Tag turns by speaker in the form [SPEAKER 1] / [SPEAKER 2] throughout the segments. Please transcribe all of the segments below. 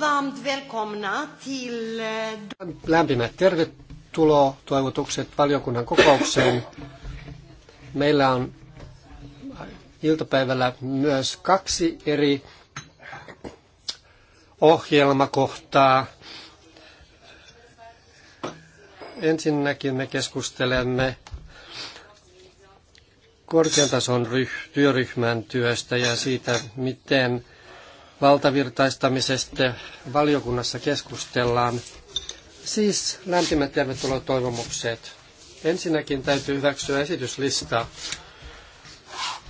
[SPEAKER 1] varmt välkomna till... Eh,
[SPEAKER 2] Lämpimät tervetuloa toivotukset valiokunnan kokoukseen. Meillä on iltapäivällä myös kaksi eri ohjelmakohtaa. Ensinnäkin me keskustelemme korkean tason työryhmän työstä ja siitä, miten valtavirtaistamisesta valiokunnassa keskustellaan. Siis lämpimät tervetuloa toivomukset. Ensinnäkin täytyy hyväksyä esityslista.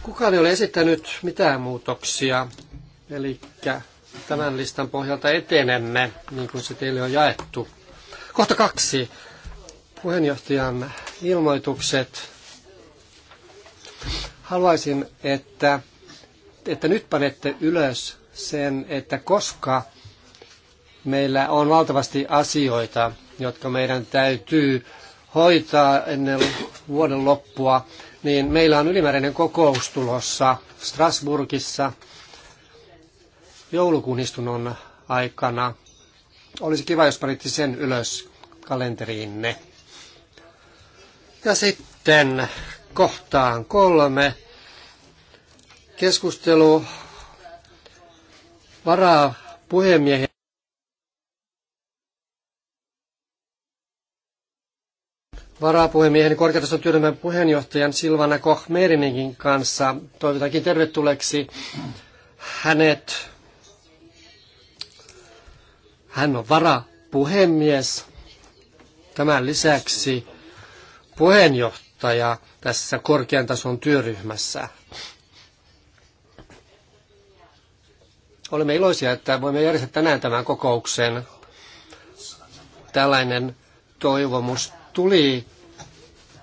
[SPEAKER 2] Kukaan ei ole esittänyt mitään muutoksia, eli tämän listan pohjalta etenemme, niin kuin se teille on jaettu. Kohta kaksi. Puheenjohtajan ilmoitukset. Haluaisin, että, että nyt panette ylös sen, että koska meillä on valtavasti asioita, jotka meidän täytyy hoitaa ennen vuoden loppua, niin meillä on ylimääräinen kokous tulossa Strasburgissa joulukuun istunnon aikana. Olisi kiva, jos panitte sen ylös kalenteriinne. Ja sitten kohtaan kolme. Keskustelu varaa puhemiehen varapuhemiehen korkeatason työryhmän puheenjohtajan Silvana Kohmerininkin kanssa. Toivotankin tervetulleeksi hänet. Hän on varapuhemies. Tämän lisäksi puheenjohtaja tässä korkean tason työryhmässä. Olemme iloisia, että voimme järjestää tänään tämän kokouksen. Tällainen toivomus tuli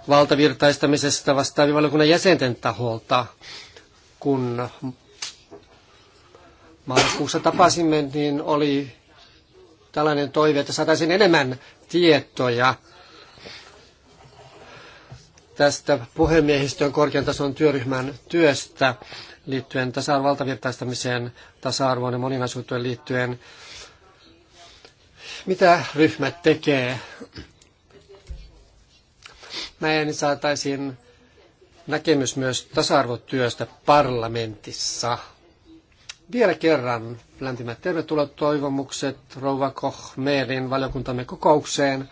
[SPEAKER 2] valtavirtaistamisesta vastaavien valiokunnan jäsenten taholta, kun maaliskuussa tapasimme, niin oli tällainen toive, että saataisiin enemmän tietoja tästä puhemiehistön korkean tason työryhmän työstä liittyen tasa-arvon valtavirtaistamiseen, tasa-arvoon ja moninaisuuteen liittyen. Mitä ryhmä tekee? en saataisiin näkemys myös tasa-arvotyöstä parlamentissa. Vielä kerran lämpimät tervetuloa toivomukset Rouva Koch Meerin valiokuntamme kokoukseen.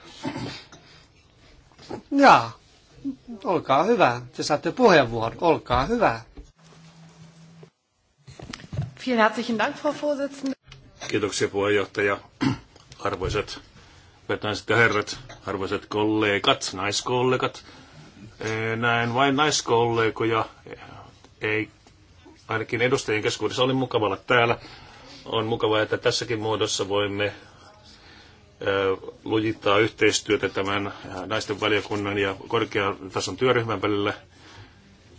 [SPEAKER 2] Jaa, olkaa hyvä. Te saatte puheenvuoron. Olkaa hyvä. Vielen herzlichen Dank, Frau Vorsitzende. Kiitoksia puheenjohtaja. Arvoisat
[SPEAKER 3] vetäiset ja herrat, arvoiset kollegat, naiskollegat. Eh, näen vain naiskollegoja. Eh, ei, ainakin edustajien keskuudessa oli mukava olla täällä. On mukavaa, että tässäkin muodossa voimme lujittaa yhteistyötä tämän naisten valiokunnan ja korkean tason työryhmän välillä.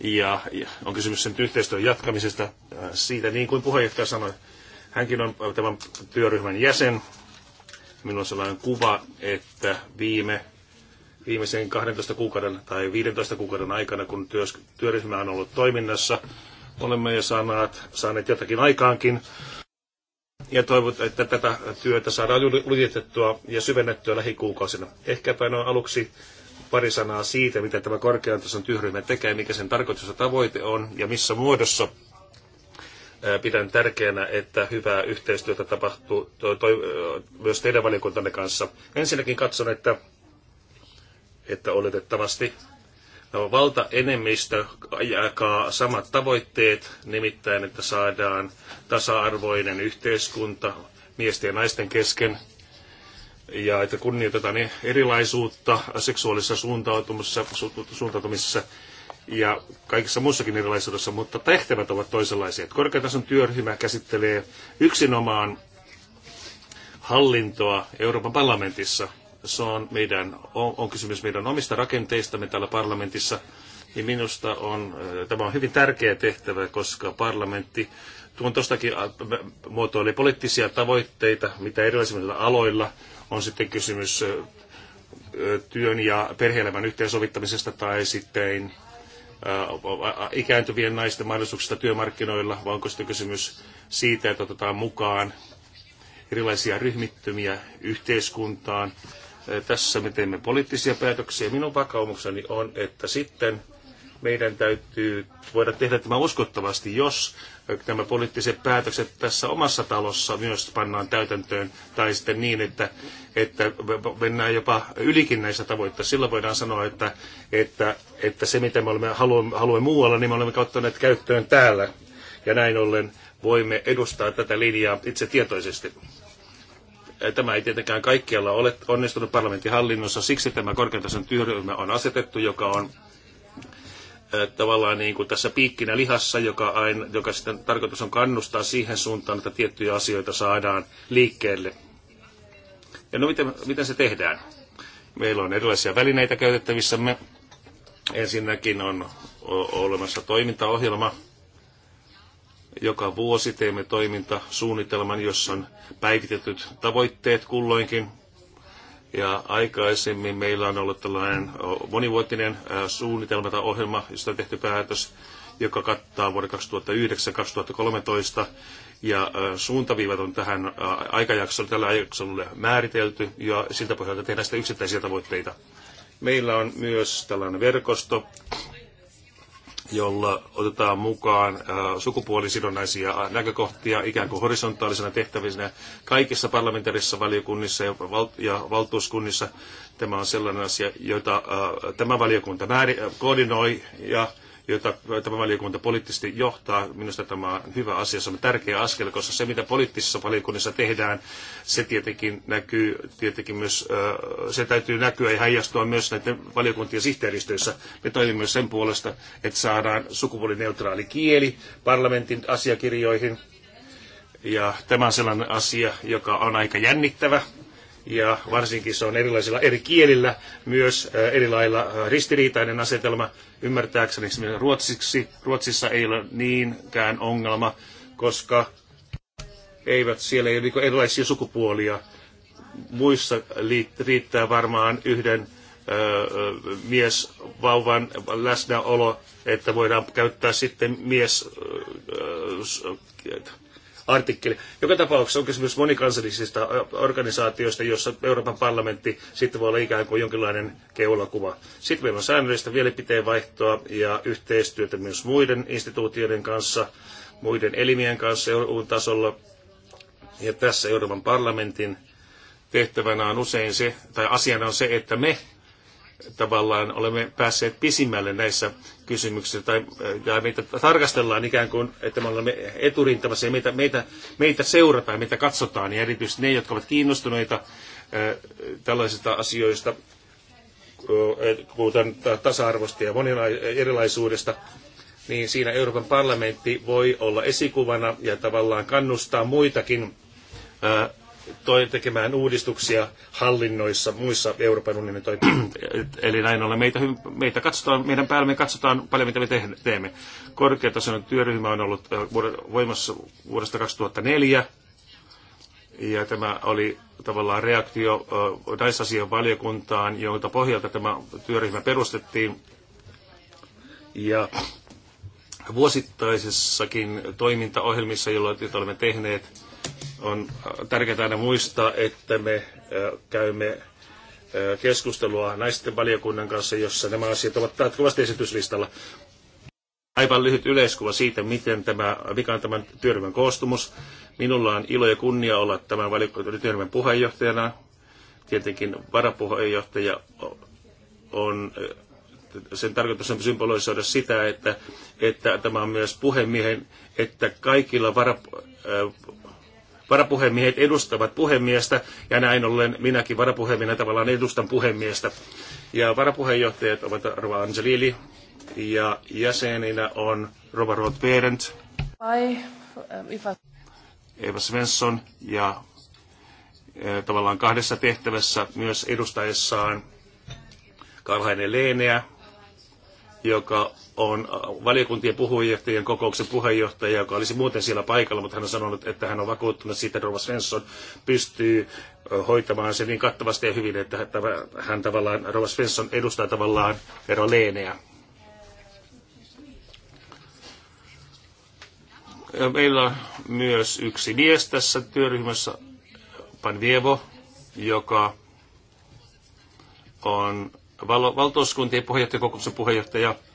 [SPEAKER 3] Ja, ja on kysymys sen yhteistyön jatkamisesta siitä, niin kuin puheenjohtaja sanoi. Hänkin on tämän työryhmän jäsen. Minulla on sellainen kuva, että viime, viimeisen 12 kuukauden tai 15 kuukauden aikana, kun työs, työryhmä on ollut toiminnassa, olemme jo saaneet, saaneet jotakin aikaankin ja toivotaan, että tätä työtä saadaan lujitettua ja syvennettyä lähikuukausina. Ehkäpä noin aluksi pari sanaa siitä, mitä tämä korkean tason työryhmä tekee, mikä sen tarkoitus ja tavoite on ja missä muodossa. Pidän tärkeänä, että hyvää yhteistyötä tapahtuu toi, toi, myös teidän valiokuntanne kanssa. Ensinnäkin katson, että, että oletettavasti No, valtaenemmistö jakaa samat tavoitteet, nimittäin että saadaan tasa-arvoinen yhteiskunta miesten ja naisten kesken ja että kunnioitetaan erilaisuutta seksuaalisessa suuntautumisessa, suuntautumisessa ja kaikissa muussakin erilaisuudessa, mutta tehtävät ovat toisenlaisia. Korkeatason työryhmä käsittelee yksinomaan hallintoa Euroopan parlamentissa – se on, meidän, on, on kysymys meidän omista rakenteistamme täällä parlamentissa, niin minusta on, eh, tämä on hyvin tärkeä tehtävä, koska parlamentti tuon tuostakin eh, muotoili poliittisia tavoitteita, mitä erilaisilla aloilla on sitten kysymys eh, työn ja perhe-elämän yhteensovittamisesta tai sitten ikääntyvien naisten mahdollisuuksista työmarkkinoilla, vai onko sitten kysymys siitä, että otetaan mukaan erilaisia ryhmittymiä yhteiskuntaan, Eh, tässä me teemme poliittisia päätöksiä. Minun vakaumukseni on, että sitten meidän täytyy voida tehdä tämä uskottavasti, jos eh, nämä poliittiset päätökset tässä omassa talossa myös pannaan täytäntöön, tai sitten niin, että, että mennään jopa ylikin näissä tavoitteissa. Silloin voidaan sanoa, että, että, että se mitä me olemme haluamme, haluamme muualla, niin me olemme ottaneet käyttöön täällä. Ja näin ollen voimme edustaa tätä linjaa itse tietoisesti. Tämä ei tietenkään kaikkialla ole onnistunut parlamentin hallinnossa, siksi tämä korkeatason työryhmä on asetettu, joka on tavallaan niin kuin tässä piikkinä lihassa, joka, aina, joka sitten tarkoitus on kannustaa siihen suuntaan, että tiettyjä asioita saadaan liikkeelle. Ja no miten, miten se tehdään? Meillä on erilaisia välineitä käytettävissämme. Ensinnäkin on olemassa toimintaohjelma, joka vuosi teemme toimintasuunnitelman, jossa on päivitetyt tavoitteet kulloinkin. Ja aikaisemmin meillä on ollut tällainen monivuotinen suunnitelma tai ohjelma, josta on tehty päätös, joka kattaa vuoden 2009-2013. Ja suuntaviivat on tähän aikajaksolle, tällä aikajaksolle määritelty, ja siltä pohjalta tehdään sitä yksittäisiä tavoitteita. Meillä on myös tällainen verkosto, jolla otetaan mukaan äh, sukupuolisidonnaisia näkökohtia ikään kuin horisontaalisena tehtävinä kaikissa parlamentaarisissa valiokunnissa ja, val- ja valtuuskunnissa. Tämä on sellainen asia, jota äh, tämä valiokunta määr- koordinoi ja jota tämä valiokunta poliittisesti johtaa. Minusta tämä on hyvä asia, se on tärkeä askel, koska se mitä poliittisissa valiokunnissa tehdään, se tietenkin näkyy, tietenkin myös, se täytyy näkyä ja heijastua myös näiden valiokuntien sihteeristöissä. Me toimimme myös sen puolesta, että saadaan sukupuolineutraali kieli parlamentin asiakirjoihin. Ja tämä on sellainen asia, joka on aika jännittävä ja varsinkin se on erilaisilla eri kielillä myös eri lailla ristiriitainen asetelma. Ymmärtääkseni esimerkiksi ruotsiksi, Ruotsissa ei ole niinkään ongelma, koska eivät siellä ei ole niin erilaisia sukupuolia. Muissa riittää varmaan yhden mies vauvan läsnäolo, että voidaan käyttää sitten mies artikkeli. Joka tapauksessa on kysymys monikansallisista organisaatioista, jossa Euroopan parlamentti sitten voi olla ikään kuin jonkinlainen keulakuva. Sitten meillä on säännöllistä vaihtoa ja yhteistyötä myös muiden instituutioiden kanssa, muiden elimien kanssa EU:n tasolla Ja tässä Euroopan parlamentin tehtävänä on usein se, tai asiana on se, että me tavallaan olemme päässeet pisimmälle näissä kysymyksiä tai, eh, ja meitä tarkastellaan ikään kuin, että me olemme eturintamassa ja meitä, meitä, meitä seurataan, meitä katsotaan ja erityisesti ne, jotka ovat kiinnostuneita eh, tällaisista asioista, puhutaan eh, tasa-arvosta ja erilaisuudesta, niin siinä Euroopan parlamentti voi olla esikuvana ja tavallaan kannustaa muitakin toi tekemään uudistuksia hallinnoissa, muissa Euroopan unionin toimissa. Eli näin ollen meitä, meitä katsotaan, meidän päällämme katsotaan paljon, mitä me teemme. Korkeatasoinen työryhmä on ollut voimassa vuodesta 2004, ja tämä oli tavallaan reaktio naisasian valiokuntaan, jonka pohjalta tämä työryhmä perustettiin. Ja vuosittaisessakin toimintaohjelmissa, joita olemme tehneet, on tärkeää aina muistaa, että me käymme keskustelua naisten valiokunnan kanssa, jossa nämä asiat ovat jatkuvasti esityslistalla. Aivan lyhyt yleiskuva siitä, miten tämä, mikä on tämän työryhmän koostumus. Minulla on ilo ja kunnia olla tämän työryhmän puheenjohtajana. Tietenkin varapuheenjohtaja on sen tarkoitus on symbolisoida sitä, että, että tämä on myös puhemiehen, että kaikilla varap varapuhemiehet edustavat puhemiestä, ja näin ollen minäkin varapuhemiehenä tavallaan edustan puhemiestä. Ja varapuheenjohtajat ovat Rova Angelili, ja jäseninä on Rova Roth Berendt,
[SPEAKER 1] ähm,
[SPEAKER 3] Eva Svensson, ja äh, tavallaan kahdessa tehtävässä myös edustaessaan Karhainen Leeneä, joka on äh, valiokuntien puheenjohtajien kokouksen puheenjohtaja, joka olisi muuten siellä paikalla, mutta hän on sanonut, että hän on vakuuttunut siitä, että Rova Svensson pystyy äh, hoitamaan sen niin kattavasti ja hyvin, että hän tavallaan, Rova Svensson edustaa tavallaan Eero Leeneä. Meillä on myös yksi mies tässä työryhmässä, Panvievo, joka on valtuuskuntien puheenjohtajakokouksen puheenjohtaja, puheenjohtaja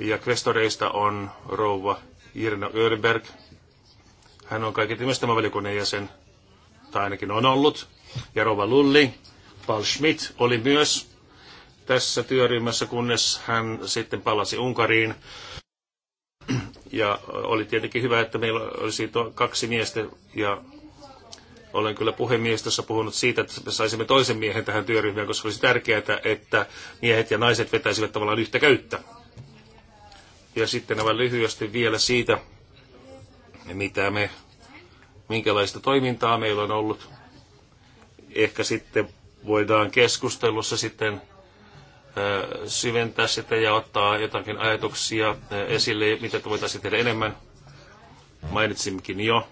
[SPEAKER 3] ja kvestoreista on rouva Irna Örberg. Hän on kaiken myös tämän valiokunnan jäsen, tai ainakin on ollut. Ja rouva Lulli, Paul Schmidt oli myös tässä työryhmässä, kunnes hän sitten palasi Unkariin. Ja oli tietenkin hyvä, että meillä olisi kaksi miestä ja olen kyllä puhemiestossa puhunut siitä, että me saisimme toisen miehen tähän työryhmään, koska olisi tärkeää, että miehet ja naiset vetäisivät tavallaan yhtä käyttä. Ja sitten aivan lyhyesti vielä siitä, mitä me, minkälaista toimintaa meillä on ollut. Ehkä sitten voidaan keskustelussa sitten syventää sitä ja ottaa jotakin ajatuksia esille, mitä voitaisiin tehdä enemmän. Mainitsimmekin jo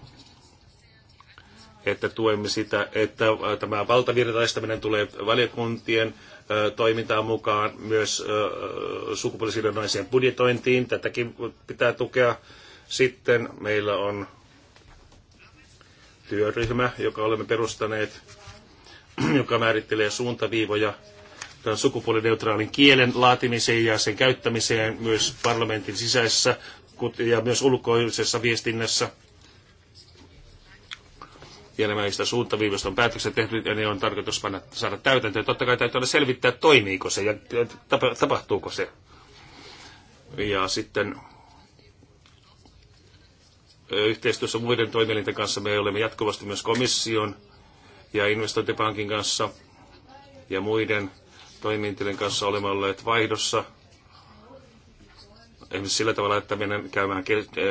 [SPEAKER 3] että tuemme sitä, että äh, tämä valtavirtaistaminen tulee valiokuntien äh, toimintaan mukaan myös äh, sukupuolisidonnaiseen budjetointiin. Tätäkin pitää tukea. Sitten meillä on työryhmä, joka olemme perustaneet, joka määrittelee suuntaviivoja tämän sukupuolineutraalin kielen laatimiseen ja sen käyttämiseen myös parlamentin sisäisessä ja myös ulkoisessa viestinnässä ja nämä sitä suuntaviivosta on päätökset tehty ja ne on tarkoitus panna, saada täytäntöön. Totta kai täytyy selvittää, toimiiko se ja tapa, tapahtuuko se. Ja sitten yhteistyössä muiden toimielinten kanssa me olemme jatkuvasti myös komission ja investointipankin kanssa ja muiden toimintojen kanssa olemme olleet vaihdossa esimerkiksi sillä tavalla, että menen käymään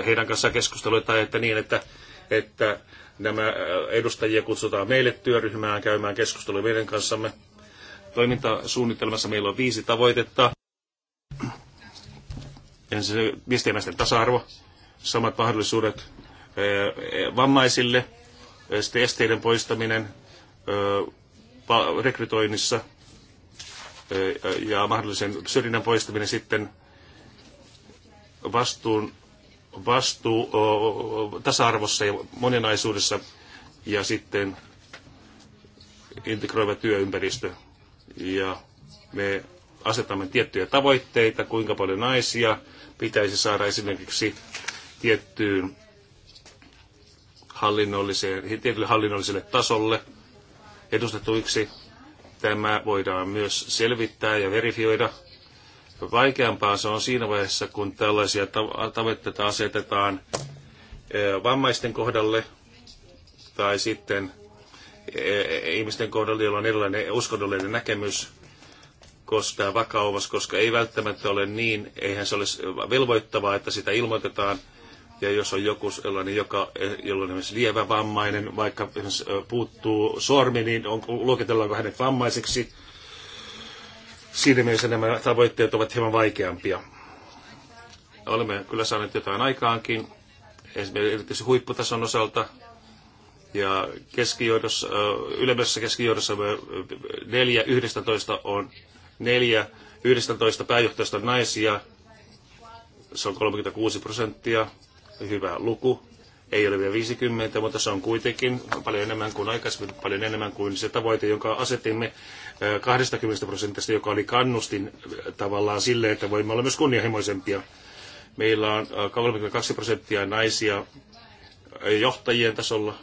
[SPEAKER 3] heidän kanssaan keskustelua tai että niin, että, että Nämä äh, edustajia kutsutaan meille työryhmään käymään keskustelua meidän kanssamme. Toimintasuunnitelmassa meillä on viisi tavoitetta. Ensin viestinnäisten tasa-arvo, samat mahdollisuudet äh, äh, vammaisille, sitten esteiden poistaminen rekrytoinnissa ja mahdollisen syrjinnän poistaminen sitten vastuun vastuu tasa-arvossa ja moninaisuudessa ja sitten integroiva työympäristö. Ja me asetamme tiettyjä tavoitteita, kuinka paljon naisia pitäisi saada esimerkiksi tiettyyn hallinnolliseen, tietylle hallinnolliselle tasolle edustetuiksi. Tämä voidaan myös selvittää ja verifioida Vaikeampaa se on siinä vaiheessa, kun tällaisia tavoitteita asetetaan eh, vammaisten kohdalle tai sitten eh, ihmisten kohdalla, joilla on erilainen uskonnollinen näkemys, koska vakaumus, koska ei välttämättä ole niin, eihän se ole velvoittavaa, että sitä ilmoitetaan. Ja jos on joku sellainen, joka, eh, jolla on esimerkiksi lievä vammainen, vaikka puuttuu sormi, niin on, luokitellaanko hänet vammaiseksi Siinä mielessä nämä tavoitteet ovat hieman vaikeampia. Olemme kyllä saaneet jotain aikaankin, esimerkiksi erityisesti huipputason osalta, ja keskijohdossa, ylemmässä keskijohdossa 4 11 on 4 11 pääjohtajasta naisia. Se on 36 prosenttia. Hyvä luku. Ei ole vielä 50, mutta se on kuitenkin paljon enemmän kuin aikaisemmin, paljon enemmän kuin se tavoite, jonka asetimme 20 prosentista, joka oli kannustin äh, tavallaan sille, että voimme olla myös kunnianhimoisempia. Meillä on 32 äh, prosenttia naisia äh, johtajien tasolla,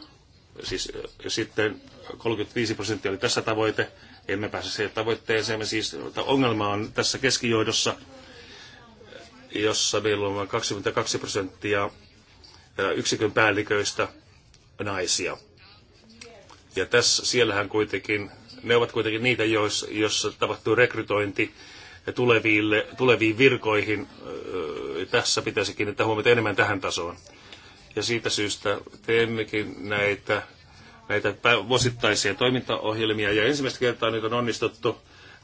[SPEAKER 3] siis sitten 35 prosenttia oli tässä tavoite. Emme pääse siihen tavoitteeseen. Siis, ongelma on tässä keskijoidossa, jossa meillä on vain 22 prosenttia yksikön päälliköistä naisia. Ja tässä, siellähän kuitenkin ne ovat kuitenkin niitä, joissa tapahtuu rekrytointi tuleville, tuleviin virkoihin. Öö, tässä pitäisi kiinnittää huomiota enemmän tähän tasoon. Ja siitä syystä teemmekin näitä, näitä vuosittaisia toimintaohjelmia. Ja ensimmäistä kertaa nyt on onnistuttu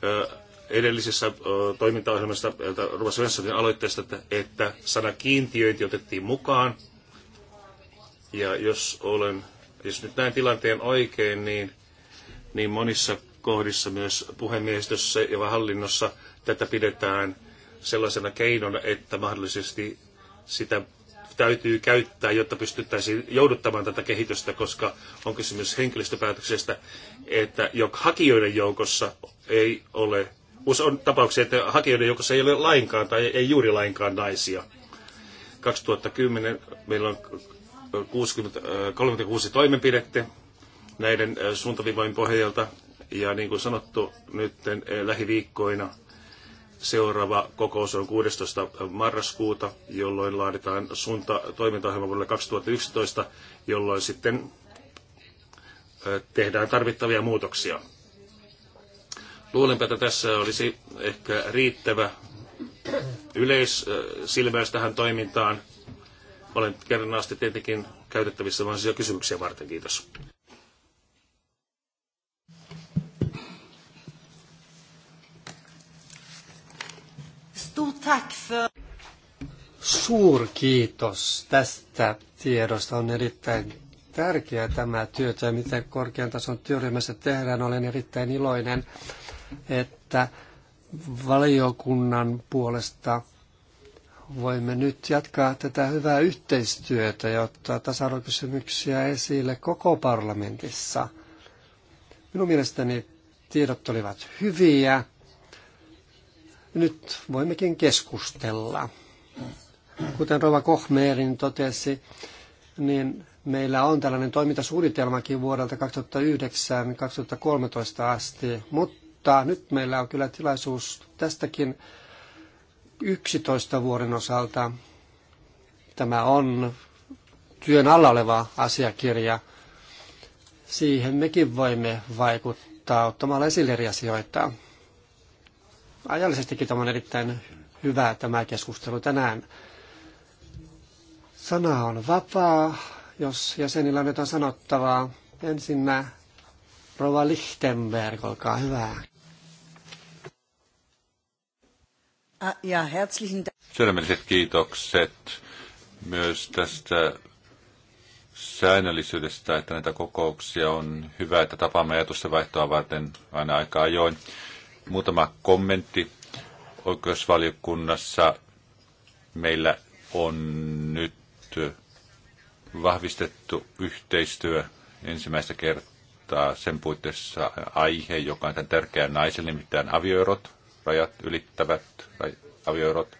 [SPEAKER 3] öö, edellisessä öö, toimintaohjelmassa Ruva Svenssonin aloitteesta, että, että sana kiintiöinti otettiin mukaan. Ja jos olen, jos nyt näen tilanteen oikein, niin niin monissa kohdissa myös puhemiehistössä ja hallinnossa tätä pidetään sellaisena keinona, että mahdollisesti sitä täytyy käyttää, jotta pystyttäisiin jouduttamaan tätä kehitystä, koska on kysymys henkilöstöpäätöksestä, että hakijoiden joukossa ei ole, on tapauksia, että hakijoiden joukossa ei ole lainkaan tai ei juuri lainkaan naisia. 2010 meillä on 60, 36 toimenpidettä, näiden suuntaviivojen pohjalta. Ja niin kuin sanottu, nyt lähiviikkoina seuraava kokous on 16. marraskuuta, jolloin laaditaan suunta toimintaohjelma vuodelle 2011, jolloin sitten tehdään tarvittavia muutoksia. Luulenpä, että tässä olisi ehkä riittävä yleissilmäys tähän toimintaan. Olen kerran asti tietenkin käytettävissä vain kysymyksiä varten. Kiitos.
[SPEAKER 1] Stort
[SPEAKER 2] tack för... Suurkiitos tästä tiedosta. On erittäin tärkeää tämä työtä, miten korkean tason työryhmässä tehdään. Olen erittäin iloinen, että valiokunnan puolesta voimme nyt jatkaa tätä hyvää yhteistyötä ja ottaa tasa-arvokysymyksiä esille koko parlamentissa. Minun mielestäni tiedot olivat hyviä nyt voimmekin keskustella. Kuten Rova Kohmeerin totesi, niin meillä on tällainen toimintasuunnitelmakin vuodelta 2009-2013 asti, mutta nyt meillä on kyllä tilaisuus tästäkin 11 vuoden osalta. Tämä on työn alla oleva asiakirja. Siihen mekin voimme vaikuttaa ottamalla esille eri asioita ajallisestikin tämä on erittäin hyvä tämä keskustelu tänään. Sana on vapaa, jos jäsenillä on jotain sanottavaa. Ensinnä Rova Lichtenberg, olkaa hyvä.
[SPEAKER 1] Ah, ja herzlichen
[SPEAKER 4] Sydämelliset kiitokset myös tästä säännöllisyydestä, että näitä kokouksia on hyvä, että tapaamme ajatusten vaihtoa varten aina aika ajoin. Muutama kommentti. Oikeusvaliokunnassa meillä on nyt vahvistettu yhteistyö ensimmäistä kertaa sen puitteissa aihe, joka on tämän tärkeä naisen, nimittäin avioerot, rajat ylittävät avioerot.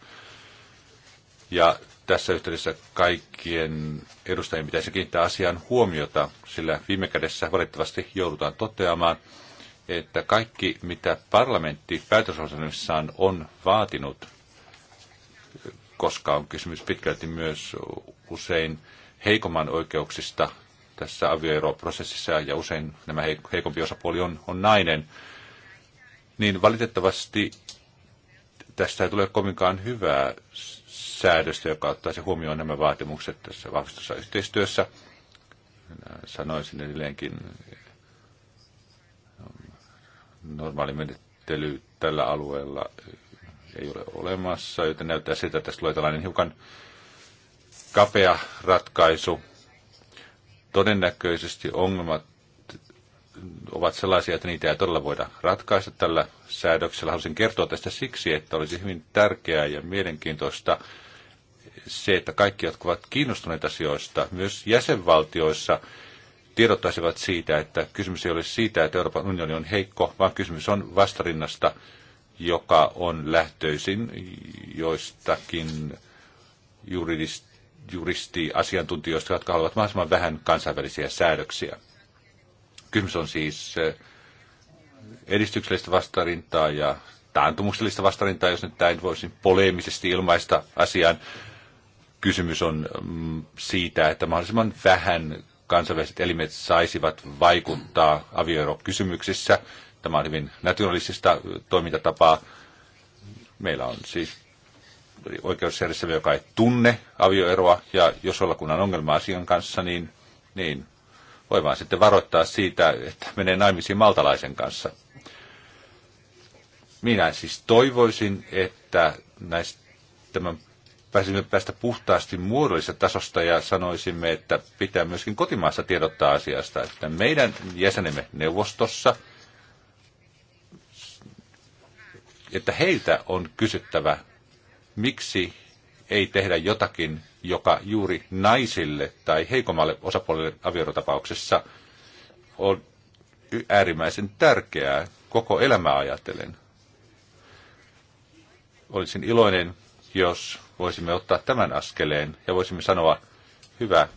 [SPEAKER 4] Ja tässä yhteydessä kaikkien edustajien pitäisi kiinnittää asiaan huomiota, sillä viime kädessä valitettavasti joudutaan toteamaan, että kaikki, mitä parlamentti päätösosannossaan on vaatinut, koska on kysymys pitkälti myös usein heikomman oikeuksista tässä avioeroprosessissa, ja usein nämä heikompi osapuoli on, on nainen, niin valitettavasti tästä ei tule kovinkaan hyvää säädöstä, joka ottaisi huomioon nämä vaatimukset tässä vahvistussa yhteistyössä. sanoisin edelleenkin normaali menettely tällä alueella ei ole olemassa, joten näyttää siltä, että tässä tulee tällainen hiukan kapea ratkaisu. Todennäköisesti ongelmat ovat sellaisia, että niitä ei todella voida ratkaista tällä säädöksellä. Haluaisin kertoa tästä siksi, että olisi hyvin tärkeää ja mielenkiintoista se, että kaikki, jotka ovat kiinnostuneita asioista, myös jäsenvaltioissa, tiedottaisivat siitä, että kysymys ei ole siitä, että Euroopan unioni on heikko, vaan kysymys on vastarinnasta, joka on lähtöisin joistakin juristiasiantuntijoista, jotka haluavat mahdollisimman vähän kansainvälisiä säädöksiä. Kysymys on siis eh, edistyksellistä vastarintaa ja taantumuksellista vastarintaa, jos nyt näin voisin poleemisesti ilmaista asian. Kysymys on mm, siitä, että mahdollisimman vähän kansainväliset elimet saisivat vaikuttaa avioerokysymyksissä. Tämä on hyvin nationalistista toimintatapaa. Meillä on siis oikeusjärjestelmä, joka ei tunne avioeroa, ja jos ollakunnan ongelma asian kanssa, niin, niin voi vaan sitten varoittaa siitä, että menee naimisiin maltalaisen kanssa. Minä siis toivoisin, että näistä tämän pääsimme päästä puhtaasti muodollisesta tasosta ja sanoisimme, että pitää myöskin kotimaassa tiedottaa asiasta, että meidän jäsenemme neuvostossa, että heiltä on kysyttävä, miksi ei tehdä jotakin, joka juuri naisille tai heikommalle osapuolelle avioerotapauksessa on äärimmäisen tärkeää koko elämää ajatellen. Olisin iloinen, jos voisimme ottaa tämän askeleen ja voisimme sanoa, hyvä,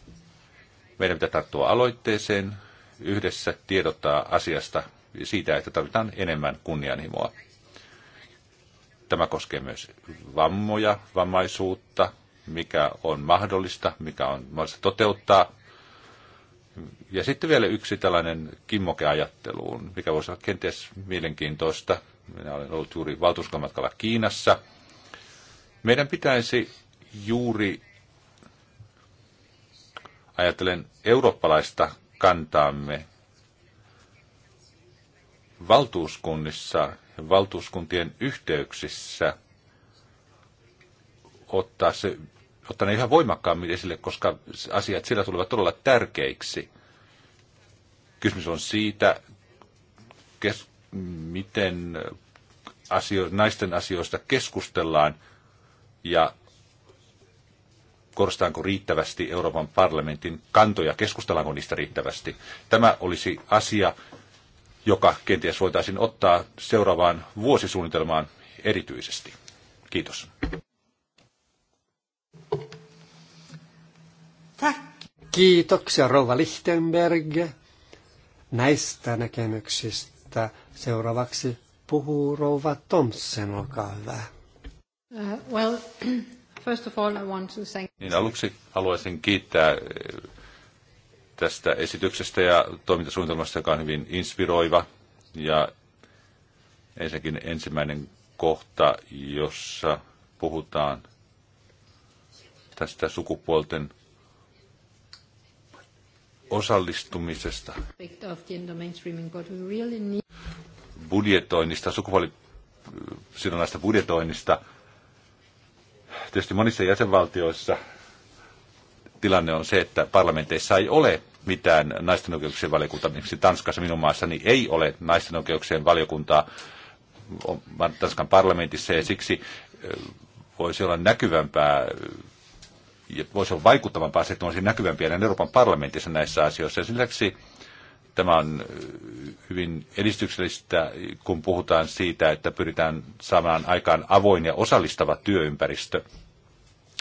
[SPEAKER 4] meidän pitää tarttua aloitteeseen, yhdessä tiedottaa asiasta siitä, että tarvitaan enemmän kunnianhimoa. Tämä koskee myös vammoja, vammaisuutta, mikä on mahdollista, mikä on mahdollista toteuttaa. Ja sitten vielä yksi tällainen kimmokeajatteluun, mikä voisi olla kenties mielenkiintoista. Minä olen ollut juuri valtuuskunnan Kiinassa – meidän pitäisi juuri, ajatellen eurooppalaista kantaamme, valtuuskunnissa ja valtuuskuntien yhteyksissä ottaa se ottaa ne yhä voimakkaammin esille, koska asiat sillä tulevat todella tärkeiksi. Kysymys on siitä, kes, miten asio, naisten asioista keskustellaan ja korostetaanko riittävästi Euroopan parlamentin kantoja, keskustellaanko niistä riittävästi. Tämä olisi asia, joka kenties voitaisiin ottaa seuraavaan vuosisuunnitelmaan erityisesti. Kiitos.
[SPEAKER 2] Kiitoksia Rova Lichtenberg näistä näkemyksistä. Seuraavaksi puhuu Rova Thompson, olkaa hyvä.
[SPEAKER 1] Uh, well, first of all I want to thank...
[SPEAKER 4] Niin aluksi haluaisin kiittää eh, tästä esityksestä ja toimintasuunnitelmasta, joka on hyvin inspiroiva. Ja ensinnäkin ensimmäinen kohta, jossa puhutaan tästä sukupuolten osallistumisesta, budjetoinnista, sukupuolisidonnaista eh, budjetoinnista – tietysti monissa jäsenvaltioissa tilanne on se, että parlamenteissa ei ole mitään naisten oikeuksien valiokuntaa. Esimerkiksi Tanskassa minun maassani ei ole naisten oikeuksien valiokuntaa Tanskan parlamentissa ja siksi voisi olla näkyvämpää ja voisi olla vaikuttavampaa se, että olisi näkyvämpiä Euroopan parlamentissa näissä asioissa. Ja lisäksi tämä on hyvin edistyksellistä, kun puhutaan siitä, että pyritään saamaan aikaan avoin ja osallistava työympäristö.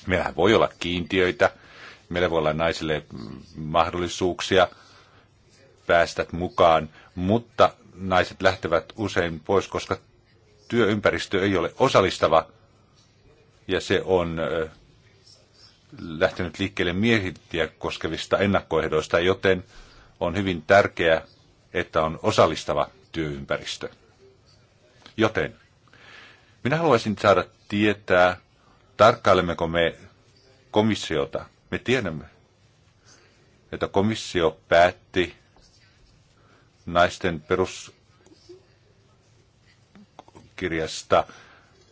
[SPEAKER 4] Meillähän voi olla kiintiöitä, meillä voi olla naisille mahdollisuuksia päästä mukaan, mutta naiset lähtevät usein pois, koska työympäristö ei ole osallistava ja se on lähtenyt liikkeelle miehiä koskevista ennakkoehdoista, joten on hyvin tärkeää että on osallistava työympäristö. Joten minä haluaisin saada tietää, tarkkailemmeko me komissiota. Me tiedämme, että komissio päätti naisten peruskirjasta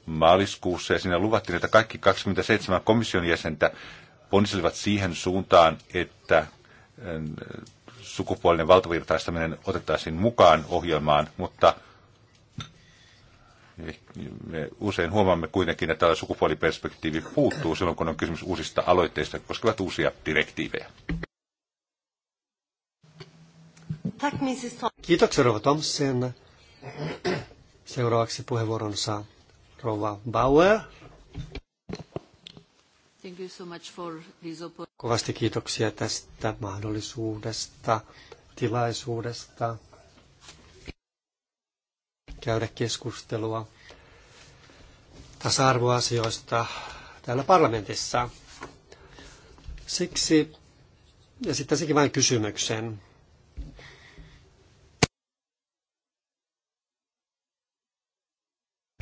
[SPEAKER 4] maaliskuussa ja siinä luvattiin, että kaikki 27 komission jäsentä ponselivat siihen suuntaan, että sukupuolinen valtavirtaistaminen otettaisiin mukaan ohjelmaan, mutta me usein huomaamme kuitenkin, että tällä sukupuoliperspektiivi puuttuu silloin, kun on kysymys uusista aloitteista, jotka koskevat uusia direktiivejä.
[SPEAKER 2] Kiitoksia Rova Thompson. Seuraavaksi puheenvuoron saa Rova Bauer. Kovasti kiitoksia tästä mahdollisuudesta, tilaisuudesta käydä keskustelua tasa-arvoasioista täällä parlamentissa. Siksi ja sitten sekin vain kysymyksen.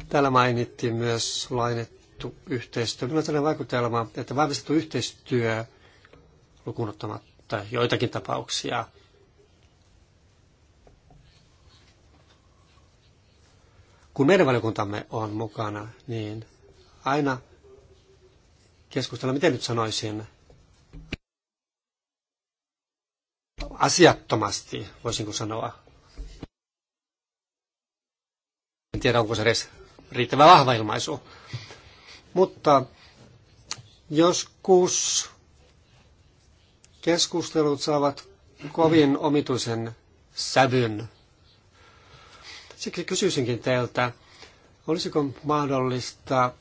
[SPEAKER 2] Täällä mainittiin myös lainetta vahvistettu yhteistyö. Minulla on sellainen vaikutelma, että vahvistettu yhteistyö lukunottamatta joitakin tapauksia kun meidän valiokuntamme on mukana, niin aina keskustella, miten nyt sanoisin, asiattomasti, voisinko sanoa. En tiedä, onko se edes riittävä vahva ilmaisu. Mutta joskus keskustelut saavat kovin omituisen sävyn. Siksi kysyisinkin teiltä, olisiko mahdollista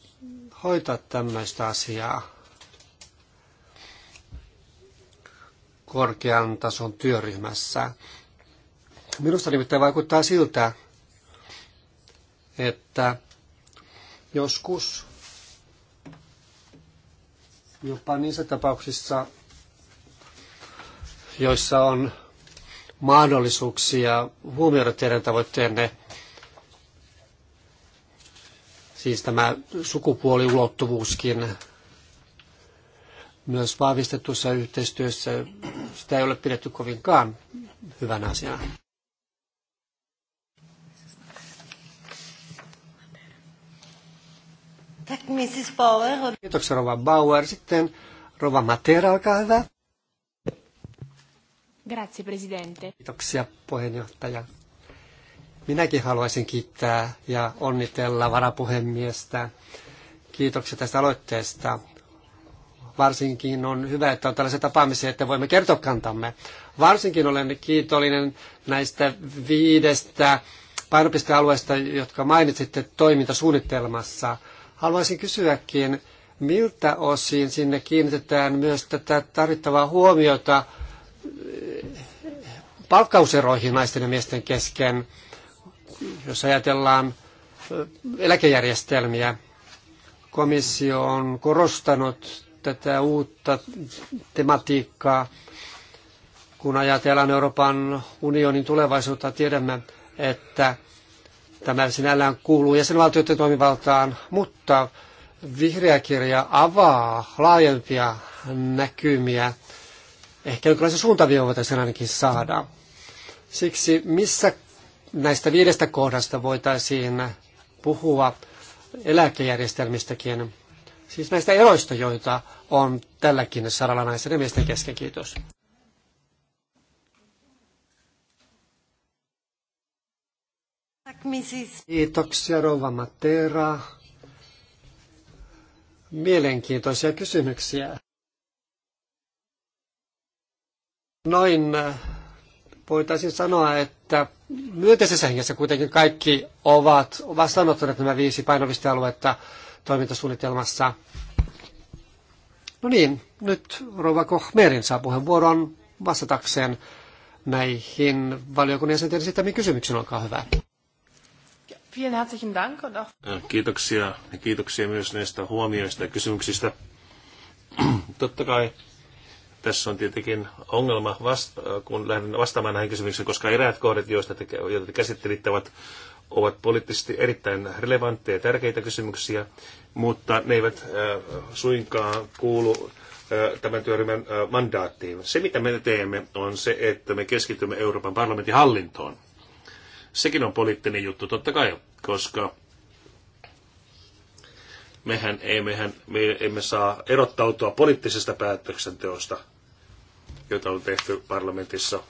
[SPEAKER 2] hoitaa tämmöistä asiaa korkean tason työryhmässä. Minusta nimittäin vaikuttaa siltä, että joskus jopa niissä tapauksissa, joissa on mahdollisuuksia huomioida teidän tavoitteenne, siis tämä sukupuoliulottuvuuskin myös vahvistetussa yhteistyössä, sitä ei ole pidetty kovinkaan hyvänä asiana.
[SPEAKER 1] Mrs. Bauer.
[SPEAKER 2] Kiitoksia Rova Bauer. Sitten Rova Matera, olkaa hyvä.
[SPEAKER 1] Grazie, Presidente.
[SPEAKER 2] Kiitoksia puheenjohtaja. Minäkin haluaisin kiittää ja onnitella varapuhemiestä. Kiitoksia tästä aloitteesta. Varsinkin on hyvä, että on tällaisia tapaamisia, että voimme kertoa kantamme. Varsinkin olen kiitollinen näistä viidestä painopistealueesta, jotka mainitsitte toimintasuunnitelmassa – Haluaisin kysyäkin, miltä osin sinne kiinnitetään myös tätä tarvittavaa huomiota eh, palkkauseroihin naisten ja miesten kesken, jos ajatellaan eh, eläkejärjestelmiä. Komissio on korostanut tätä uutta tematiikkaa. Kun ajatellaan Euroopan unionin tulevaisuutta, tiedämme, että Tämä sinällään kuuluu jäsenvaltioiden toimivaltaan, mutta vihreä kirja avaa laajempia näkymiä. Ehkä jonkinlaisia suuntaviivoja voitaisiin ainakin saada. Siksi missä näistä viidestä kohdasta voitaisiin puhua eläkejärjestelmistäkin, siis näistä eroista, joita on tälläkin saralla naisten ja miesten kesken. Kiitos. Mrs. Kiitoksia, Rouva Matera. Mielenkiintoisia kysymyksiä. Noin äh, voitaisiin sanoa, että myönteisessä hengessä kuitenkin kaikki ovat vastaanottaneet nämä viisi painopistealuetta toimintasuunnitelmassa. No niin, nyt Rova Kohmerin saa puheenvuoron vastatakseen näihin valiokunnan jäsenten esittämiin kysymyksiin. Olkaa hyvä. Vielen herzlichen Dank und auch...
[SPEAKER 3] Äh, kiitoksia ja kiitoksia myös näistä huomioista ja kysymyksistä. Totta kai tässä on tietenkin ongelma, vasta, kun lähden vastaamaan näihin kysymyksiin, koska eräät kohdat, joista te, joita te käsittelitte, ovat, ovat poliittisesti erittäin relevantteja ja tärkeitä kysymyksiä, mutta ne eivät äh, suinkaan kuulu äh, tämän työryhmän äh, mandaattiin. Se, mitä me teemme, on se, että me keskitymme Euroopan parlamentin hallintoon Sekin on poliittinen juttu, totta kai, koska mehän, ei, mehän me emme saa erottautua poliittisesta päätöksenteosta, jota on tehty parlamentissa.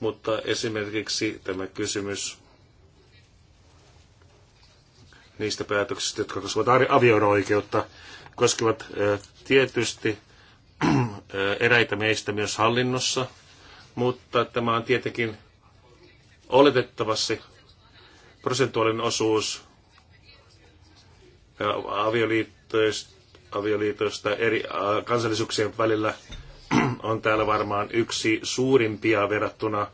[SPEAKER 3] Mutta esimerkiksi tämä kysymys niistä päätöksistä, jotka koskevat avioroikeutta, koskevat tietysti eräitä meistä myös hallinnossa, mutta tämä on tietenkin Oletettavasti prosentuaalinen osuus avioliittoista, avioliitoista eri kansallisuuksien välillä on täällä varmaan yksi suurimpia verrattuna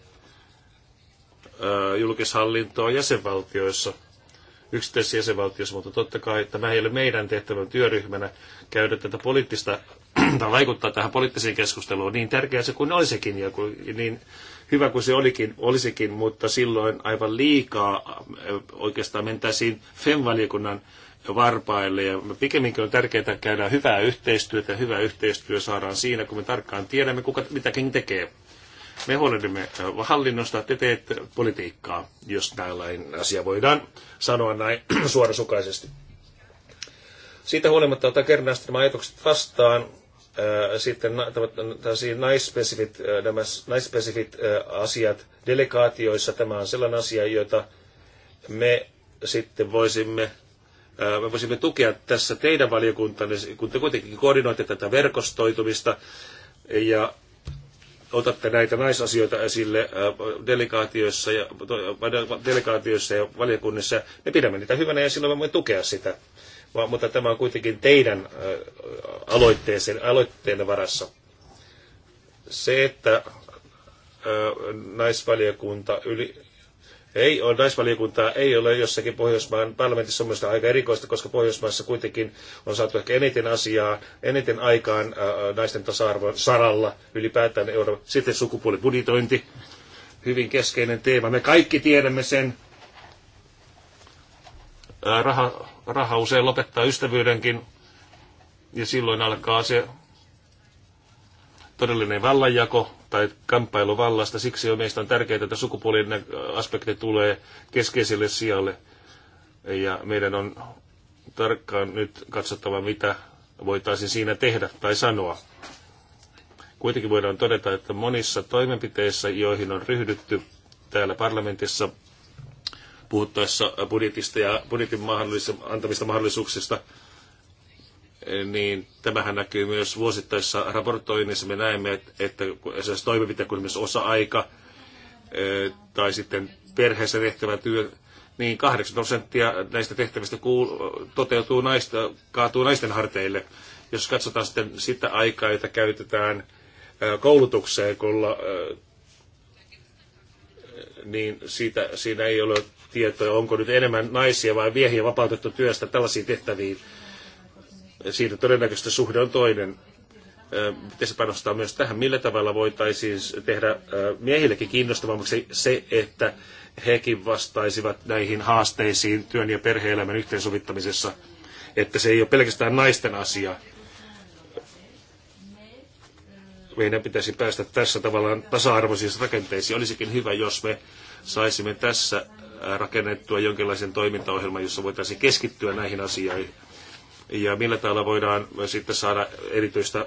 [SPEAKER 3] julkishallintoon jäsenvaltioissa, yksittäisissä jäsenvaltioissa, mutta totta kai tämä ei ole meidän tehtävän työryhmänä käydä tätä poliittista, tai vaikuttaa tähän poliittiseen keskusteluun niin tärkeää se kuin olisikin ja niin hyvä kuin se olikin, olisikin, mutta silloin aivan liikaa äh, oikeastaan mentäisiin FEM-valiokunnan varpaille. Ja pikemminkin on tärkeää käydä hyvää yhteistyötä, ja hyvä yhteistyö saadaan siinä, kun me tarkkaan tiedämme, kuka mitäkin tekee. Me huolehdimme äh, hallinnosta, te teet politiikkaa, jos tällainen asia voidaan sanoa näin suorasukaisesti. Siitä huolimatta otan kernaasti nämä ajatukset vastaan sitten naispesifit, nämä naispesifit asiat delegaatioissa, tämä on sellainen asia, jota me sitten voisimme me voisimme tukea tässä teidän valiokuntanne, kun te kuitenkin koordinoitte tätä verkostoitumista ja otatte näitä naisasioita esille delegaatioissa ja, delegaatioissa ja valiokunnissa. Me pidämme niitä hyvänä ja silloin me voimme tukea sitä vaan, mutta tämä on kuitenkin teidän aloitteeseen, aloitteenne varassa. Se, että naisvaliokunta yli, ei ole, naisvaliokuntaa ei ole jossakin Pohjoismaan parlamentissa on aika erikoista, koska Pohjoismaissa kuitenkin on saatu ehkä eniten asiaa, eniten aikaan ää, naisten tasa-arvon saralla ylipäätään euro. Sitten sukupuolibudjetointi, hyvin keskeinen teema. Me kaikki tiedämme sen, raha, raha usein lopettaa ystävyydenkin, ja silloin alkaa se todellinen vallanjako tai kamppailu vallasta. Siksi on meistä on tärkeää, että sukupuolinen aspekti tulee keskeiselle sijalle. Ja meidän on tarkkaan nyt katsottava, mitä voitaisiin siinä tehdä tai sanoa. Kuitenkin voidaan todeta, että monissa toimenpiteissä, joihin on ryhdytty täällä parlamentissa, puhuttaessa budjetista ja budjetin mahdollis- antamista mahdollisuuksista, eh, niin tämähän näkyy myös vuosittaisessa raportoinnissa. Me näemme, että esimerkiksi toimenpiteet, kuin esimerkiksi osa-aika eh, tai sitten perheessä tehtävä työ, niin 8 prosenttia näistä tehtävistä kuul- toteutuu naista, kaatuu naisten harteille. Jos katsotaan sitten sitä aikaa, jota käytetään eh, koulutukseen, kun niin siitä, siinä ei ole tietoa, onko nyt enemmän naisia vai miehiä vapautettu työstä tällaisiin tehtäviin. Siinä todennäköisesti suhde on toinen. Miten se panostaa myös tähän, millä tavalla voitaisiin tehdä miehillekin kiinnostavammaksi se, että hekin vastaisivat näihin haasteisiin työn ja perhe-elämän yhteensovittamisessa, että se ei ole pelkästään naisten asia meidän pitäisi päästä tässä tavallaan tasa-arvoisiin rakenteisiin. Olisikin hyvä, jos me saisimme tässä rakennettua jonkinlaisen toimintaohjelman, jossa voitaisiin keskittyä näihin asioihin. Ja millä tavalla voidaan sitten saada erityistä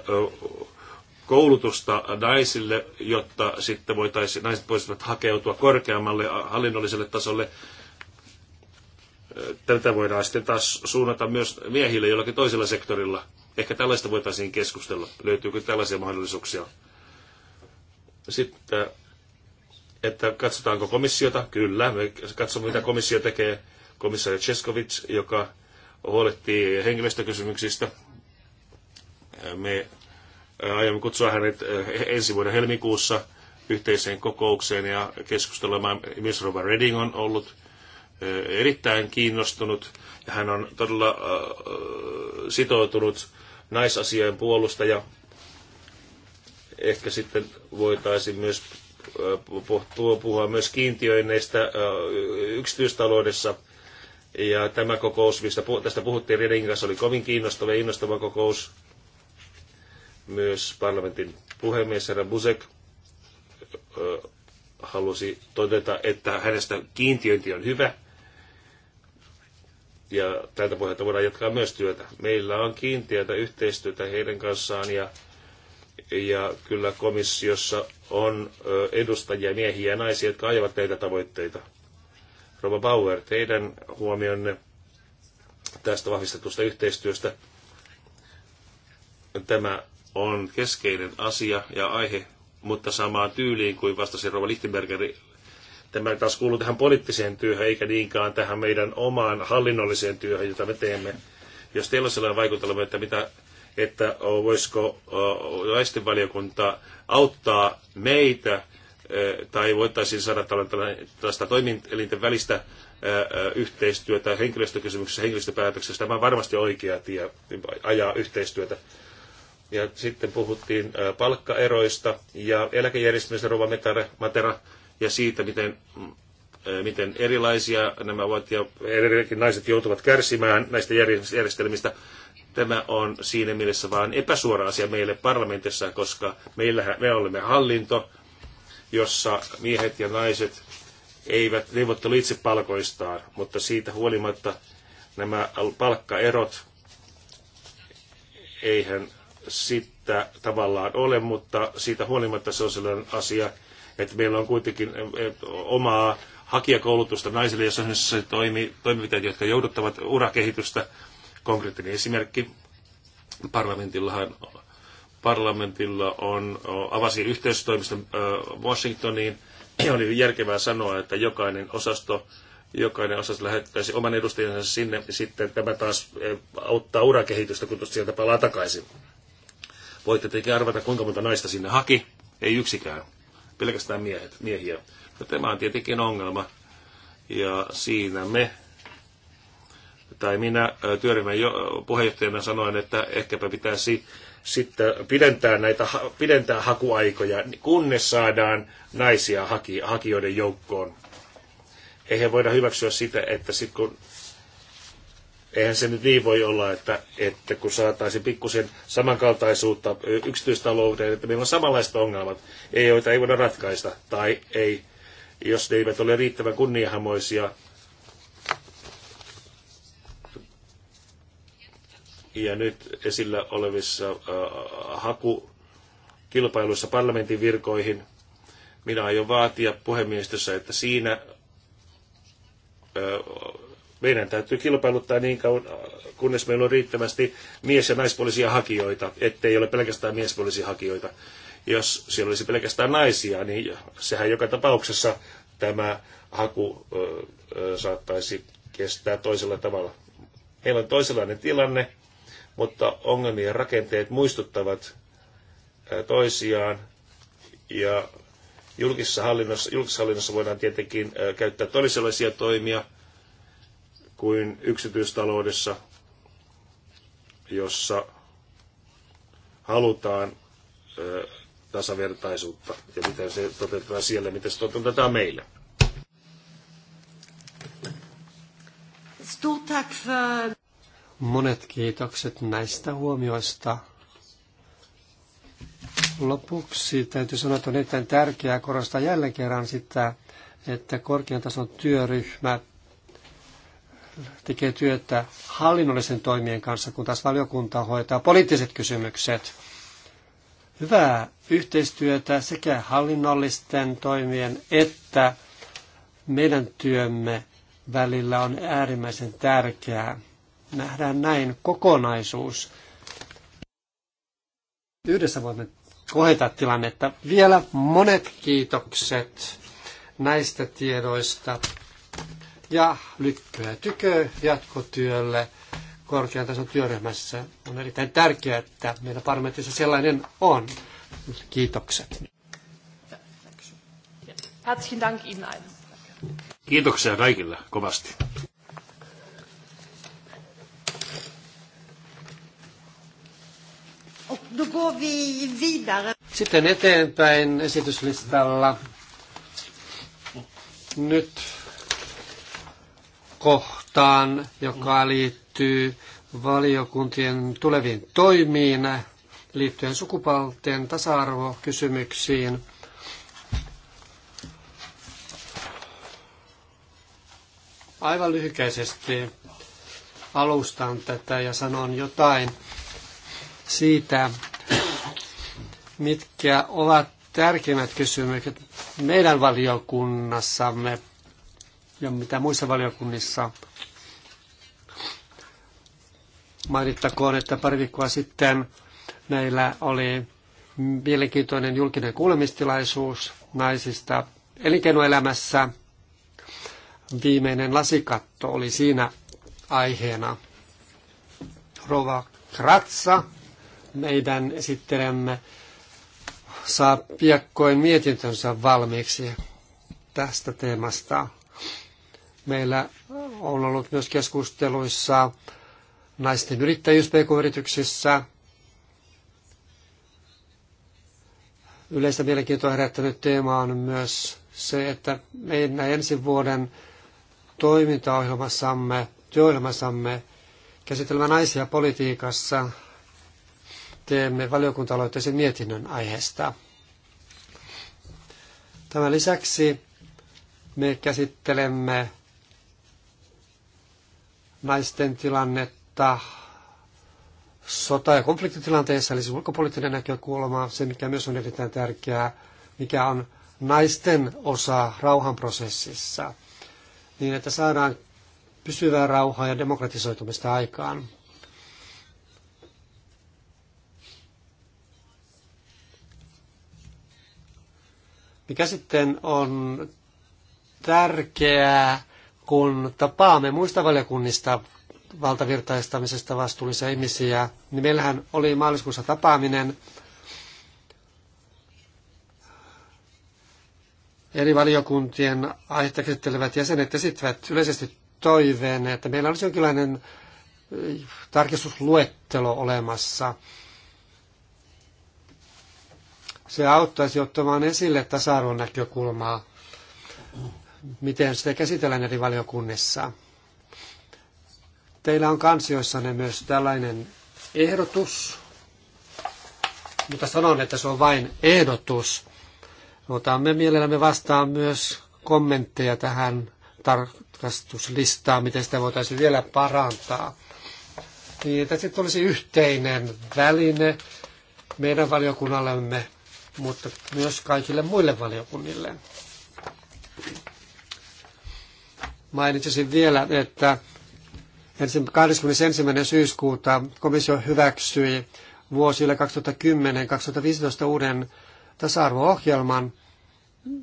[SPEAKER 3] koulutusta naisille, jotta sitten voitaisiin, naiset voisivat hakeutua korkeammalle hallinnolliselle tasolle. Tätä voidaan sitten taas suunnata myös miehille jollakin toisella sektorilla Ehkä tällaista voitaisiin keskustella. Löytyykö tällaisia mahdollisuuksia? Sitten, että katsotaanko komissiota? Kyllä, me katsomme mitä komissio tekee. Komissaari Cheskovic, joka huolehtii henkilöstökysymyksistä. Me äh, aiomme kutsua hänet äh, ensi vuoden helmikuussa yhteiseen kokoukseen ja keskustelemaan. Myös Rova Redding on ollut äh, erittäin kiinnostunut ja hän on todella sitoutunut naisasioiden puolustaja. Ehkä sitten voitaisiin myös äh, puhua myös kiintiöinneistä äh, yksityistaloudessa. Ja tämä kokous, mistä tästä puhuttiin Redingin kanssa, oli kovin kiinnostava ja innostava kokous. Myös parlamentin puhemies herra Busek äh, halusi todeta, että hänestä kiintiöinti on hyvä, ja tältä pohjalta voidaan jatkaa myös työtä. Meillä on kiinteätä yhteistyötä heidän kanssaan ja, ja kyllä komissiossa on edustajia, miehiä ja naisia, jotka ajavat näitä tavoitteita. Rova Bauer, teidän huomionne tästä vahvistetusta yhteistyöstä. Tämä on keskeinen asia ja aihe, mutta samaan tyyliin kuin vastasi Rova Lichtenberger Tämä taas kuuluu tähän poliittiseen työhön, eikä niinkään tähän meidän omaan hallinnolliseen työhön, jota me teemme. Jos teillä on sellainen vaikutelma, että, mitä, että voisiko naistenvaliokunta auttaa meitä, tai voitaisiin saada tällaista toimielinten välistä yhteistyötä henkilöstökysymyksessä, henkilöstöpäätöksessä. Tämä on varmasti oikea tie ajaa yhteistyötä. Ja sitten puhuttiin palkkaeroista ja eläkejärjestelmistä Rova Matera ja siitä, miten, eh, miten erilaisia nämä ovat ja erikin naiset joutuvat kärsimään näistä järjestelmistä. Tämä on siinä mielessä vain epäsuora asia meille parlamentissa, koska meillähän, me olemme hallinto, jossa miehet ja naiset eivät neuvottelu itse palkoistaan, mutta siitä huolimatta nämä palkkaerot, eihän sitä tavallaan ole, mutta siitä huolimatta se on sellainen asia, että meillä on kuitenkin e, e, omaa hakijakoulutusta naisille, jos on se toimi, toimenpiteet, jotka jouduttavat urakehitystä. Konkreettinen esimerkki. Parlamentillahan, parlamentilla on, avasi yhteistoimiston Washingtoniin, ja oli järkevää sanoa, että jokainen osasto jokainen osasto lähettäisi oman edustajansa sinne, ja sitten tämä taas e, auttaa urakehitystä, kun sieltä palaa takaisin. Voitte tietenkin arvata, kuinka monta naista sinne haki, ei yksikään pelkästään miehet, miehiä. Ja tämä on tietenkin ongelma. Ja siinä me, tai minä työryhmän puheenjohtajana sanoin, että ehkäpä pitäisi sitten pidentää näitä pidentää hakuaikoja, kunnes saadaan naisia haki, hakijoiden joukkoon. Eihän voida hyväksyä sitä, että sitten kun eihän se nyt niin voi olla, että, että kun saataisiin pikkusen samankaltaisuutta yksityistalouteen, että meillä on samanlaiset ongelmat, ei joita ei voida ratkaista, tai ei, jos ne eivät ole riittävän kunnianhamoisia. Ja nyt esillä olevissa äh, hakukilpailuissa parlamentin virkoihin, minä aion vaatia puhemiestössä, että siinä äh, meidän täytyy kilpailuttaa niin kauan, kunnes meillä on riittävästi mies- ja naispuolisia hakijoita, ettei ole pelkästään miespuolisia hakijoita. Jos siellä olisi pelkästään naisia, niin sehän joka tapauksessa tämä haku ö, ö, saattaisi kestää toisella tavalla. Meillä on toisenlainen tilanne, mutta ongelmien rakenteet muistuttavat toisiaan ja julkisessa hallinnossa, julkisessa hallinnossa voidaan tietenkin käyttää toisenlaisia toimia, kuin yksityistaloudessa, jossa halutaan ö, tasavertaisuutta ja miten se toteutetaan siellä, miten se toteutetaan meillä.
[SPEAKER 2] Monet kiitokset näistä huomioista. Lopuksi täytyy sanoa, että on erittäin tärkeää korostaa jälleen kerran sitä, että korkean tason työryhmät tekee työtä hallinnollisen toimien kanssa, kun taas valiokunta hoitaa poliittiset kysymykset. Hyvää yhteistyötä sekä hallinnollisten toimien että meidän työmme välillä on äärimmäisen tärkeää. Nähdään näin kokonaisuus. Yhdessä voimme kohdata tilannetta. Vielä monet kiitokset näistä tiedoista ja tykö jatkotyölle korkean tason työryhmässä. On erittäin tärkeää, että meillä parlamentissa sellainen on. Kiitokset.
[SPEAKER 3] Kiitoksia kaikille kovasti.
[SPEAKER 2] Sitten eteenpäin esityslistalla. Nyt kohtaan, joka liittyy valiokuntien tuleviin toimiin liittyen sukupuolten tasa-arvokysymyksiin. Aivan lyhykäisesti alustan tätä ja sanon jotain siitä, mitkä ovat tärkeimmät kysymykset meidän valiokunnassamme – ja mitä muissa valiokunnissa. Mainittakoon, että pari viikkoa sitten meillä oli mielenkiintoinen julkinen kuulemistilaisuus naisista elinkeinoelämässä. Viimeinen lasikatto oli siinä aiheena. Rova Kratsa, meidän esittelemme, saa piakkoin mietintönsä valmiiksi tästä teemasta. Meillä on ollut myös keskusteluissa naisten yrittäjyys PK-yrityksissä. Yleistä mielenkiintoa herättänyt teema on myös se, että meidän ensi vuoden toimintaohjelmassamme, työohjelmassamme käsitelmä naisia politiikassa teemme valiokunta mietinnön aiheesta. Tämän lisäksi me käsittelemme naisten tilannetta sota- ja konfliktitilanteessa, eli se siis ulkopoliittinen näkökulma, se mikä myös on erittäin tärkeää, mikä on naisten osa rauhanprosessissa, niin että saadaan pysyvää rauhaa ja demokratisoitumista aikaan. Mikä sitten on tärkeää kun tapaamme muista valiokunnista valtavirtaistamisesta vastuullisia ihmisiä, niin meillähän oli maaliskuussa tapaaminen eri valiokuntien aihetta käsittelevät jäsenet esittävät yleisesti toiveen, että meillä olisi jonkinlainen eh, tarkistusluettelo olemassa. Se auttaisi ottamaan esille tasa-arvon näkökulmaa miten sitä käsitellään eri valiokunnissa. Teillä on kansioissanne myös tällainen ehdotus, mutta sanon, että se on vain ehdotus. Otamme mielellämme vastaan myös kommentteja tähän tarkastuslistaan, miten sitä voitaisiin vielä parantaa. Niin, että sitten olisi yhteinen väline meidän valiokunnallemme, mutta myös kaikille muille valiokunnille mainitsisin vielä, että 21. syyskuuta komissio hyväksyi vuosille 2010-2015 uuden tasa-arvo-ohjelman.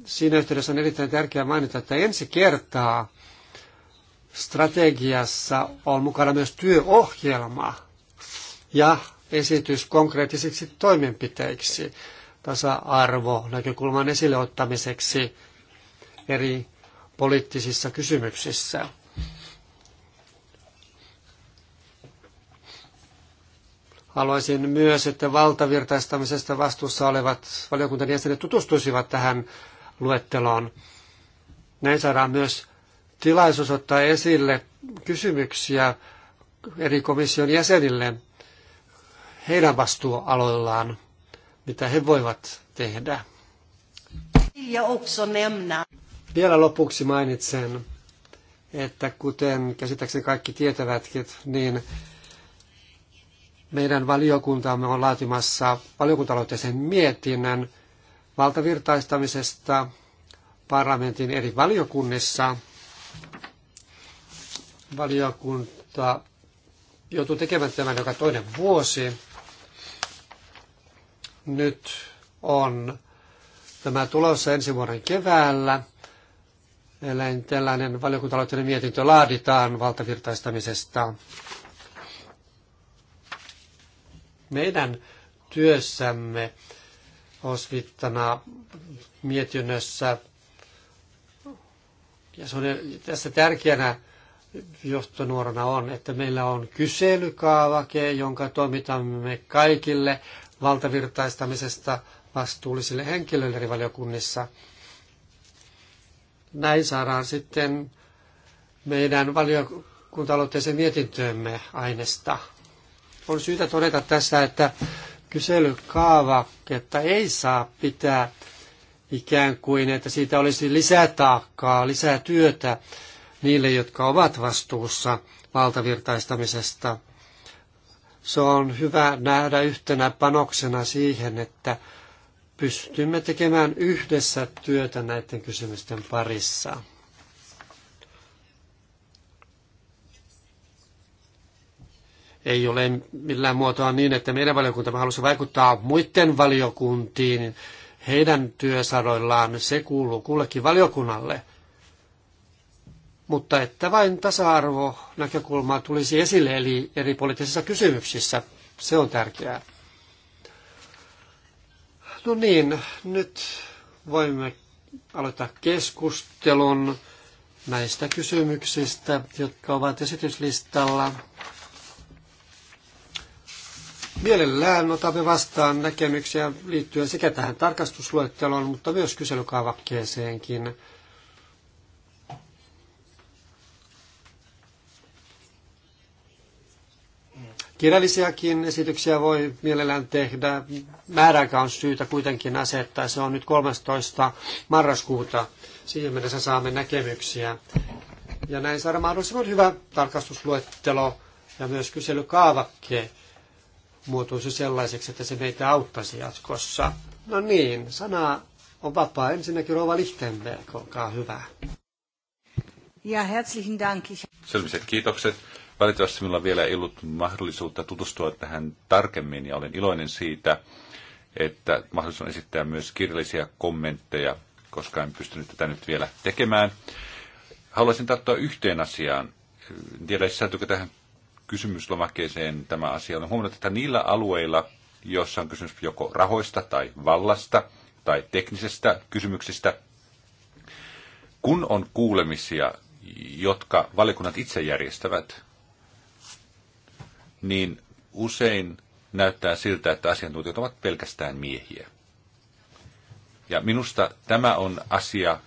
[SPEAKER 2] Siinä yhteydessä on erittäin tärkeää mainita, että ensi kertaa strategiassa on mukana myös työohjelma ja esitys konkreettisiksi toimenpiteiksi tasa-arvo näkökulman esille ottamiseksi eri poliittisissa kysymyksissä. Haluaisin myös, että valtavirtaistamisesta vastuussa olevat valiokunnan jäsenet tutustuisivat tähän luetteloon. Näin saadaan myös tilaisuus ottaa esille kysymyksiä eri komission jäsenille heidän vastuualoillaan, mitä he voivat tehdä. Vielä lopuksi mainitsen, että kuten käsittääkseni kaikki tietävätkin, niin meidän valiokuntamme on laatimassa valiokuntaloitteisen mietinnän valtavirtaistamisesta parlamentin eri valiokunnissa. Valiokunta joutuu tekemään tämän joka toinen vuosi. Nyt on tämä tulossa ensi vuoden keväällä. Eläin tällainen valiokunta mietintö laaditaan valtavirtaistamisesta. Meidän työssämme osvittana mietinnössä. Ja se on tässä tärkeänä johtonuorana on, että meillä on kyselykaavake, jonka toimitamme kaikille valtavirtaistamisesta vastuullisille henkilöille eri valiokunnissa – näin saadaan sitten meidän valiokuntaloitteeseen mietintöömme aineesta. On syytä todeta tässä, että kyselykaavaketta ei saa pitää ikään kuin, että siitä olisi lisää taakkaa, lisää työtä niille, jotka ovat vastuussa valtavirtaistamisesta. Se on hyvä nähdä yhtenä panoksena siihen, että pystymme tekemään yhdessä työtä näiden kysymysten parissa. Ei ole millään muotoa niin, että meidän valiokuntamme halusi vaikuttaa muiden valiokuntiin heidän työsaroillaan. Se kuuluu kullekin valiokunnalle. Mutta että vain tasa-arvo näkökulmaa tulisi esille eli eri poliittisissa kysymyksissä. Se on tärkeää. No niin, nyt voimme aloittaa keskustelun näistä kysymyksistä, jotka ovat esityslistalla. Mielellään otamme vastaan näkemyksiä liittyen sekä tähän tarkastusluetteloon, mutta myös kyselykaavakkeeseenkin. Kirjallisiakin esityksiä voi mielellään tehdä. Määräaika on syytä kuitenkin asettaa. Se on nyt 13. marraskuuta. Siihen mennessä saamme näkemyksiä. Ja näin saada mahdollisimman hyvä tarkastusluettelo ja myös kyselykaavakke muotoisi sellaiseksi, että se meitä auttaisi jatkossa. No niin, sana on vapaa. Ensinnäkin Rova Lichtenberg, olkaa hyvä. Ja herzlichen Dank. Selviset
[SPEAKER 4] kiitokset. Valitettavasti minulla vielä ei ollut mahdollisuutta tutustua tähän tarkemmin ja olen iloinen siitä, että mahdollisuus on esittää myös kirjallisia kommentteja, koska en pystynyt tätä nyt vielä tekemään. Haluaisin tarttua yhteen asiaan. En tiedä, sisältyykö tähän kysymyslomakkeeseen tämä asia. Olen huomannut, että niillä alueilla, joissa on kysymys joko rahoista tai vallasta tai teknisestä kysymyksistä, kun on kuulemisia, jotka valikunnat itse järjestävät, niin usein näyttää siltä, että asiantuntijat ovat pelkästään miehiä. Ja minusta tämä on asia,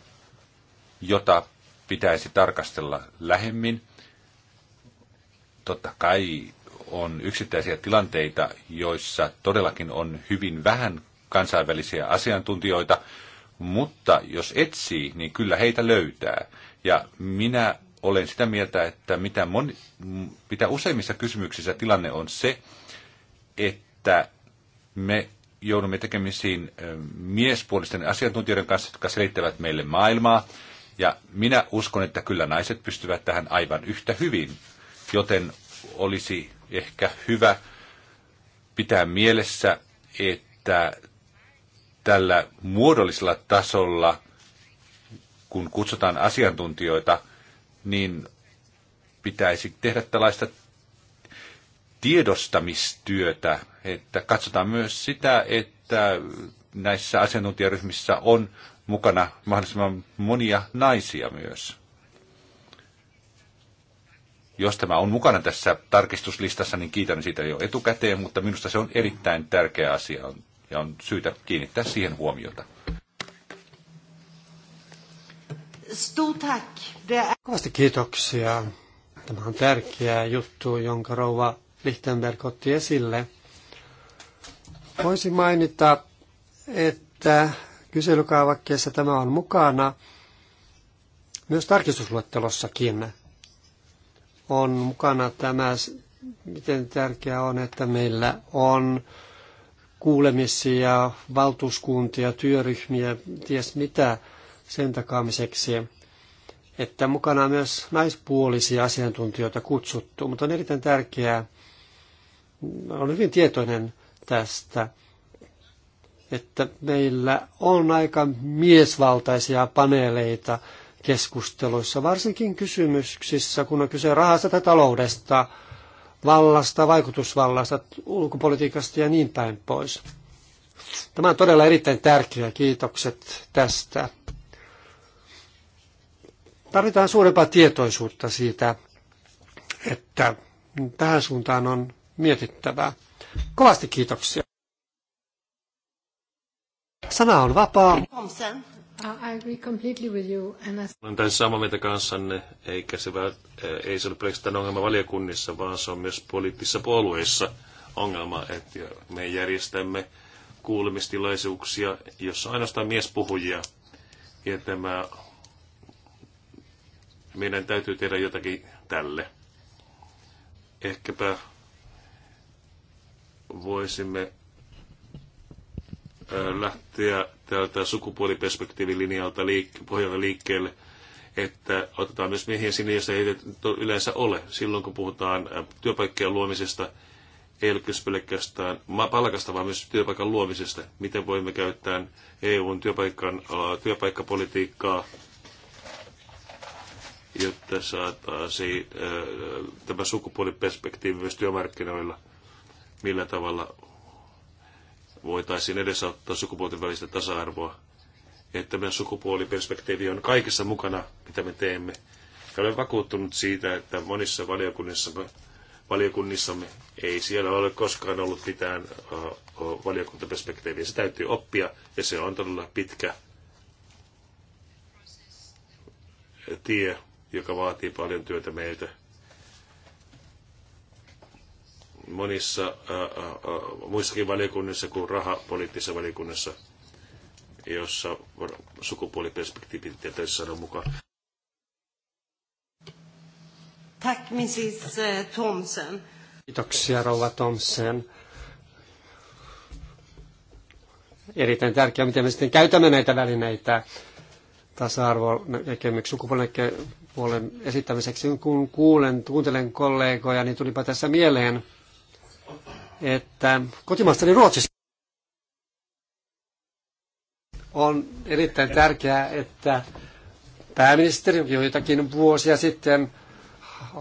[SPEAKER 4] jota pitäisi tarkastella lähemmin. Totta kai on yksittäisiä tilanteita, joissa todellakin on hyvin vähän kansainvälisiä asiantuntijoita, mutta jos etsii, niin kyllä heitä löytää. Ja minä olen sitä mieltä, että mitä, moni, mitä useimmissa kysymyksissä tilanne on se, että me joudumme tekemisiin miespuolisten asiantuntijoiden kanssa, jotka selittävät meille maailmaa. Ja minä uskon, että kyllä naiset pystyvät tähän aivan yhtä hyvin, joten olisi ehkä hyvä pitää mielessä, että tällä muodollisella tasolla, kun kutsutaan asiantuntijoita – niin pitäisi tehdä tällaista tiedostamistyötä, että katsotaan myös sitä, että näissä asiantuntijaryhmissä on mukana mahdollisimman monia naisia myös. Jos tämä on mukana tässä tarkistuslistassa, niin kiitän siitä jo etukäteen, mutta minusta se on erittäin tärkeä asia ja on syytä kiinnittää siihen huomiota.
[SPEAKER 1] Stort tack. Kovasti
[SPEAKER 2] kiitoksia. Tämä on tärkeä juttu, jonka rouva Lichtenberg otti esille. Voisin mainita, että kyselykaavakkeessa tämä on mukana. Myös tarkistusluettelossakin on mukana tämä, miten tärkeää on, että meillä on kuulemisia, valtuuskuntia, työryhmiä, ties mitä – sen takaamiseksi, että mukana on myös naispuolisia asiantuntijoita kutsuttu, mutta on erittäin tärkeää, olen hyvin tietoinen tästä, että meillä on aika miesvaltaisia paneeleita keskusteluissa, varsinkin kysymyksissä, kun on kyse rahasta tai taloudesta, vallasta, vaikutusvallasta, ulkopolitiikasta ja niin päin pois. Tämä on todella erittäin tärkeä. Kiitokset tästä. Tarvitaan suurempaa tietoisuutta siitä, että tähän suuntaan on mietittävää. Kovasti kiitoksia. Sana on vapaa.
[SPEAKER 1] I agree completely with you.
[SPEAKER 3] Olen täysin samaa mieltä kanssanne, eikä se, vält- eh, ei se ole pelkästään ongelma valiokunnissa, vaan se on myös poliittisissa puolueissa ongelma, että me järjestämme kuulemistilaisuuksia, jossa on ainoastaan miespuhujia. Ja tämä meidän täytyy tehdä jotakin tälle. Ehkäpä voisimme lähteä tältä sukupuoliperspektiivilinjalta liik- pohjalta liikkeelle, että otetaan myös miehiä sinne, joissa ei yleensä ole. Silloin kun puhutaan työpaikkien luomisesta, ei ole pelkästään palkasta, vaan myös työpaikan luomisesta. Miten voimme käyttää EUn työpaikan, työpaikkapolitiikkaa jotta saataisiin äh, tämä sukupuoliperspektiivi myös työmarkkinoilla, millä tavalla voitaisiin edesauttaa sukupuolten välistä tasa-arvoa, että meidän sukupuoliperspektiivi on kaikessa mukana, mitä me teemme. Ja olen vakuuttunut siitä, että monissa valiokunnissamme, valiokunnissamme ei siellä ole koskaan ollut mitään äh, äh, valiokuntaperspektiiviä. Se täytyy oppia ja se on todella pitkä tie joka vaatii paljon työtä meiltä. Monissa ää, ää, muissakin valiokunnissa kuin rahapoliittisessa valiokunnassa, jossa
[SPEAKER 2] sukupuoliperspektiivi
[SPEAKER 3] pitäisi saada mukaan.
[SPEAKER 1] Tack, Mrs. Thompson.
[SPEAKER 2] Kiitoksia, rouva Thompson. Erittäin tärkeää, miten me sitten käytämme näitä välineitä tasa-arvo, sukupuolen puolen esittämiseksi. Kun kuulen, kuuntelen kollegoja, niin tulipa tässä mieleen, että kotimaastani Ruotsissa on erittäin tärkeää, että pääministeri joitakin vuosia sitten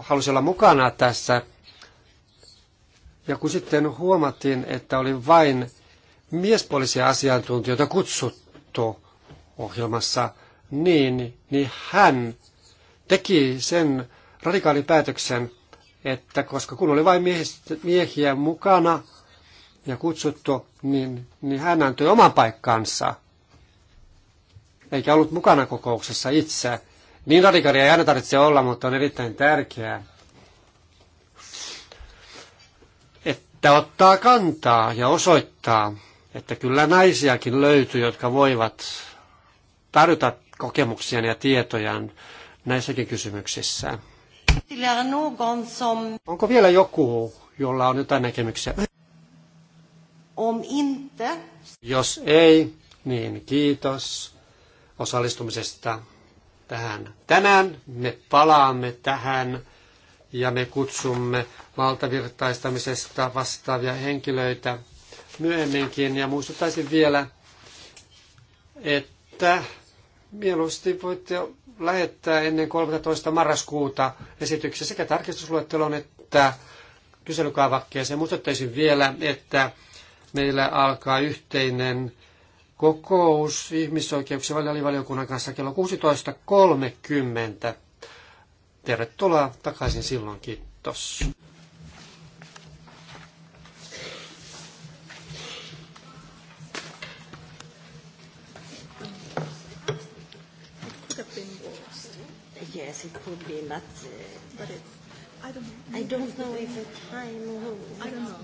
[SPEAKER 2] halusi olla mukana tässä. Ja kun sitten huomattiin, että oli vain miespuolisia asiantuntijoita kutsuttu ohjelmassa, niin, niin hän teki sen radikaalin päätöksen, että koska kun oli vain miehiä mukana ja kutsuttu, niin, niin hän antoi oman paikkansa, eikä ollut mukana kokouksessa itse. Niin radikaalia ei aina tarvitse olla, mutta on erittäin tärkeää, että ottaa kantaa ja osoittaa, että kyllä naisiakin löytyy, jotka voivat tarjota kokemuksiaan ja tietojaan näissäkin kysymyksissä. Onko vielä joku, jolla on jotain näkemyksiä?
[SPEAKER 1] Om inte.
[SPEAKER 2] Jos ei, niin kiitos osallistumisesta tähän. Tänään me palaamme tähän ja me kutsumme valtavirtaistamisesta vastaavia henkilöitä myöhemminkin. Ja muistuttaisin vielä, että mieluusti voitte lähettää ennen 13. marraskuuta esityksessä sekä tarkistusluettelon että kyselykaavakkeeseen. Muistuttaisin vielä, että meillä alkaa yhteinen kokous ihmisoikeuksien valiokunnan kanssa kello 16.30. Tervetuloa takaisin silloin, kiitos.
[SPEAKER 1] it would be, but, uh, but it, I don't know. I don't know if the time will. I don't know.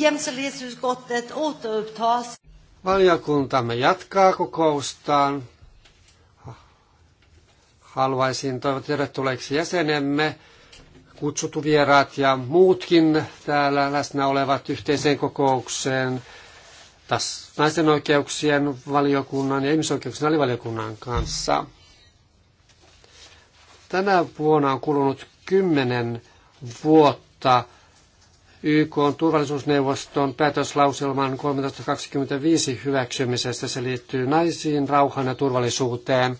[SPEAKER 1] Jämställdhetsutskottet återupptas.
[SPEAKER 2] Valiokuntamme jatkaa kokoustaan. Haluaisin toivot tervetulleeksi jäsenemme, kutsutuvieraat ja muutkin täällä läsnä olevat yhteiseen kokoukseen tässä naisten oikeuksien valiokunnan ja ihmisoikeuksien alivaliokunnan kanssa. Tänä vuonna on kulunut kymmenen vuotta YK on turvallisuusneuvoston päätöslauselman 1325 hyväksymisestä. Se liittyy naisiin, rauhaan ja turvallisuuteen.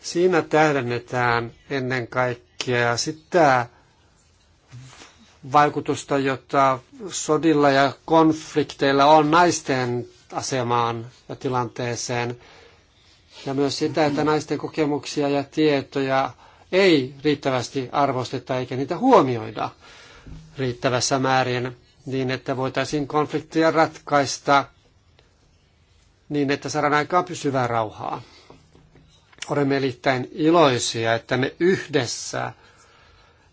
[SPEAKER 2] Siinä tähdennetään ennen kaikkea sitä vaikutusta, jota sodilla ja konflikteilla on naisten asemaan ja tilanteeseen. Ja myös sitä, että naisten kokemuksia ja tietoja ei riittävästi arvosteta eikä niitä huomioida riittävässä määrin niin, että voitaisiin konflikteja ratkaista niin, että saadaan aikaan pysyvää rauhaa. Olemme erittäin iloisia, että me yhdessä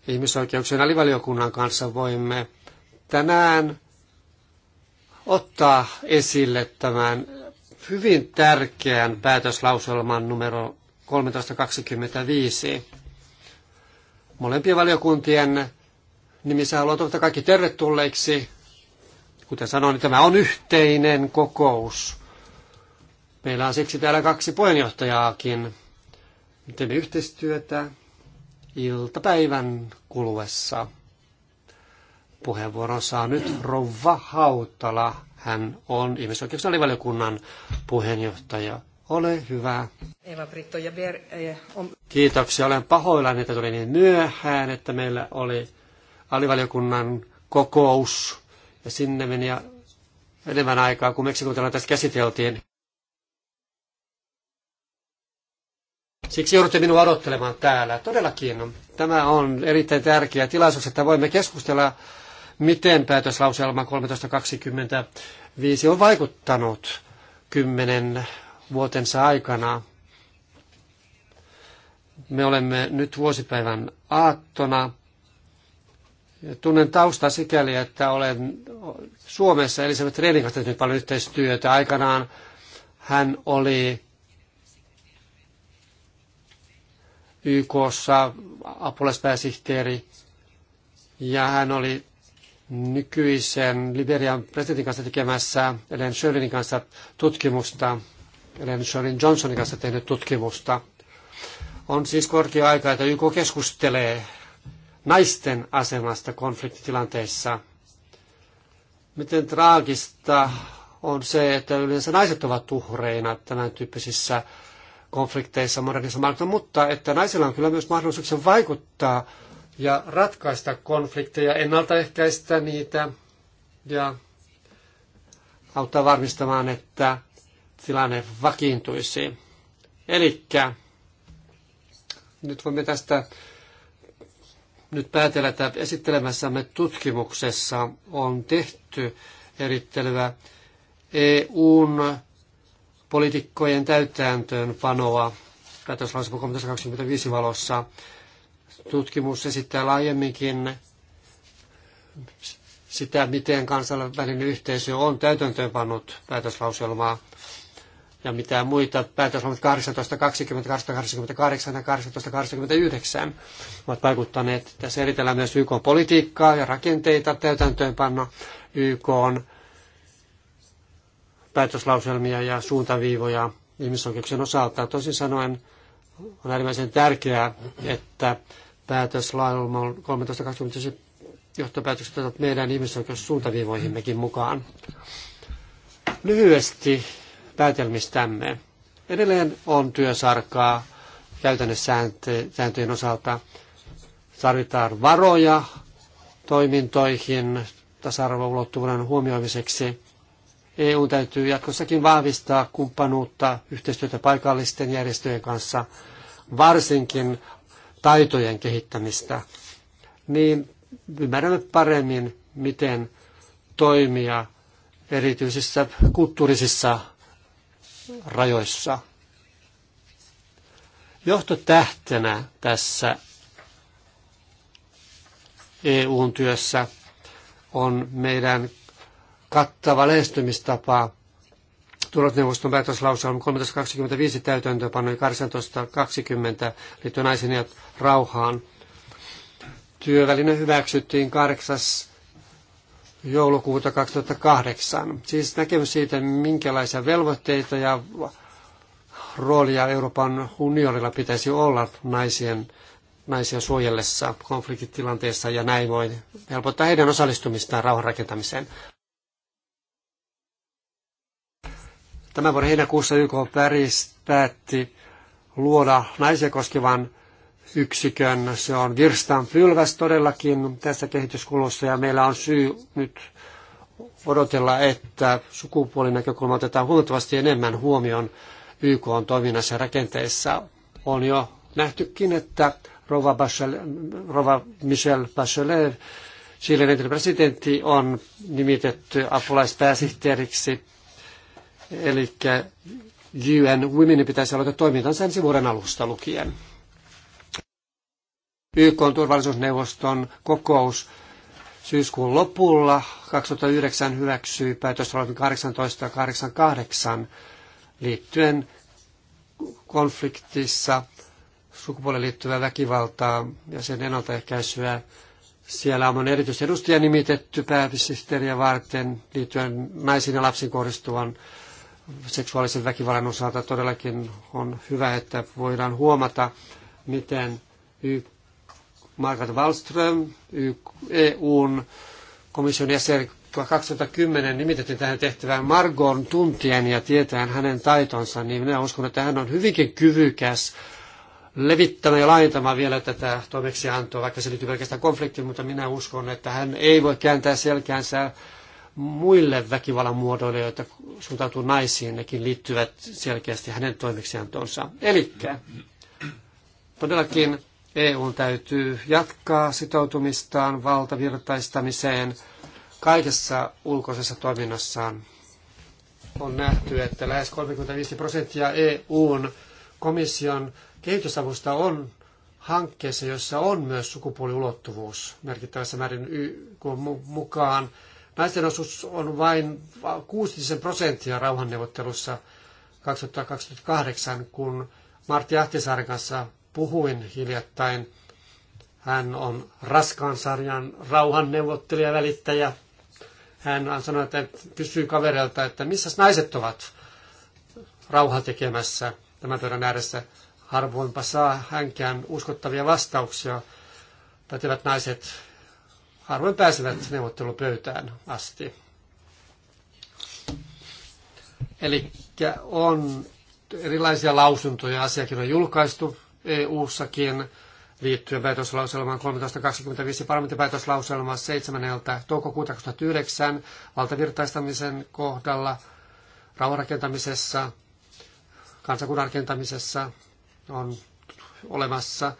[SPEAKER 2] ihmisoikeuksien alivaliokunnan kanssa voimme tänään ottaa esille tämän hyvin tärkeän päätöslauselman numero 1325. Molempien valiokuntien nimissä haluan toivottaa kaikki tervetulleiksi. Kuten sanoin, niin tämä on yhteinen kokous. Meillä on siksi täällä kaksi puheenjohtajaakin. Teemme yhteistyötä iltapäivän kuluessa. Puheenvuoron saa nyt Rouva Hautala. Hän on ihmisoikeusalivaliokunnan puheenjohtaja. Ole hyvä.
[SPEAKER 1] Eva Britto ja Ber, eh, on...
[SPEAKER 2] Kiitoksia. Olen pahoillani, että tuli niin myöhään, että meillä oli alivaliokunnan kokous ja sinne meni enemmän aikaa, kun Meksikon tilanteesta käsiteltiin. Siksi joudutte minua odottelemaan täällä. Todellakin tämä on erittäin tärkeä tilaisuus, että voimme keskustella, miten päätöslauselma 1325 on vaikuttanut kymmenen vuotensa aikana. Me olemme nyt vuosipäivän aattona Tunnen taustaa sikäli, että olen Suomessa Elisabeth Reinin kanssa tehnyt paljon yhteistyötä. Aikanaan hän oli YKssa apulaispääsihteeri ja hän oli nykyisen Liberian presidentin kanssa tekemässä Ellen Shirleyin kanssa tutkimusta, Ellen Shirley Johnsonin kanssa tehnyt tutkimusta. On siis korkea aika, että YK keskustelee naisten asemasta konfliktitilanteissa. Miten traagista on se, että yleensä naiset ovat uhreina tämän tyyppisissä konflikteissa modernissa maailmassa, mutta että naisilla on kyllä myös mahdollisuuksia vaikuttaa ja ratkaista konflikteja, ennaltaehkäistä niitä ja auttaa varmistamaan, että tilanne vakiintuisi. Eli nyt voimme tästä nyt päätellä, että esittelemässämme tutkimuksessa on tehty erittelevä EUn poliitikkojen täyttääntöönpanoa päätöslausuma 25 valossa. Tutkimus esittää laajemminkin sitä, miten kansainvälinen yhteisö on täytäntöönpannut päätöslauselmaa ja mitä muita päätöslomat 18, 20, 88 ja 18, 89 ovat vaikuttaneet. Tässä eritellään myös YK politiikkaa ja rakenteita täytäntöönpanna YK on päätöslauselmia ja suuntaviivoja ihmisoikeuksien osalta. Toisin sanoen on äärimmäisen tärkeää, että päätöslauselma 13.29 johtopäätökset ovat meidän ihmisoikeussuuntaviivoihimmekin mukaan. Lyhyesti päätelmistämme. Edelleen on työsarkaa sääntöjen osalta. Tarvitaan varoja toimintoihin tasa-arvoulottuvuuden huomioimiseksi. EU täytyy jatkossakin vahvistaa kumppanuutta, yhteistyötä paikallisten järjestöjen kanssa, varsinkin taitojen kehittämistä. Niin ymmärrämme paremmin, miten toimia erityisissä kulttuurisissa rajoissa. Johtotähtenä tässä EUn työssä on meidän kattava lähestymistapa turvallisuusneuvoston päätöslauselma 1325 täytäntöönpanoi 1820 liittyen naisen ja rauhaan. Työväline hyväksyttiin 8 joulukuuta 2008. Siis näkemys siitä, minkälaisia velvoitteita ja roolia Euroopan unionilla pitäisi olla naisien, naisia suojellessa konfliktitilanteessa ja näin voi helpottaa heidän osallistumistaan rauhanrakentamiseen. Tämän vuoden heinäkuussa YK Paris päätti luoda naisia koskevan yksikön. Se on virstan pylväs todellakin tässä kehityskulussa ja meillä on syy nyt odotella, että sukupuolinäkökulma otetaan huomattavasti enemmän huomioon YK on toiminnassa rakenteessa. On jo nähtykin, että Rova, Bachelet, Rova Michelle Bachelet, Chilen entinen presidentti, on nimitetty apulaispääsihteeriksi. Eli UN Women pitäisi aloittaa toimintansa ensi vuoden alusta lukien. YK turvallisuusneuvoston kokous syyskuun lopulla 2009 hyväksyi päätösvallan 1888 liittyen konfliktissa sukupuoleen liittyvää väkivaltaa ja sen ennaltaehkäisyä. Siellä on erityisedustaja nimitetty pääsihteeriä varten liittyen naisiin ja lapsiin kohdistuvan seksuaalisen väkivallan osalta. Todellakin on hyvä, että voidaan huomata, miten YK Margaret Wallström, EUn komission jäsen 2010 nimitettiin tähän tehtävään Margon tuntien ja tietäen hänen taitonsa, niin minä uskon, että hän on hyvinkin kyvykäs levittämään ja laajentamaan vielä tätä toimeksiantoa, vaikka se liittyy pelkästään konfliktiin, mutta minä uskon, että hän ei voi kääntää selkäänsä muille väkivallan muodoille, joita suuntautuu naisiin, nekin liittyvät selkeästi hänen toimeksiantonsa. Eli todellakin EUn täytyy jatkaa sitoutumistaan valtavirtaistamiseen kaikessa ulkoisessa toiminnassaan. On nähty, että lähes 35 prosenttia EUn komission kehitysavusta on hankkeessa, jossa on myös sukupuoliulottuvuus merkittävässä määrin YK mukaan. Naisten osuus on vain 60 prosenttia rauhanneuvottelussa 2028, kun Martti Ahtisaaren kanssa puhuin hiljattain. Hän on raskaan sarjan rauhanneuvottelija välittäjä. Hän on sanonut, että kysyy kavereilta, että missä naiset ovat rauha tekemässä tämän pöydän ääressä. Harvoinpa saa hänkään uskottavia vastauksia. Pätevät naiset harvoin pääsevät neuvottelupöytään asti. Eli on erilaisia lausuntoja asiakirjoja julkaistu EU-sakin liittyen päätöslauselmaan 1325 parlamentin päätöslauselma 7. toukokuuta 2009 valtavirtaistamisen kohdalla rauhanrakentamisessa, kansakunnan rakentamisessa on olemassa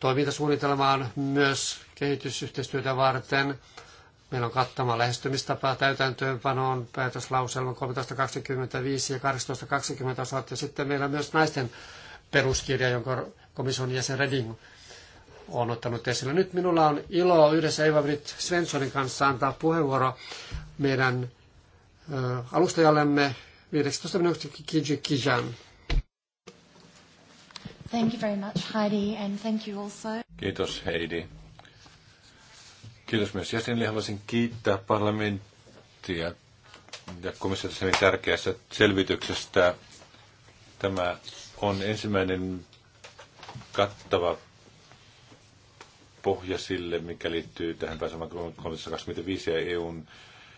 [SPEAKER 2] toimintasuunnitelmaan myös kehitysyhteistyötä varten. Meillä on kattama lähestymistapa täytäntöönpanoon päätöslauselma 1325 ja 1820 osalta. Ja sitten meillä on myös naisten peruskirja, jonka komission jäsen Reding on ottanut esille. Nyt minulla on ilo yhdessä Eva Britt Svenssonin kanssa antaa puheenvuoro meidän alustajallemme 15 minuutiksi Kiji Kijan.
[SPEAKER 1] Thank you very much, Heidi, and thank you also.
[SPEAKER 4] Kiitos Heidi. Kiitos myös jäsenille. Haluaisin kiittää parlamenttia ja komissiota sen tärkeästä selvityksestä. Tämä on ensimmäinen kattava pohja sille, mikä liittyy tähän pääsemään 325 ja EUn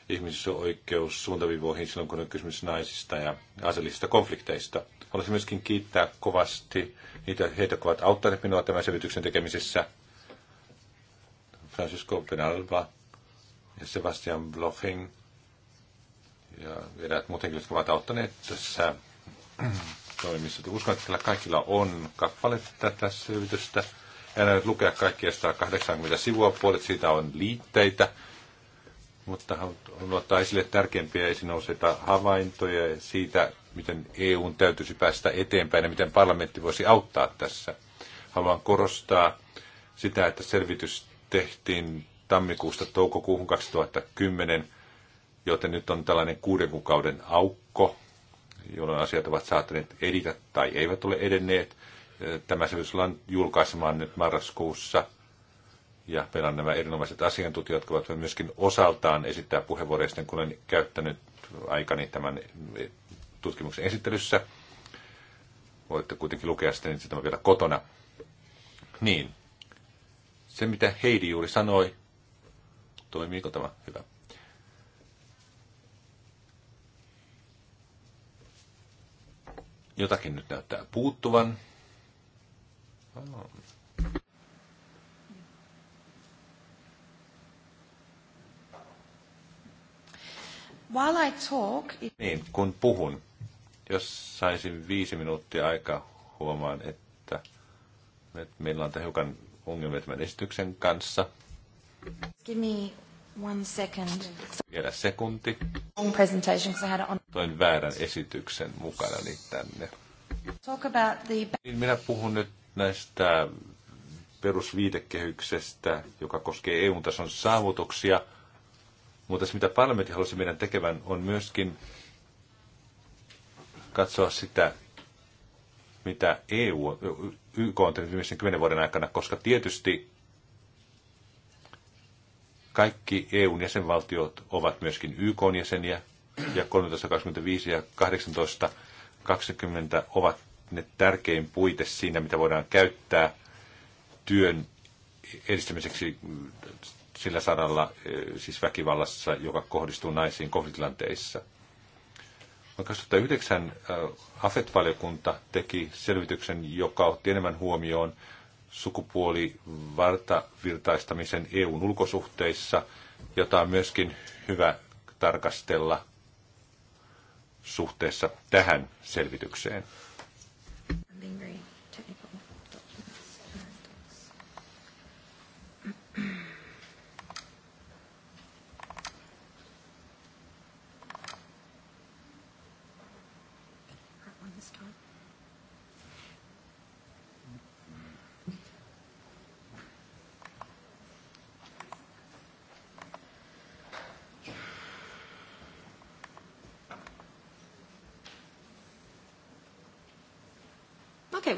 [SPEAKER 4] ihmisoikeus suuntaviivoihin silloin, kun on kysymys naisista ja aseellisista konflikteista. Haluaisin myöskin kiittää kovasti niitä, heitä, jotka ovat auttaneet minua tämän selvityksen tekemisessä. Francisco Penalva ja Sebastian Bloching ja eräät muut henkilöt, jotka ovat auttaneet tässä toimissa. Uskon, että kaikilla on kappale tätä selvitystä. En nyt lukea kaikkia 180 sivua, puolet siitä on liitteitä, mutta haluan ottaa esille tärkeimpiä esinouseita havaintoja siitä, miten EUn täytyisi päästä eteenpäin ja miten parlamentti voisi auttaa tässä. Haluan korostaa sitä, että selvitys tehtiin tammikuusta toukokuuhun 2010, joten nyt on tällainen kuuden kuukauden aukko jolloin asiat ovat saattaneet edetä tai eivät ole edenneet. Tämä selvitys ollaan julkaisemaan nyt marraskuussa. Ja meillä on nämä erinomaiset asiantuntijat, jotka ovat myöskin osaltaan esittää puheenvuoroja, kun olen käyttänyt aikani tämän e, tutkimuksen esittelyssä. Voitte kuitenkin lukea sitten niin sitä vielä kotona. Niin. Se, mitä Heidi juuri sanoi, toimiiko tämä hyvä? Jotakin nyt näyttää puuttuvan.
[SPEAKER 1] While I talk, it... Niin,
[SPEAKER 4] kun puhun, jos saisin viisi minuuttia aikaa, huomaan, että, että meillä on hiukan ongelmia tämän esityksen kanssa.
[SPEAKER 1] Give me One second.
[SPEAKER 4] Vielä sekunti.
[SPEAKER 1] Presentation, I had it on.
[SPEAKER 4] Toin väärän esityksen mukana niin tänne.
[SPEAKER 1] Talk about the...
[SPEAKER 4] Niin, minä puhun nyt näistä perusviitekehyksestä, joka koskee EU-tason saavutuksia. Mutta se, mitä parlamentti halusi meidän tekevän, on myöskin katsoa sitä, mitä EU, YK on tehnyt viimeisen kymmenen vuoden aikana, koska tietysti kaikki EUn jäsenvaltiot ovat myöskin YKn jäseniä, ja 13, 25 ja 18, 20 ovat ne tärkein puite siinä, mitä voidaan käyttää työn edistämiseksi sillä saralla, eh, siis väkivallassa, joka kohdistuu naisiin konfliktilanteissa. Vuonna 2009 eh, AFET-valiokunta teki selvityksen, joka otti enemmän huomioon sukupuolivartavirtaistamisen EUn ulkosuhteissa, jota on myöskin hyvä tarkastella suhteessa tähän selvitykseen.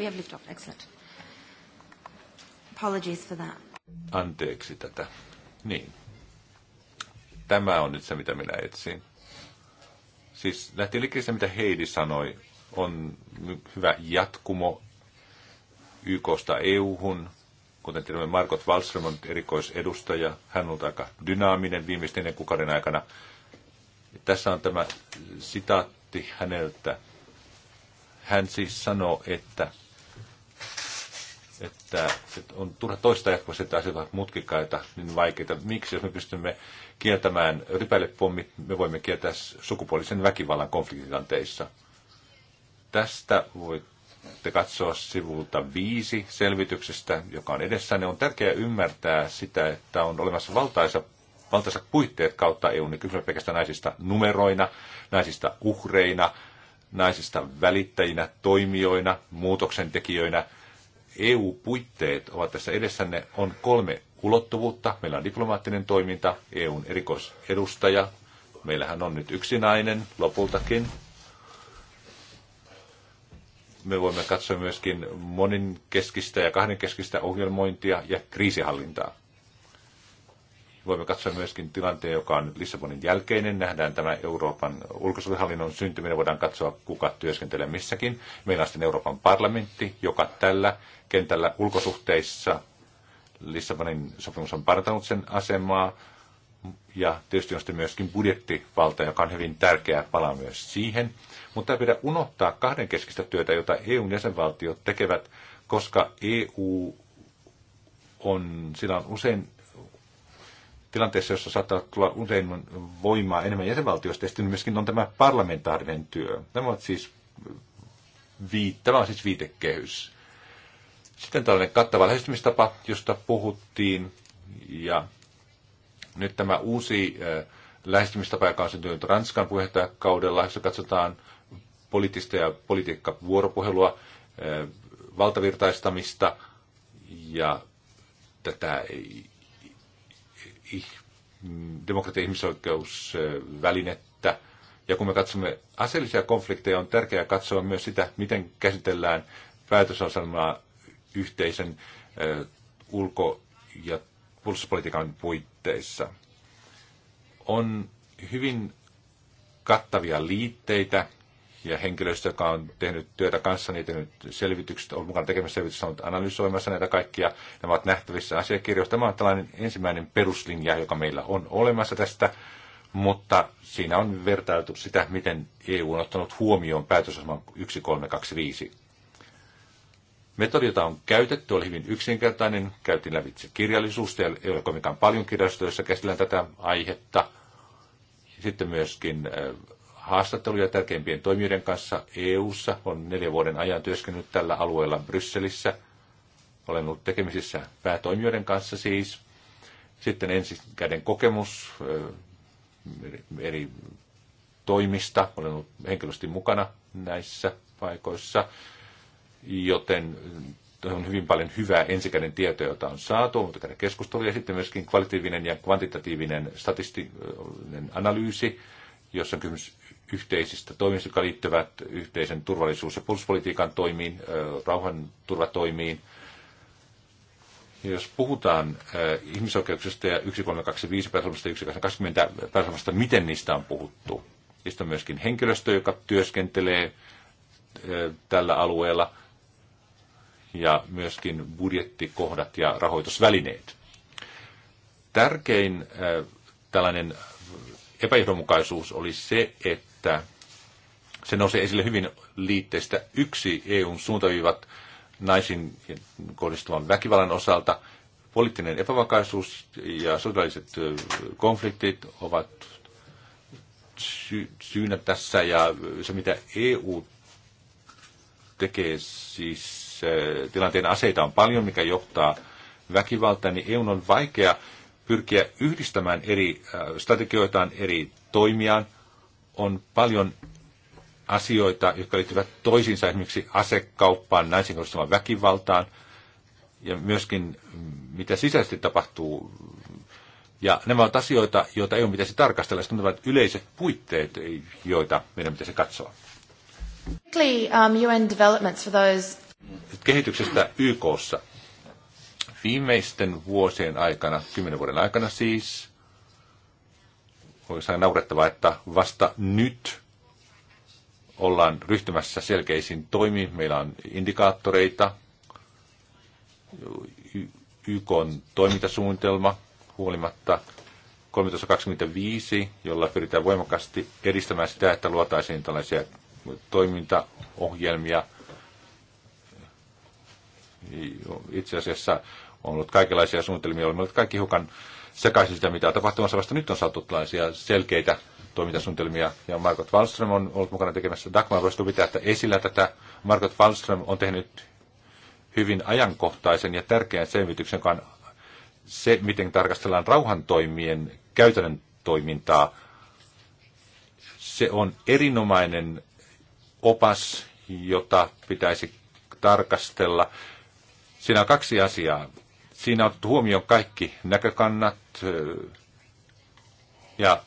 [SPEAKER 1] we have lift off. Excellent. Apologies for that.
[SPEAKER 4] Anteeksi tätä. Niin. Tämä on nyt se, mitä minä etsin. Siis lähti liikkeelle se, mitä Heidi sanoi. On hyvä jatkumo YKsta EU-hun. Kuten tiedämme, Margot Wallström on erikoisedustaja. Hän on aika dynaaminen viimeisten neljän kuukauden aikana. Tässä on tämä sitaatti häneltä. Hän siis sanoo, että että että on turha toista jatkuvasti, että asiat ovat mutkikaita, niin vaikeita. Miksi, jos me pystymme kieltämään rypälepommit, me voimme kieltää sukupuolisen väkivallan konfliktitanteissa. Tästä voitte katsoa sivulta viisi selvityksestä, joka on edessä. Ne on tärkeää ymmärtää sitä, että on olemassa valtaisa valtaisa puitteet kautta EU, niin kysymys pelkästään naisista numeroina, naisista uhreina, naisista välittäjinä, toimijoina, muutoksentekijöinä – EU-puitteet ovat tässä edessänne, on kolme ulottuvuutta. Meillä on diplomaattinen toiminta, EUn erikoisedustaja. Meillähän on nyt nainen lopultakin. Me voimme katsoa myöskin moninkeskistä ja kahdenkeskistä ohjelmointia ja kriisihallintaa. Voimme katsoa myöskin tilanteen, joka on Lissabonin jälkeinen. Nähdään tämä Euroopan ulkosuhdehallinnon syntyminen. Voidaan katsoa, kuka työskentelee missäkin. Meillä on sitten Euroopan parlamentti, joka tällä kentällä ulkosuhteissa. Lissabonin sopimus on parantanut sen asemaa. Ja tietysti on sitten myöskin budjettivalta, joka on hyvin tärkeä pala myös siihen. Mutta ei pidä unohtaa kahdenkeskistä työtä, jota EUn jäsenvaltiot tekevät, koska EU on, sillä on usein tilanteessa, jossa saattaa tulla usein voimaa enemmän jäsenvaltioista, ja sitten myöskin on tämä parlamentaarinen työ. Tämä on siis, vii, tämä on siis viitekehys. Sitten tällainen kattava lähestymistapa, josta puhuttiin, ja nyt tämä uusi lähestymistapa, joka on syntynyt Ranskan puheenjohtajakaudella, jossa katsotaan poliittista ja politiikkavuoropuhelua, valtavirtaistamista ja tätä demokratia- ihmisoikeusvälinettä. Ja kun me katsomme aseellisia konflikteja, on tärkeää katsoa myös sitä, miten käsitellään päätösasemaa yhteisen ulko- ja puolustuspolitiikan puitteissa. On hyvin kattavia liitteitä ja henkilöstö, joka on tehnyt työtä kanssa, niitä tehnyt selvitykset, on mukana tekemässä selvitystä, on analysoimassa näitä kaikkia. Nämä ovat nähtävissä asiakirjoissa. Tämä on tällainen ensimmäinen peruslinja, joka meillä on olemassa tästä, mutta siinä on vertailtu sitä, miten EU on ottanut huomioon päätösasman 1325. Metodi, jota on käytetty, oli hyvin yksinkertainen. Käytiin lävitse kirjallisuusta, ei ole kovinkaan paljon kirjastoja, joissa käsitellään tätä aihetta. Sitten myöskin äh, haastatteluja tärkeimpien toimijoiden kanssa EU-ssa. on neljä vuoden ajan työskennellyt tällä alueella Brysselissä. Olen ollut tekemisissä päätoimijoiden kanssa siis. Sitten ensikäden kokemus äh, eri toimista. Olen ollut henkilösti mukana näissä paikoissa joten on hyvin paljon hyvää ensikäden tietoa, jota on saatu, mutta käydä keskustelua ja sitten myöskin kvalitatiivinen ja kvantitatiivinen statistinen analyysi, jossa on kysymys yhteisistä toimista, jotka liittyvät yhteisen turvallisuus- ja puolustuspolitiikan toimiin, rauhanturvatoimiin. Ja jos puhutaan ihmisoikeuksista ja 1325 päätelmasta ja 1220 päätelmasta, miten niistä on puhuttu? Niistä on myöskin henkilöstö, joka työskentelee tällä alueella – ja myöskin budjettikohdat ja rahoitusvälineet. Tärkein äh, tällainen epäjohdonmukaisuus oli se, että se nousee esille hyvin liitteistä yksi EUn suuntaviivat naisin kohdistuvan väkivallan osalta. Poliittinen epävakaisuus ja sotilaalliset äh, konfliktit ovat sy- syynä tässä ja se mitä EU tekee siis tilanteen aseita on paljon, mikä johtaa väkivaltaan, niin EUn on vaikea pyrkiä yhdistämään eri äh, strategioitaan, eri toimiaan. On paljon asioita, jotka liittyvät toisiinsa, esimerkiksi asekauppaan, naisen kohdistamaan väkivaltaan ja myöskin mm, mitä sisäisesti tapahtuu. Ja nämä ovat asioita, joita ei ole pitäisi tarkastella, sitten ovat yleiset puitteet, joita meidän pitäisi katsoa. Quickly, um, UN developments for those kehityksestä YKssa. Viimeisten vuosien aikana, kymmenen vuoden aikana siis, olisi naurettavaa, että vasta nyt ollaan ryhtymässä selkeisiin toimiin. Meillä on indikaattoreita, YK on toimintasuunnitelma huolimatta 1325, jolla pyritään voimakkaasti edistämään sitä, että luotaisiin tällaisia toimintaohjelmia itse asiassa on ollut kaikenlaisia suunnitelmia, olemme olleet kaikki hukan sekaisin sitä, mitä on tapahtumassa. Vasta nyt on saatu tällaisia selkeitä toimintasuunnitelmia, ja Margot Wallström on ollut mukana tekemässä. Dagmar voisi pitää että esillä tätä. Margot Wallström on tehnyt hyvin ajankohtaisen ja tärkeän selvityksen, joka on se, miten tarkastellaan rauhantoimien käytännön toimintaa. Se on erinomainen opas, jota pitäisi tarkastella Siinä on kaksi asiaa. Siinä on otettu huomioon kaikki näkökannat ja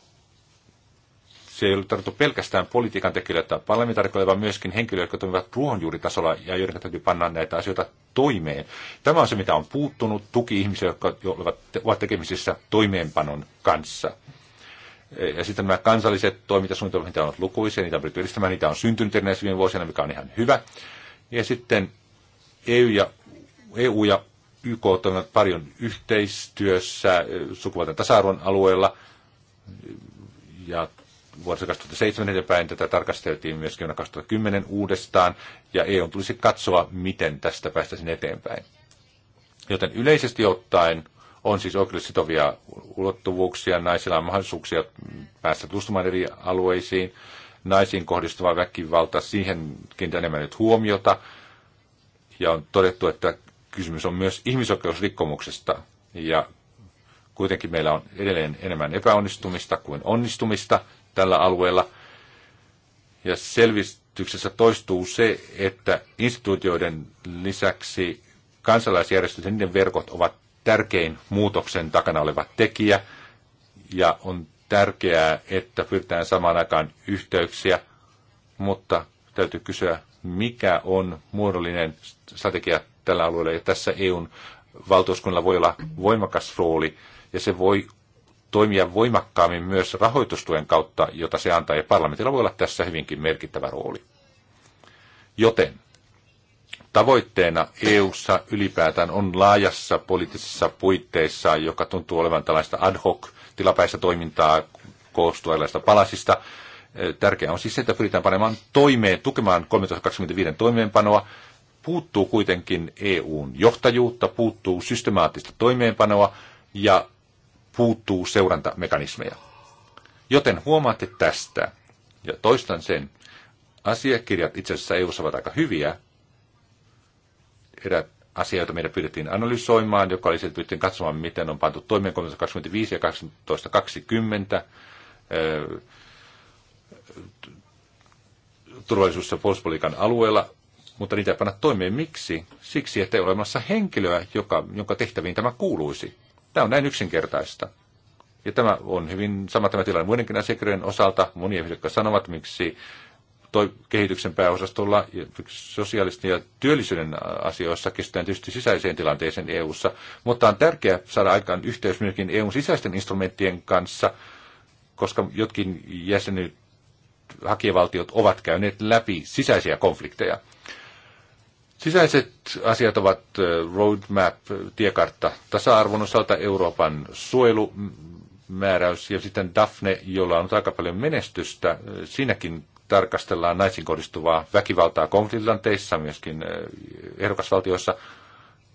[SPEAKER 4] se ei ollut tarjottu pelkästään politiikan tekijöille tai parlamentaarikoille, vaan myöskin henkilöille, jotka toimivat ruohonjuuritasolla ja joiden täytyy panna näitä asioita toimeen. Tämä on se, mitä on puuttunut, tuki ihmisiä, jotka ovat tekemisissä toimeenpanon kanssa. E, ja sitten nämä kansalliset toimintasuunnitelmat, mitä on ollut lukuisia, niitä on pyritty edistämään, niitä on syntynyt erinäisiä vuosina, mikä on ihan hyvä. Ja sitten EU ja EU ja YK toimivat paljon yhteistyössä sukupuolten tasa-arvon alueella. Ja vuodesta 2007 eteenpäin tätä tarkasteltiin myöskin vuonna 2010 uudestaan, ja EU tulisi katsoa, miten tästä päästäisiin eteenpäin. Joten yleisesti ottaen on siis oikeudellisesti sitovia ulottuvuuksia, naisilla on mahdollisuuksia päästä tutustumaan eri alueisiin, naisiin kohdistuva väkivalta, siihenkin enemmän nyt huomiota, ja on todettu, että kysymys on myös ihmisoikeusrikkomuksesta ja kuitenkin meillä on edelleen enemmän epäonnistumista kuin onnistumista tällä alueella. Ja selvityksessä toistuu se, että instituutioiden lisäksi kansalaisjärjestöt ja niiden verkot ovat tärkein muutoksen takana oleva tekijä. Ja on tärkeää, että pyritään samaan aikaan yhteyksiä, mutta täytyy kysyä, mikä on muodollinen strategia tällä alueella. Ja tässä EUn valtuuskunnalla voi olla voimakas rooli ja se voi toimia voimakkaammin myös rahoitustuen kautta, jota se antaa, ja parlamentilla voi olla tässä hyvinkin merkittävä rooli. Joten tavoitteena EU:ssa ylipäätään on laajassa poliittisessa puitteissa, joka tuntuu olevan tällaista ad hoc tilapäistä toimintaa koostua erilaisista palasista. Tärkeää on siis se, että pyritään panemaan toimeen, tukemaan 1325 toimeenpanoa puuttuu kuitenkin EUn johtajuutta, puuttuu systemaattista toimeenpanoa ja puuttuu seurantamekanismeja. Joten huomaatte tästä, ja toistan sen, asiakirjat itse asiassa EUssa ovat aika hyviä. Erät asia, jota meidän pyydettiin analysoimaan, joka oli se, että pyydettiin katsomaan, miten on pantu toimeen 25 ja 1220 öö, turvallisuus- ja puolustuspolitiikan alueella mutta niitä ei panna toimeen. Miksi? Siksi, että ei ole olemassa henkilöä, joka, jonka tehtäviin tämä kuuluisi. Tämä on näin yksinkertaista. Ja tämä on hyvin sama tämä tilanne muidenkin asiakirjojen osalta. Monia ihmisiä, jotka sanovat, miksi toi kehityksen pääosastolla sosiaalisten ja työllisyyden asioissa kestetään tietysti sisäiseen tilanteeseen EU-ssa, mutta on tärkeää saada aikaan yhteys myöskin EUn sisäisten instrumenttien kanssa, koska jotkin jäsenyt hakijavaltiot ovat käyneet läpi sisäisiä konflikteja. Sisäiset asiat ovat roadmap, tiekartta tasa-arvon osalta, Euroopan suojelumääräys ja sitten Daphne, jolla on aika paljon menestystä. Siinäkin tarkastellaan naisiin kohdistuvaa väkivaltaa konfliktilanteissa, myöskin ehdokasvaltioissa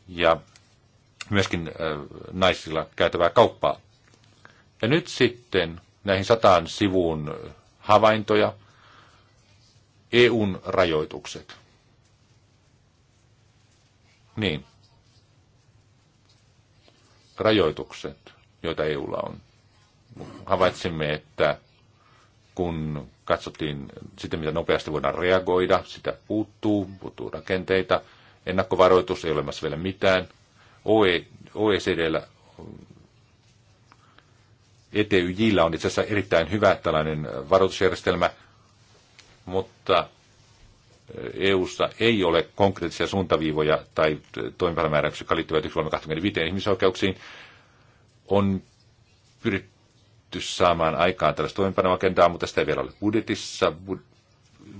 [SPEAKER 4] ja myöskin naisilla käytävää kauppaa. Ja nyt sitten näihin sataan sivuun havaintoja, EUn rajoitukset. Niin. Rajoitukset, joita EUlla on. Havaitsimme, että kun katsottiin sitä, mitä nopeasti voidaan reagoida, sitä puuttuu, puuttuu rakenteita. Ennakkovaroitus ei ole olemassa vielä mitään. OECDllä e ETYJillä on itse asiassa erittäin hyvä tällainen varoitusjärjestelmä, mutta EU-ssa ei ole konkreettisia suuntaviivoja tai toimivallamääräyksiä, jotka liittyvät 1.25 ihmisoikeuksiin, on pyritty saamaan aikaan tällaista toimenpanoagendaa, mutta sitä ei vielä ole budjetissa.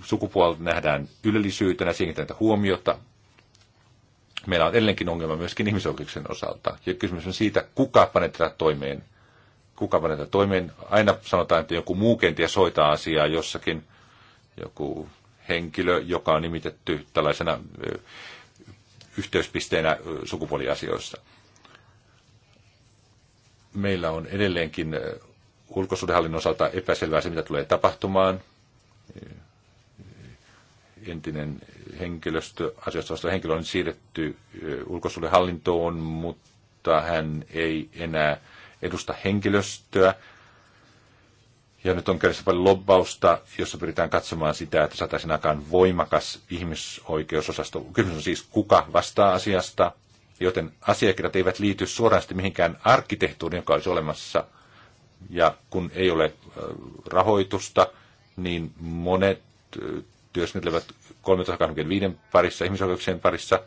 [SPEAKER 4] Sukupuolta nähdään ylellisyytenä, siihen tätä huomiota. Meillä on edelleenkin ongelma myöskin ihmisoikeuksien osalta. Ja kysymys on siitä, kuka panee tätä toimeen. Kuka panee tätä toimeen. Aina sanotaan, että joku muu kenties hoitaa asiaa jossakin. Joku henkilö, joka on nimitetty tällaisena yhteyspisteenä sukupuoliasioissa. Meillä on edelleenkin ulkosuhdehallinnon osalta epäselvää se, mitä tulee tapahtumaan. Entinen henkilöstö, asioista vastaava henkilö on siirretty ulkosuhdehallintoon, mutta hän ei enää edusta henkilöstöä. Ja nyt on käynnissä paljon lobbausta, jossa pyritään katsomaan sitä, että saataisiin aikaan voimakas ihmisoikeusosasto. Kysymys on siis, kuka vastaa asiasta, joten asiakirjat eivät liity suoraan mihinkään arkkitehtuuriin, joka olisi olemassa. Ja kun ei ole rahoitusta, niin monet työskentelevät 1325 parissa, ihmisoikeuksien parissa,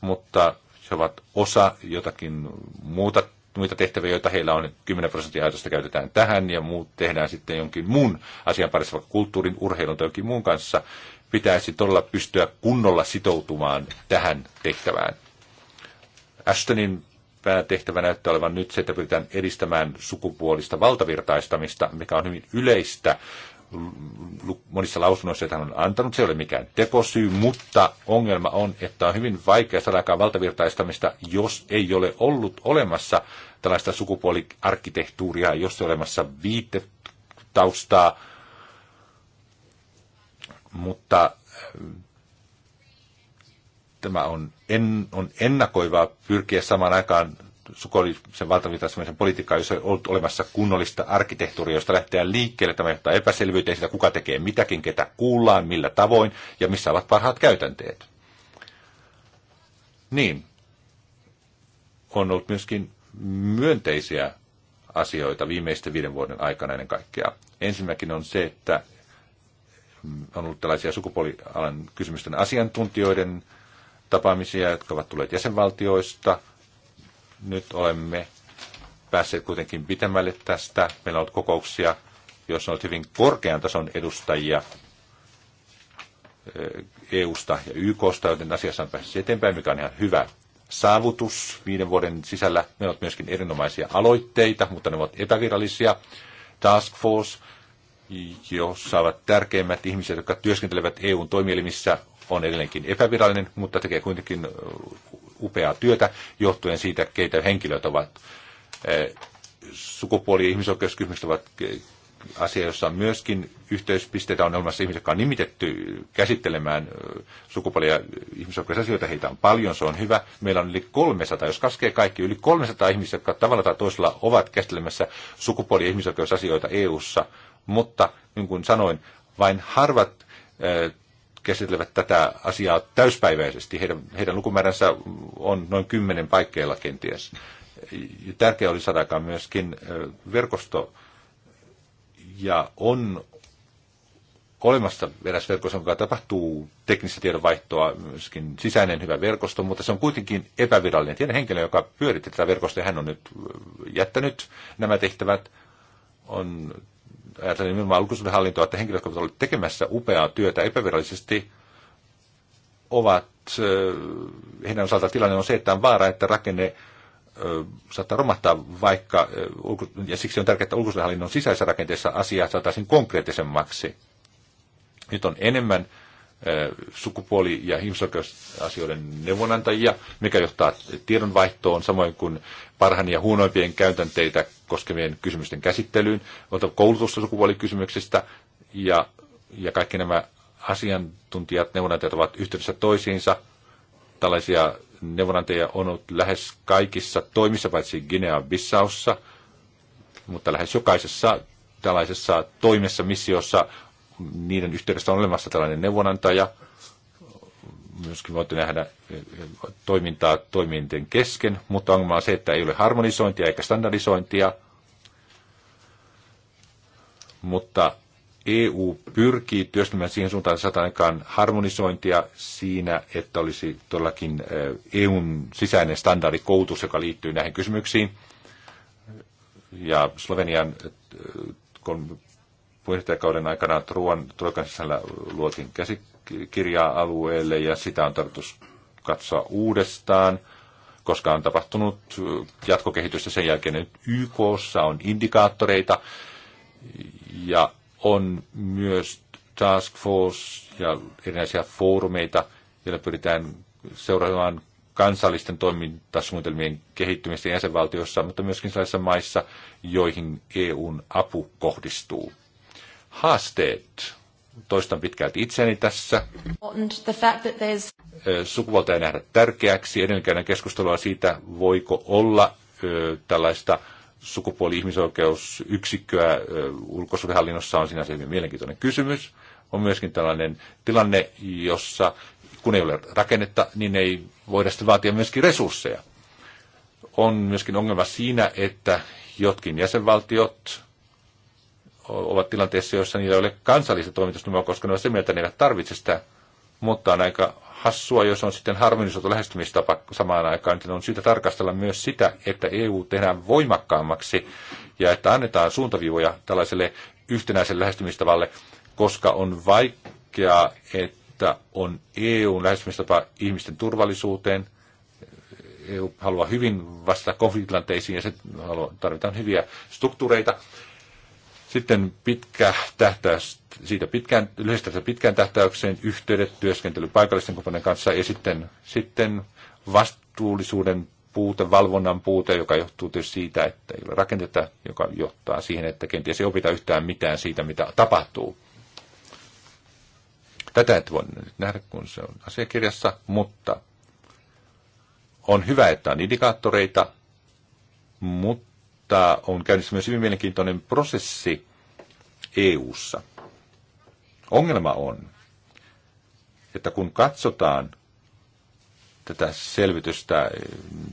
[SPEAKER 4] mutta he ovat osa jotakin muuta muita tehtäviä, joita heillä on. 10 prosenttia ajatusta käytetään tähän ja muut tehdään sitten jonkin muun asian parissa, vaikka kulttuurin, urheilun tai jonkin muun kanssa. Pitäisi todella pystyä kunnolla sitoutumaan tähän tehtävään. Ashtonin päätehtävä näyttää olevan nyt se, että pyritään edistämään sukupuolista valtavirtaistamista, mikä on hyvin yleistä monissa lausunnoissa, joita hän on antanut. Se ei ole mikään tekosyy, mutta ongelma on, että on hyvin vaikea saada aikaan valtavirtaistamista, jos ei ole ollut olemassa tällaista sukupuoliarkkitehtuuria, jos ei ole olemassa viitetaustaa. Mutta äh, tämä on, en, on ennakoivaa pyrkiä samaan aikaan sukupuolisen valtavirtaistamisen politiikkaa, jossa ei ollut olemassa kunnollista arkkitehtuuria, josta lähtee liikkeelle. Tämä johtaa epäselvyyteen siitä, kuka tekee mitäkin, ketä kuullaan, millä tavoin ja missä ovat parhaat käytänteet. Niin. On ollut myöskin myönteisiä asioita viimeisten viiden vuoden aikana ennen kaikkea. Ensimmäkin on se, että on ollut tällaisia sukupuolialan kysymysten asiantuntijoiden tapaamisia, jotka ovat tulleet jäsenvaltioista – nyt olemme päässeet kuitenkin pitemmälle tästä. Meillä on ollut kokouksia, joissa on ollut hyvin korkean tason edustajia EUsta eh, e ja YKsta, joten asiassa on päässyt eteenpäin, mikä on ihan hyvä saavutus viiden vuoden sisällä. Meillä on myöskin erinomaisia aloitteita, mutta ne ovat epävirallisia. Task Force, jossa ovat tärkeimmät ihmiset, jotka työskentelevät EUn toimielimissä, on edelleenkin epävirallinen, mutta tekee kuitenkin upeaa työtä johtuen siitä, keitä henkilöt ovat. Sukupuoli- ja ihmisoikeuskysymykset ovat asia, jossa on myöskin yhteyspisteitä on olemassa ihmisiä, jotka on nimitetty käsittelemään sukupuoli- ja ihmisoikeusasioita. Heitä on paljon, se on hyvä. Meillä on yli 300, jos kaskee kaikki, yli 300 ihmisiä, jotka tavalla tai toisella ovat käsittelemässä sukupuoli- ja ihmisoikeusasioita EU-ssa. Mutta, niin kuin sanoin, vain harvat käsittelevät tätä asiaa täyspäiväisesti. Heidän, heidän lukumääränsä on noin kymmenen paikkeilla kenties. Tärkeää oli saada myöskin verkosto, ja on olemassa eräs verkosto, joka tapahtuu teknistä tiedonvaihtoa, myöskin sisäinen hyvä verkosto, mutta se on kuitenkin epävirallinen. Tiedän henkilö, joka pyöritti tätä verkostoa, hän on nyt jättänyt nämä tehtävät, on ajatellen nimenomaan julkisuuden hallintoa, että henkilöt, jotka ovat tekemässä upeaa työtä epävirallisesti, ovat, heidän osalta tilanne on se, että on vaara, että rakenne saattaa romahtaa vaikka, ja siksi on tärkeää, että hallinnon sisäisessä rakenteessa asiaa saataisiin konkreettisemmaksi. Nyt on enemmän sukupuoli- ja ihmisoikeusasioiden neuvonantajia, mikä johtaa tiedonvaihtoon, samoin kuin parhaan ja huonoimpien käytänteitä koskevien kysymysten käsittelyyn, ota koulutusta sukupuolikysymyksistä ja, ja kaikki nämä asiantuntijat, neuvonantajat ovat yhteydessä toisiinsa. Tällaisia neuvonantajia on ollut lähes kaikissa toimissa, paitsi Guinea-Bissaussa, mutta lähes jokaisessa tällaisessa toimessa, missiossa niiden yhteydessä on olemassa tällainen neuvonantaja. Myöskin voitte nähdä eh, toimintaa toiminten kesken, mutta ongelma on se, että ei ole harmonisointia eikä standardisointia. Mutta EU pyrkii työstämään siihen suuntaan, että saadaan harmonisointia siinä, että olisi todellakin EUn eh, e sisäinen standardikoulutus, joka liittyy näihin kysymyksiin. Ja Slovenian eh, puheenjohtajakauden aikana ruoan sisällä luotiin käsikirjaa alueelle ja sitä on tarkoitus katsoa uudestaan, koska on tapahtunut jatkokehitystä sen jälkeen, että YKssa on indikaattoreita ja on myös task force ja erinäisiä foorumeita, joilla pyritään seuraamaan kansallisten toimintasuunnitelmien kehittymistä jäsenvaltioissa, mutta myöskin sellaisissa maissa, joihin EUn apu kohdistuu haasteet. Toistan pitkälti itseäni tässä. Sukupuolta ei nähdä tärkeäksi. Edelleen keskustelua siitä, voiko olla tällaista sukupuoli-ihmisoikeusyksikköä ulkosuhdehallinnossa on sinänsä hyvin mielenkiintoinen kysymys. On myöskin tällainen tilanne, jossa kun ei ole rakennetta, niin ei voida sitten vaatia myöskin resursseja. On myöskin ongelma siinä, että jotkin jäsenvaltiot ovat tilanteessa, jossa niillä ei ole kansallista toimitusnumeroa, koska ne ovat sitä mieltä, että ne eivät tarvitse sitä. Mutta on aika hassua, jos on sitten harmonisoitu lähestymistapa samaan aikaan, niin on syytä tarkastella myös sitä, että EU tehdään voimakkaammaksi ja että annetaan suuntaviivoja tällaiselle yhtenäiselle lähestymistavalle, koska on vaikeaa, että on EUn lähestymistapa ihmisten turvallisuuteen, EU haluaa hyvin vastata konfliktilanteisiin ja se haluaa, tarvitaan hyviä struktuureita. Sitten pitkä tähtäys, siitä pitkään, lyhyestä pitkään tähtäykseen yhteydet, työskentely paikallisten kumppanien kanssa ja sitten, sitten vastuullisuuden puute, valvonnan puute, joka johtuu tietysti siitä, että ei ole rakenteita, joka johtaa siihen, että kenties ei opita yhtään mitään siitä, mitä tapahtuu. Tätä et voi nyt nähdä, kun se on asiakirjassa, mutta on hyvä, että on indikaattoreita, mutta mutta on käynnissä myös hyvin mielenkiintoinen prosessi EU:ssa. Ongelma on, että kun katsotaan tätä selvitystä,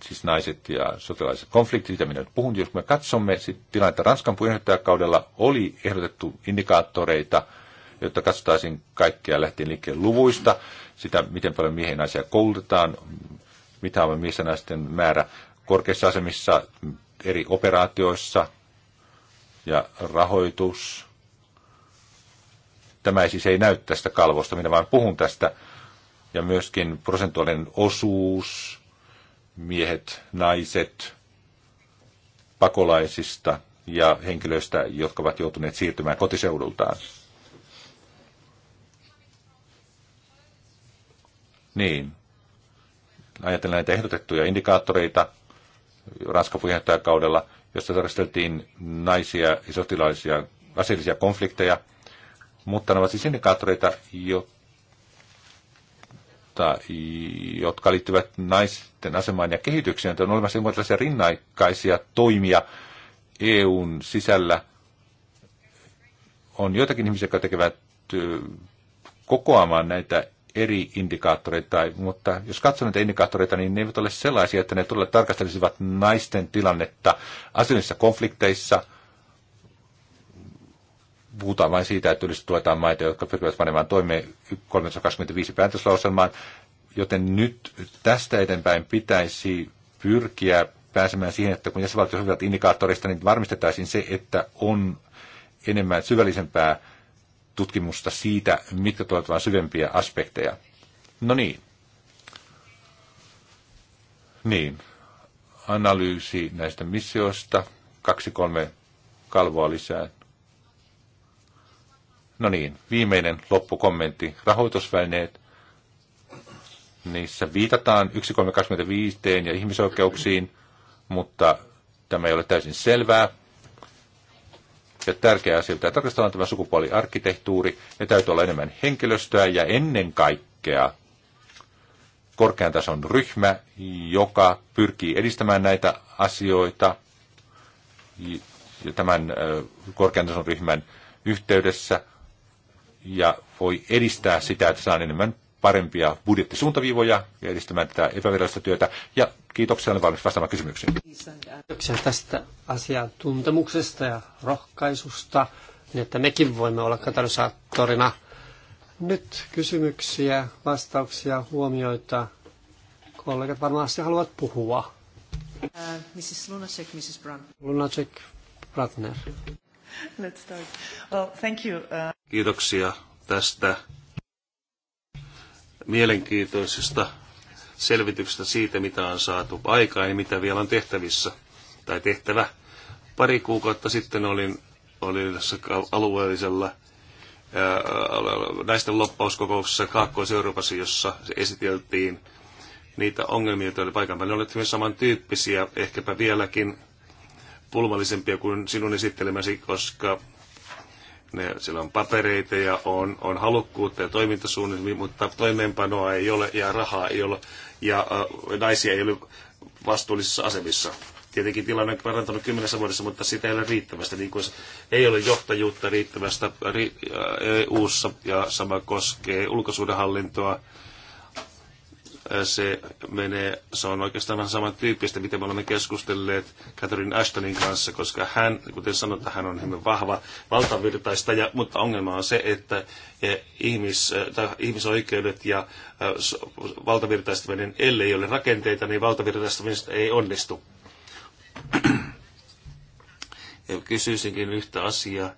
[SPEAKER 4] siis naiset ja sotilaiset konfliktit, mitä minä nyt puhun, jos me katsomme sit tilannetta Ranskan puheenjohtajakaudella, oli ehdotettu indikaattoreita, jotta katsotaisiin kaikkea lähtien liikkeen luvuista, sitä, miten paljon miehiä naisia koulutetaan, mitä on miesten naisten määrä korkeissa asemissa, eri operaatioissa ja rahoitus. Tämä ei siis ei näy tästä kalvosta, minä vaan puhun tästä. Ja myöskin prosentuaalinen osuus, miehet, naiset, pakolaisista ja henkilöistä, jotka ovat joutuneet siirtymään kotiseudultaan. Niin. Ajatellaan näitä ehdotettuja indikaattoreita, Ranskan puheenjohtajakaudella, jossa tarkasteltiin naisia ja sotilaisia aseellisia konflikteja, mutta ne ovat siis indikaattoreita, jotta, jotka liittyvät naisten asemaan ja kehitykseen. Että on olemassa ilmoitellaisia rinnakkaisia toimia EUn sisällä. On joitakin ihmisiä, jotka tekevät kokoamaan näitä eri indikaattoreita, mutta jos katsoo näitä indikaattoreita, niin ne eivät ole sellaisia, että ne todella tarkastelisivat naisten tilannetta aseellisissa konflikteissa. Puhutaan vain siitä, että yleensä tuetaan maita, jotka pyrkivät panemaan toimeen 325 päätöslauselmaan, joten nyt tästä eteenpäin pitäisi pyrkiä pääsemään siihen, että kun jäsenvaltiot sopivat indikaattorista, niin varmistettaisiin se, että on enemmän syvällisempää tutkimusta siitä, mitkä tulevat vain syvempiä aspekteja. No niin. Niin. Analyysi näistä missioista. Kaksi, kolme kalvoa lisää. No niin, viimeinen loppukommentti. Rahoitusvälineet. Niissä viitataan 1325 ja ihmisoikeuksiin, mutta tämä ei ole täysin selvää ja tärkeää että Tarkastellaan tämä sukupuoliarkkitehtuuri, ja täytyy olla enemmän henkilöstöä ja ennen kaikkea korkean tason ryhmä, joka pyrkii edistämään näitä asioita ja tämän korkean tason ryhmän yhteydessä ja voi edistää sitä, että saa enemmän parempia budjettisuuntaviivoja ja edistämään tätä epävirallista työtä. Ja kiitoksia, olen valmis vastaamaan kysymyksiin.
[SPEAKER 2] Kiitoksia tästä asiantuntemuksesta ja rohkaisusta, niin että mekin voimme olla katalysaattorina. Nyt kysymyksiä, vastauksia, huomioita. Kollegat varmasti haluavat puhua.
[SPEAKER 1] Uh, Mrs. Lunacek, Mrs. Brun.
[SPEAKER 2] Lunacek, Bratner.
[SPEAKER 1] Let's start. Well, thank you. Uh...
[SPEAKER 3] Kiitoksia tästä mielenkiintoisista selvityksistä siitä, mitä on saatu aikaan ja mitä vielä on tehtävissä tai tehtävä. Pari kuukautta sitten olin, olin alueellisella naisten loppauskokouksessa Kaakkois-Euroopassa, jossa esiteltiin niitä ongelmia, joita oli paikan päällä. Ne olivat hyvin samantyyppisiä, ehkäpä vieläkin pulmallisempia kuin sinun esittelemäsi, koska ne, siellä on papereita ja on, on halukkuutta ja toimintasuunnitelmia, mutta toimeenpanoa ei ole ja rahaa ei ole ja ä, naisia ei ole vastuullisissa asemissa. Tietenkin tilanne on parantunut kymmenessä vuodessa, mutta sitä ei ole riittävästä. Niin kuin ei ole johtajuutta riittävästä ri, EU-ssa ja sama koskee ulkosuudenhallintoa se menee, se on oikeastaan vähän tyyppistä, miten me olemme keskustelleet Catherine Ashtonin kanssa, koska hän, kuten sanotaan, hän on hyvin vahva ja, mutta ongelma on se, että e, ihmis, e, tai ihmisoikeudet ja e, valtavirtaistaminen, ellei ole rakenteita, niin valtavirtaistaminen ei onnistu. Ja kysyisinkin yhtä asiaa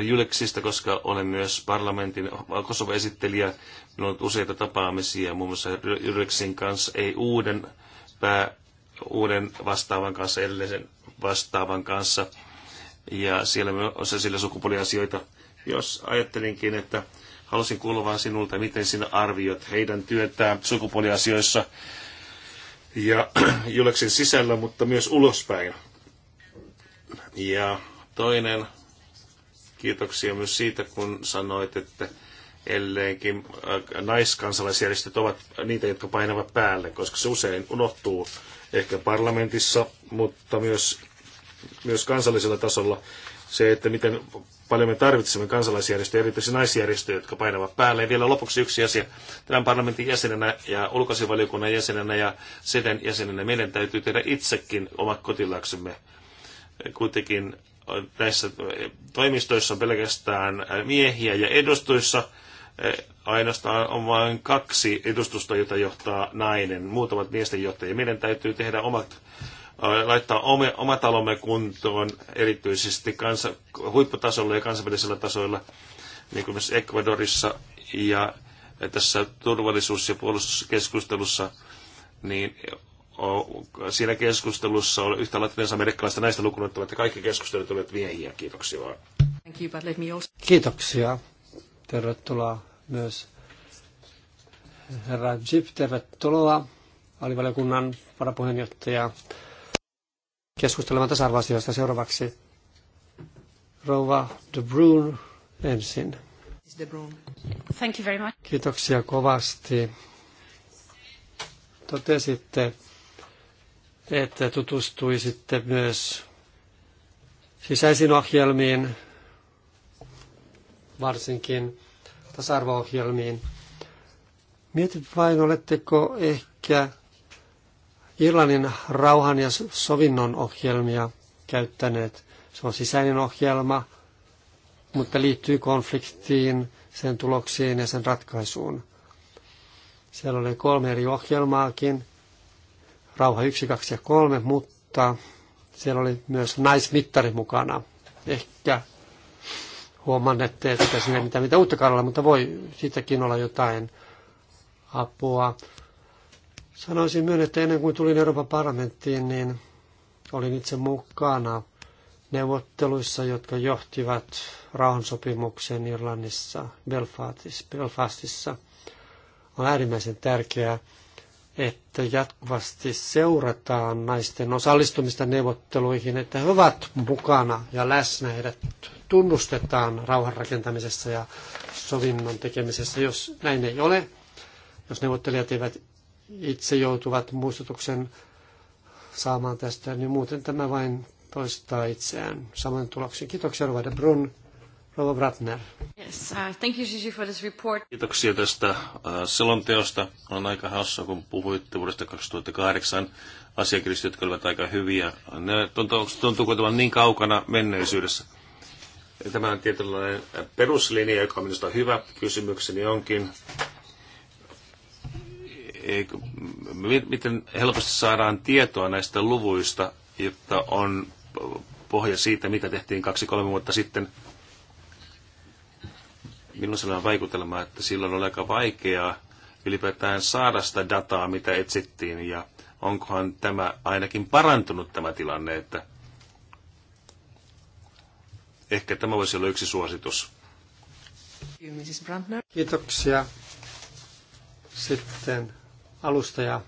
[SPEAKER 3] Juleksista, koska olen myös parlamentin Kosovo-esittelijä. Minulla on useita tapaamisia, muun muassa Juleksin kanssa, ei uuden, pää, uuden vastaavan kanssa, edellisen vastaavan kanssa. Ja siellä on se sillä sukupuoliasioita. Jos ajattelinkin, että halusin kuulla vaan sinulta, miten sinä arvioit heidän työtään sukupuoliasioissa ja Juleksin sisällä, mutta myös ulospäin. Ja toinen Kiitoksia myös siitä, kun sanoit, että elleenkin äh, naiskansalaisjärjestöt ovat niitä, jotka painavat päälle, koska se usein unohtuu ehkä parlamentissa, mutta myös, myös kansallisella tasolla se, että miten paljon me tarvitsemme kansalaisjärjestöjä, erityisesti naisjärjestöjä, jotka painavat päälle. Ja vielä lopuksi yksi asia. Tämän parlamentin jäsenenä ja ulkoasianvaliokunnan jäsenenä ja seden jäsenenä meidän täytyy tehdä itsekin omat kotilaaksemme kuitenkin näissä toimistoissa on pelkästään miehiä ja edustuissa e, ainoastaan on vain kaksi edustusta, jota johtaa nainen. muutamat miesten johtajia. Meidän täytyy tehdä omat laittaa ome, oma talomme kuntoon, erityisesti kansa, huipputasolla ja kansainvälisellä tasoilla, niin kuin myös Ecuadorissa ja tässä turvallisuus- ja puolustuskeskustelussa, niin siinä keskustelussa oli yhtä latinalaisamerikkalaista näistä lukunottamatta, että kaikki
[SPEAKER 2] keskustelut olivat miehiä. Kiitoksia vaan. Kiitoksia. Tervetuloa myös herra Jip. Tervetuloa alivaliokunnan varapuheenjohtaja keskustelemaan tasa-arvoasioista seuraavaksi. Rouva de Bruun ensin.
[SPEAKER 1] De Bruun. Thank you very much.
[SPEAKER 2] Kiitoksia kovasti. Totesitte, että tutustuisitte myös sisäisiin ohjelmiin, varsinkin tasa-arvo-ohjelmiin. Mietit vain, oletteko ehkä Irlannin rauhan ja sovinnon ohjelmia käyttäneet. Se on sisäinen ohjelma, mutta liittyy konfliktiin, sen tuloksiin ja sen ratkaisuun. Siellä oli kolme eri ohjelmaakin – rauha 1, 2 ja 3, mutta siellä oli myös naismittari mukana. Ehkä huomannette, että siinä mitä mitään, mitään uutta kannalla, mutta voi siitäkin olla jotain apua. Sanoisin myön, että ennen kuin tulin Euroopan parlamenttiin, niin olin itse mukana neuvotteluissa, jotka johtivat rauhansopimukseen Irlannissa, Belfastissa. Belfastissa. On äärimmäisen tärkeää, että jatkuvasti seurataan naisten osallistumista neuvotteluihin, että he ovat mukana ja läsnä, heidät tunnustetaan rauhanrakentamisessa ja sovinnon tekemisessä. Jos näin ei ole, jos neuvottelijat eivät itse joutuvat muistutuksen saamaan tästä, niin muuten tämä vain toistaa itseään saman tuloksen. Kiitoksia Rovade Brun. Rova Bratner. Yes, uh, thank you Gigi for this report.
[SPEAKER 3] Kiitoksia tästä uh, selonteosta. On aika hauska, kun puhuitte vuodesta 2008 asiakirjoista, jotka olivat aika hyviä. Ne tuntuu, tuntuuko tämän niin kaukana menneisyydessä? Tämä on tietynlainen äh, peruslinja, joka on minusta hyvä. Kysymykseni onkin, eikö, miten helposti saadaan tietoa näistä luvuista, jotta on pohja siitä, mitä tehtiin kaksi-kolme vuotta sitten – Minulla on sellainen vaikutelma, että silloin oli aika vaikeaa ylipäätään saada sitä dataa, mitä etsittiin, ja onkohan tämä ainakin parantunut tämä tilanne, että ehkä tämä voisi olla yksi suositus.
[SPEAKER 2] Kiitoksia. Sitten alustaja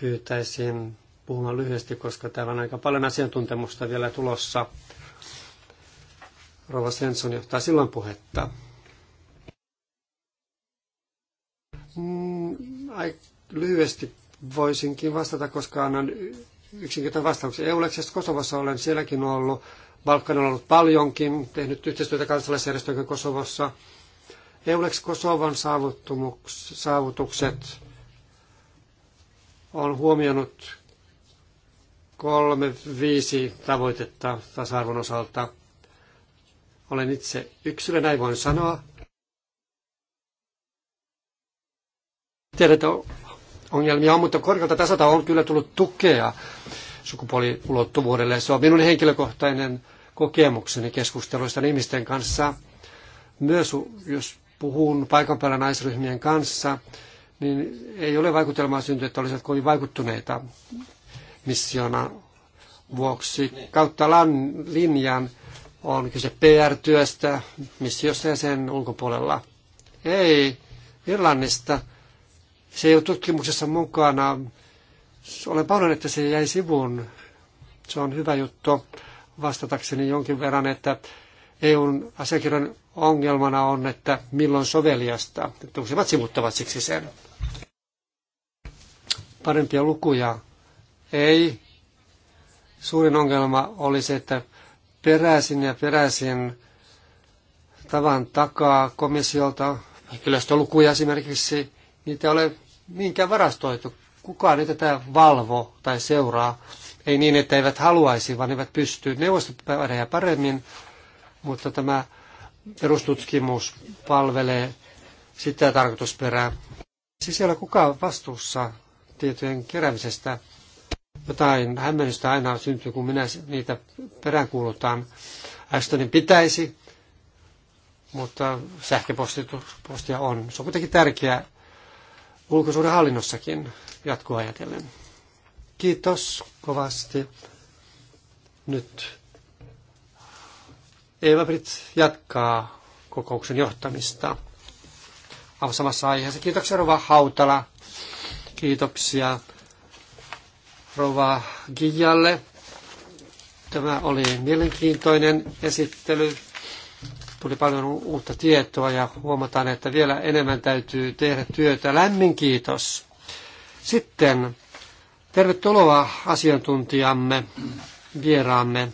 [SPEAKER 2] pyytäisin puhumaan lyhyesti, koska täällä on aika paljon asiantuntemusta vielä tulossa. Rova Svensson johtaa silloin puhetta. Mm, lyhyesti voisinkin vastata, koska annan yksinkertainen vastauksen. Euleksesta Kosovossa olen sielläkin ollut, Balkanilla ollut paljonkin, tehnyt yhteistyötä kansalaisjärjestöjen Kosovossa. Euleks Kosovan saavutukset on huomioinut kolme, viisi tavoitetta tasa-arvon osalta. Olen itse yksilö, näin voin sanoa, Tiedetään, ongelmia on, mutta korkealta tasolta on kyllä tullut tukea sukupuoliulottuvuudelle. Se on minun henkilökohtainen kokemukseni keskusteluista ihmisten kanssa. Myös jos puhun paikan päällä naisryhmien kanssa, niin ei ole vaikutelmaa syntynyt, että olisivat kovin vaikuttuneita missiona vuoksi. Kautta linjan on kyse PR-työstä missiossa ja sen ulkopuolella. Ei, Irlannista se ei ole tutkimuksessa mukana. Olen paljon, että se jäi sivuun. Se on hyvä juttu vastatakseni jonkin verran, että EUn asiakirjan ongelmana on, että milloin soveliasta. Tuksivat sivuttavat siksi sen. Parempia lukuja ei. Suurin ongelma oli se, että peräisin ja peräisin tavan takaa komissiolta henkilöstölukuja esimerkiksi Niitä ei ole minkään varastoitu. Kukaan ei tätä valvo tai seuraa. Ei niin, että eivät haluaisi, vaan eivät pysty. neuvostopäivänä paremmin, mutta tämä perustutkimus palvelee sitä tarkoitusperää. Siis siellä kuka kukaan vastuussa tietojen keräämisestä. Jotain hämmennystä aina syntyy, kun minä niitä peräänkuulutaan. Ashtonin pitäisi, mutta sähköpostia on. Se on kuitenkin tärkeä hallinnossakin jatkuu ajatellen. Kiitos kovasti. Nyt Eva Brit jatkaa kokouksen johtamista samassa aiheessa. Kiitoksia Rova Hautala. Kiitoksia Rova Gijalle. Tämä oli mielenkiintoinen esittely tuli paljon uutta tietoa ja huomataan, että vielä enemmän täytyy tehdä työtä. Lämmin kiitos. Sitten tervetuloa asiantuntijamme, vieraamme.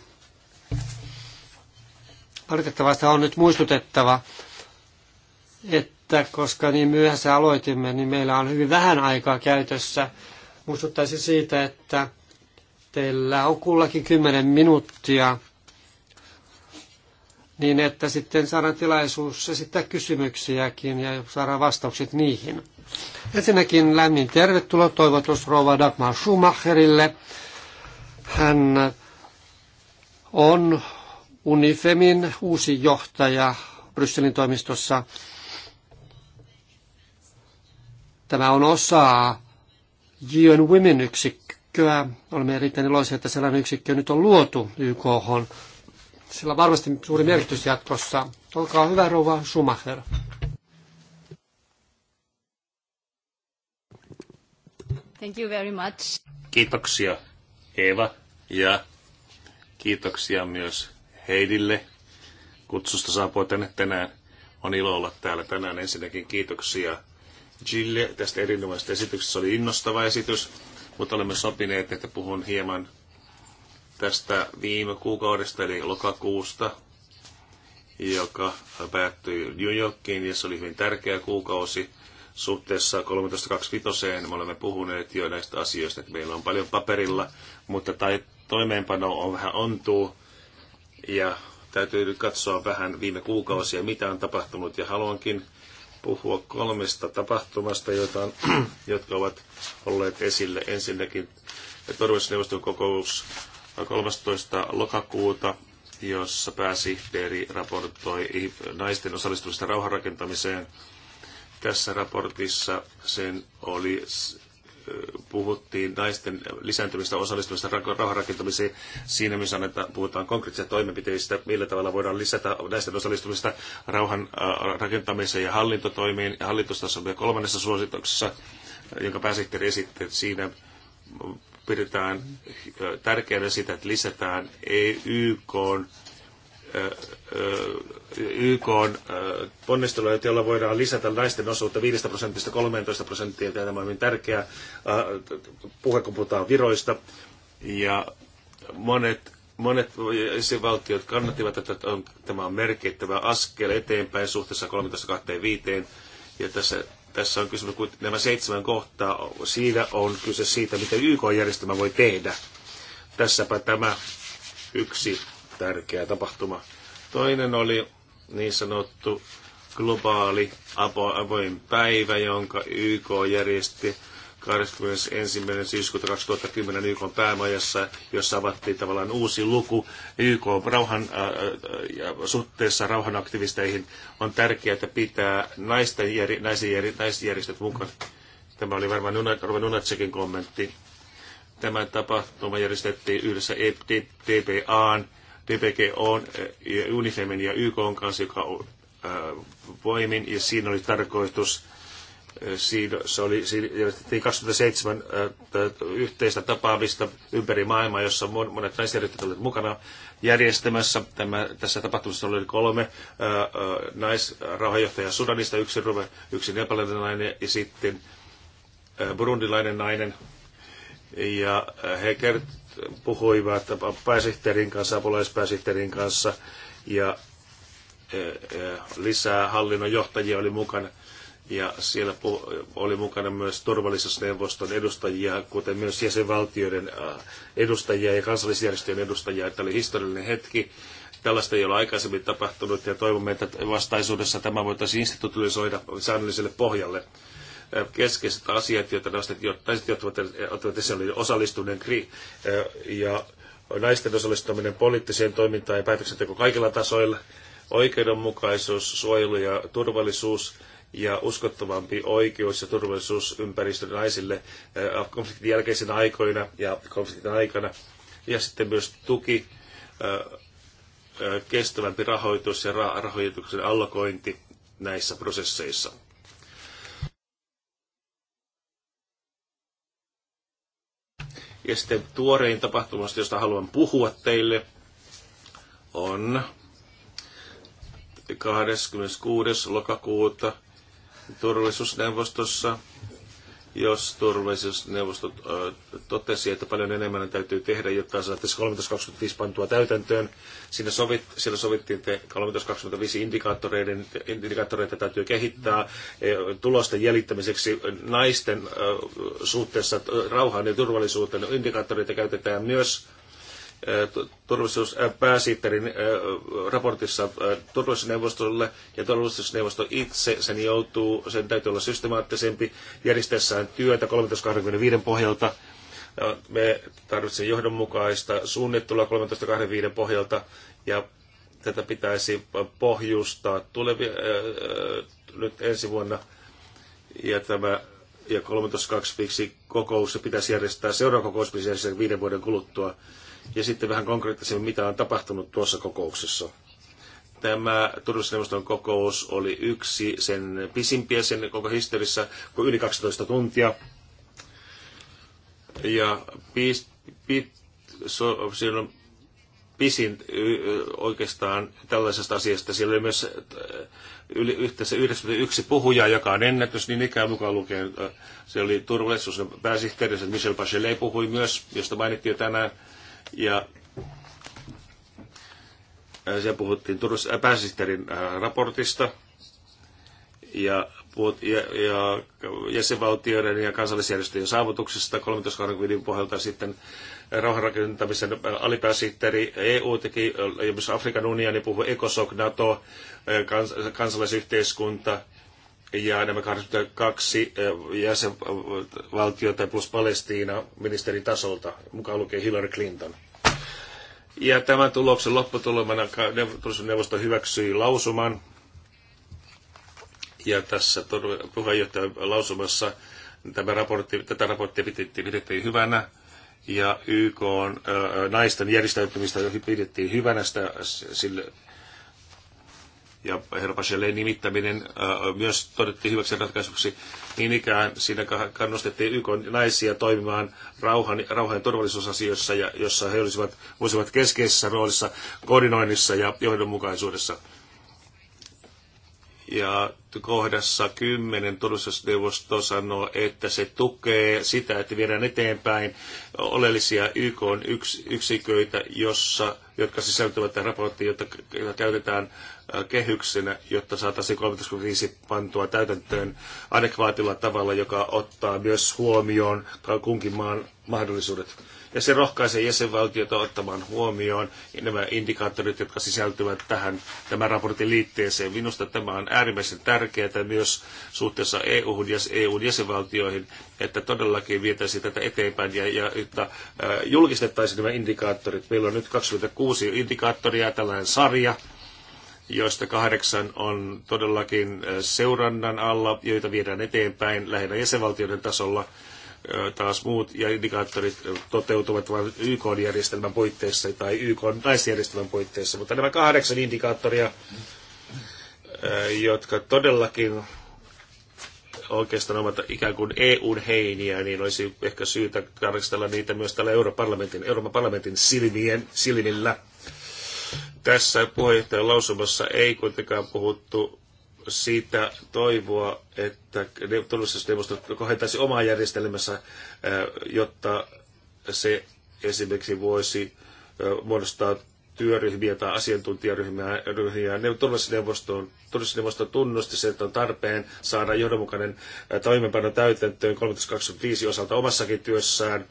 [SPEAKER 2] Valitettavasti on nyt muistutettava, että koska niin myöhässä aloitimme, niin meillä on hyvin vähän aikaa käytössä. Muistuttaisin siitä, että teillä on kullakin 10 minuuttia niin että sitten saadaan tilaisuus esittää kysymyksiäkin ja saadaan vastaukset niihin. Ensinnäkin lämmin tervetuloa toivotus Rova Dagmar Schumacherille. Hän on Unifemin uusi johtaja Brysselin toimistossa. Tämä on osa UN Women-yksikköä. Olemme erittäin iloisia, että sellainen yksikkö nyt on luotu YKH. Sillä on varmasti suuri merkitys jatkossa. Olkaa hyvä, rouva Schumacher.
[SPEAKER 1] Thank you very much.
[SPEAKER 3] Kiitoksia Eeva ja kiitoksia myös Heidille kutsusta saapua tänne tänään. On ilo olla täällä tänään. Ensinnäkin kiitoksia Jille tästä erinomaisesta esityksestä. Se oli innostava esitys, mutta olemme sopineet, että puhun hieman tästä viime kuukaudesta, eli lokakuusta, joka päättyi New Yorkiin, ja se oli hyvin tärkeä kuukausi suhteessa 13.25. Me olemme puhuneet jo näistä asioista, että meillä on paljon paperilla, mutta tai toimeenpano on vähän ontuu, ja täytyy nyt katsoa vähän viime kuukausia, mitä on tapahtunut, ja haluankin puhua kolmesta tapahtumasta, joita on, jotka ovat olleet esille. Ensinnäkin turvallisuusneuvoston kokous 13. lokakuuta, jossa pääsihteeri raportoi naisten osallistumista rauhanrakentamiseen. Tässä raportissa sen oli puhuttiin naisten lisääntymistä osallistumista rauhanrakentamiseen. Siinä myös annetaan, puhutaan konkreettisista toimenpiteistä, millä tavalla voidaan lisätä naisten osallistumista rauhanrakentamiseen ja hallintotoimiin. Ja hallitustasolla ja kolmannessa suosituksessa, jonka pääsihteeri esitti, että siinä pidetään tärkeänä sitä, että lisätään e YK YK ponnisteluja, joilla voidaan lisätä naisten osuutta 5 prosentista 13 prosenttia. Tämä on hyvin tärkeä puhe, kun puhutaan viroista. Ja monet, monet jäsenvaltiot kannattivat, että tämä on merkittävä askel eteenpäin suhteessa 13.25. Ja tässä tässä on kysymys, kun nämä seitsemän kohtaa, siinä on kyse siitä, mitä YK-järjestelmä voi tehdä. Tässäpä tämä yksi tärkeä tapahtuma. Toinen oli niin sanottu globaali avoin päivä, jonka YK järjesti 21. syyskuuta 2010 YK päämajassa, jossa avattiin tavallaan uusi luku YK rauhan, äh, äh suhteessa rauhanaktivisteihin. On tärkeää, että pitää naisten, jär, naisen, jär, järjestöt mukaan. Tämä oli varmaan Ruben Unatsekin kommentti. Tämä tapahtuma järjestettiin yhdessä DPAn, e DPGOn, äh, UNIFEMin ja YKn kanssa, joka on äh, voimin, ja siinä oli tarkoitus Siinä se oli, siinä järjestettiin 27 yhteistä tapaamista ympäri maailmaa, jossa monet naisjärjestöt olivat mukana järjestämässä. Tämä, tässä tapahtumassa oli kolme naisrauhanjohtajaa Sudanista, yksi ruve, yksi nepalainen nainen ja sitten burundilainen nainen. Ja he kert, puhuivat pääsihteerin kanssa, apulaispääsihteerin kanssa ja lisää hallinnon johtajia oli mukana ja siellä oli mukana myös turvallisuusneuvoston edustajia, kuten myös jäsenvaltioiden äh, edustajia ja kansallisjärjestöjen edustajia. Tämä oli historiallinen hetki. Tällaista ei ole aikaisemmin tapahtunut ja toivomme, että vastaisuudessa tämä voitaisiin institutionalisoida säännölliselle pohjalle. Äh, keskeiset asiat, joita naiset ottivat esille, oli osallistuminen äh, ja naisten osallistuminen poliittiseen toimintaan ja päätöksenteko kaikilla tasoilla, oikeudenmukaisuus, suojelu ja turvallisuus – ja uskottavampi oikeus- ja turvallisuusympäristö naisille äh, konfliktin jälkeisinä aikoina ja konfliktin aikana. Ja sitten myös tuki, äh, äh, kestävämpi rahoitus ja rahoituksen allokointi näissä prosesseissa. Ja sitten tuorein tapahtumasta, josta haluan puhua teille, on 26. lokakuuta turvallisuusneuvostossa, jos turvallisuusneuvosto totesi, että paljon enemmän täytyy tehdä, jotta saataisiin 1325 pantua täytäntöön. Siinä sovit, siellä sovittiin, että 1325 indikaattoreita täytyy kehittää e, tulosten jäljittämiseksi naisten suhteessa rauhaan ja turvallisuuteen. Indikaattoreita käytetään myös turvallisuuspääsihteerin äh, raportissa äh, turvallisuusneuvostolle ja turvallisuusneuvosto itse sen joutuu, sen täytyy olla systemaattisempi järjestäessään työtä 1325 pohjalta. Äh, me tarvitsemme johdonmukaista suunnittelua 1325 pohjalta ja tätä pitäisi pohjustaa tulevia, nyt ensi vuonna ja tämä ja 13.2 kokous pitäisi järjestää, seuraava kokous pitäisi järjestää viiden vuoden kuluttua ja sitten vähän konkreettisemmin, mitä on tapahtunut tuossa kokouksessa. Tämä turvallisuusneuvoston kokous oli yksi sen pisimpiä sen koko historiassa, kuin yli 12 tuntia. Ja pis, pit, so, siinä on pisin oikeastaan tällaisesta asiasta. Siellä oli myös äh, yli, yhteensä 91 puhujaa, joka on ennätys, niin ikään mukaan lukien. Äh, siellä oli turvallisuus pääsihteeri, Michel Bachelet puhui myös, josta mainittiin jo tänään ja äh, siellä puhuttiin Turussa äh, pääsihteerin äh, raportista ja, puhut, ja, ja jäsenvaltioiden ja kansallisjärjestöjen saavutuksista 13.25 pohjalta sitten rauhanrakentamisen alipääsihteeri EU teki, ja myös Afrikan unioni puhui ECOSOC, NATO, kans, kansalaisyhteiskunta, ja nämä 22 jäsenvaltiota plus Palestiina ministeritasolta, mukaan lukee Hillary Clinton. Ja tämän tuloksen lopputulemana neuvosto hyväksyi lausuman. Ja tässä puheenjohtajan lausumassa tämä raportti, tätä raporttia pidettiin, pidettiin hyvänä. Ja YK on, ää, naisten järjestäytymistä pidettiin hyvänä, sitä, sille ja herra Bachelet nimittäminen äh, myös todettiin hyväksi ratkaisuksi. Niin ikään siinä kannustettiin YK naisia toimimaan rauhan, rauhan ja turvallisuusasioissa, ja, jossa he olisivat, olisivat keskeisessä roolissa koordinoinnissa ja johdonmukaisuudessa ja kohdassa 10 turvallisuusneuvosto sanoo, että se tukee sitä, että viedään eteenpäin oleellisia YK yks, yksiköitä, jossa, jotka sisältyvät tähän raporttiin, jota, käytetään kehyksenä, jotta saataisiin 35 pantua täytäntöön adekvaatilla tavalla, joka ottaa myös huomioon kunkin maan mahdollisuudet ja se rohkaisee jäsenvaltiota ottamaan huomioon nämä indikaattorit, jotka sisältyvät tähän tämän raportin liitteeseen. Minusta tämä on äärimmäisen tärkeää myös suhteessa EU-hun ja EUn jäsenvaltioihin, että todellakin vietäisiin tätä eteenpäin ja, ja että äh, julkistettaisiin nämä indikaattorit. Meillä on nyt 26 indikaattoria, tällainen sarja, joista kahdeksan on todellakin äh, seurannan alla, joita viedään eteenpäin lähinnä jäsenvaltioiden tasolla – taas muut ja indikaattorit toteutuvat vain YK-järjestelmän puitteissa tai YK-naisjärjestelmän puitteissa. Mutta nämä kahdeksan indikaattoria, jotka todellakin oikeastaan ovat ikään kuin EUn heiniä, niin olisi ehkä syytä tarkastella niitä myös täällä parlamentin, Euroopan parlamentin silmien, silmillä. Tässä puheenjohtajan lausumassa ei kuitenkaan puhuttu siitä toivoa, että neuvosto kohentaisi omaa järjestelmässä, äh, jotta se esimerkiksi voisi äh, muodostaa työryhmiä tai asiantuntijaryhmiä ryhmiä. Turvallisuusneuvostoon turvallisuusneuvosto tunnusti sen, että on tarpeen saada johdonmukainen äh, toimenpano täytäntöön 325 osalta omassakin työssään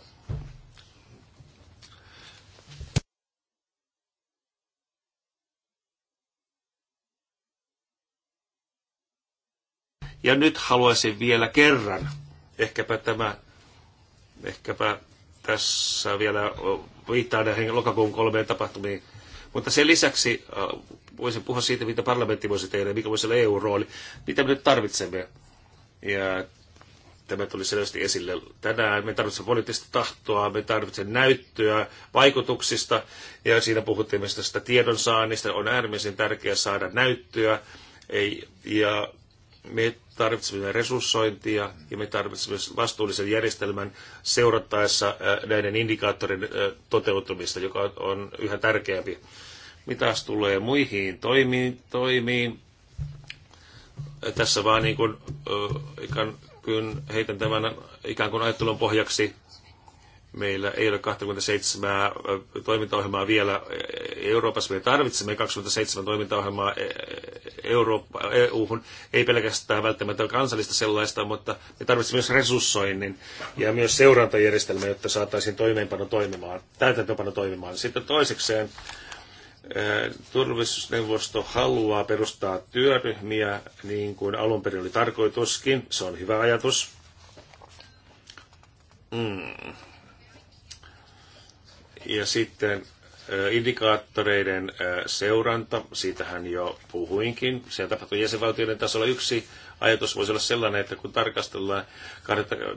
[SPEAKER 3] Ja nyt haluaisin vielä kerran, ehkäpä tämä, ehkäpä tässä vielä viittaa näihin lokakuun kolmeen tapahtumiin, mutta sen lisäksi voisin puhua siitä, mitä parlamentti voisi tehdä, mikä voisi olla EU-rooli, mitä me nyt tarvitsemme. Ja tämä tuli selvästi esille tänään. Me tarvitsemme poliittista tahtoa, me tarvitsemme näyttöä vaikutuksista, ja siinä puhuttiin myös tästä tiedonsaannista. On äärimmäisen tärkeää saada näyttöä, ei, ja me tarvitsemme resurssointia ja me tarvitsemme myös vastuullisen järjestelmän seurattaessa äh, näiden indikaattorien äh, toteutumista, joka on yhä tärkeämpi. Mitä tulee muihin toimiin, toimiin äh, tässä vaan niin kuin, ikään kuin heitän tämän ikään kuin ajattelun pohjaksi Meillä ei ole 27 toimintaohjelmaa vielä Euroopassa. Me tarvitsemme 27 toimintaohjelmaa e, e, Eurooppa, e, EU-hun. Ei pelkästään välttämättä kansallista sellaista, mutta me tarvitsemme myös resurssoinnin ja myös seurantajärjestelmä, jotta saataisiin toimeenpano toimimaan, täytäntöpano toimimaan. Sitten toisekseen turvallisuusneuvosto haluaa perustaa työryhmiä niin kuin alun perin oli tarkoituskin. Se on hyvä ajatus. Mm. Ja sitten indikaattoreiden seuranta, siitähän jo puhuinkin. Siellä tapahtui jäsenvaltioiden tasolla yksi ajatus voisi olla sellainen, että kun tarkastellaan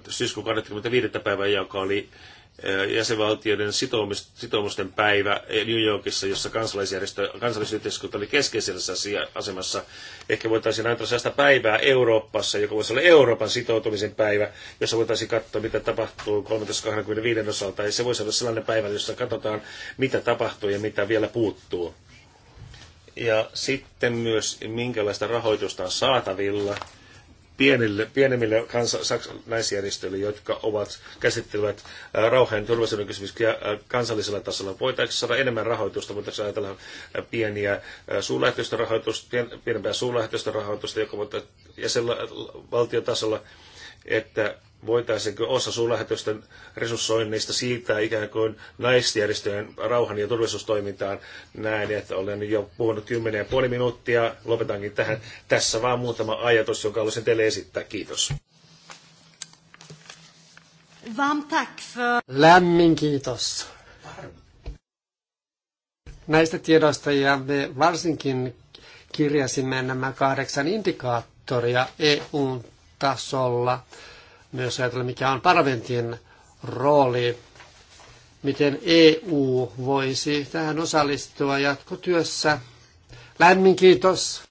[SPEAKER 3] syyskuun 25. päivää, joka oli jäsenvaltioiden sitoumusten päivä New Yorkissa, jossa kansalaisjärjestö, kansallisyhteiskunta oli keskeisessä asemassa. Ehkä voitaisiin antaa sellaista päivää Euroopassa, joka voisi olla Euroopan sitoutumisen päivä, jossa voitaisiin katsoa, mitä tapahtuu 13.25 osalta. Ja se voisi olla sellainen päivä, jossa katsotaan, mitä tapahtuu ja mitä vielä puuttuu. Ja sitten myös, minkälaista rahoitusta on saatavilla – pienille, pienemmille kansa, jotka ovat käsittelevät äh, rauhan turvallisuuden kysymyksiä äh, kansallisella tasolla. Voitaisiin saada enemmän rahoitusta, voitaisiin ajatella äh, pieniä suurlähtöistä rahoitusta, pien, pienempää suurlähtöistä rahoitusta, joka voitaisiin jäsenvaltiotasolla, että voitaisiinko osa suurlähetysten resurssoinneista siirtää ikään kuin naisjärjestöjen rauhan- ja turvallisuustoimintaan näin, että olen jo puhunut 10,5 minuuttia. Lopetankin tähän. Tässä vaan muutama ajatus, jonka haluaisin teille
[SPEAKER 2] esittää. Kiitos. Lämmin kiitos näistä tiedoista ja me varsinkin kirjasimme nämä kahdeksan indikaattoria EU-tasolla myös ajatella, mikä on parlamentin rooli, miten EU voisi tähän osallistua jatkotyössä. Lämmin kiitos.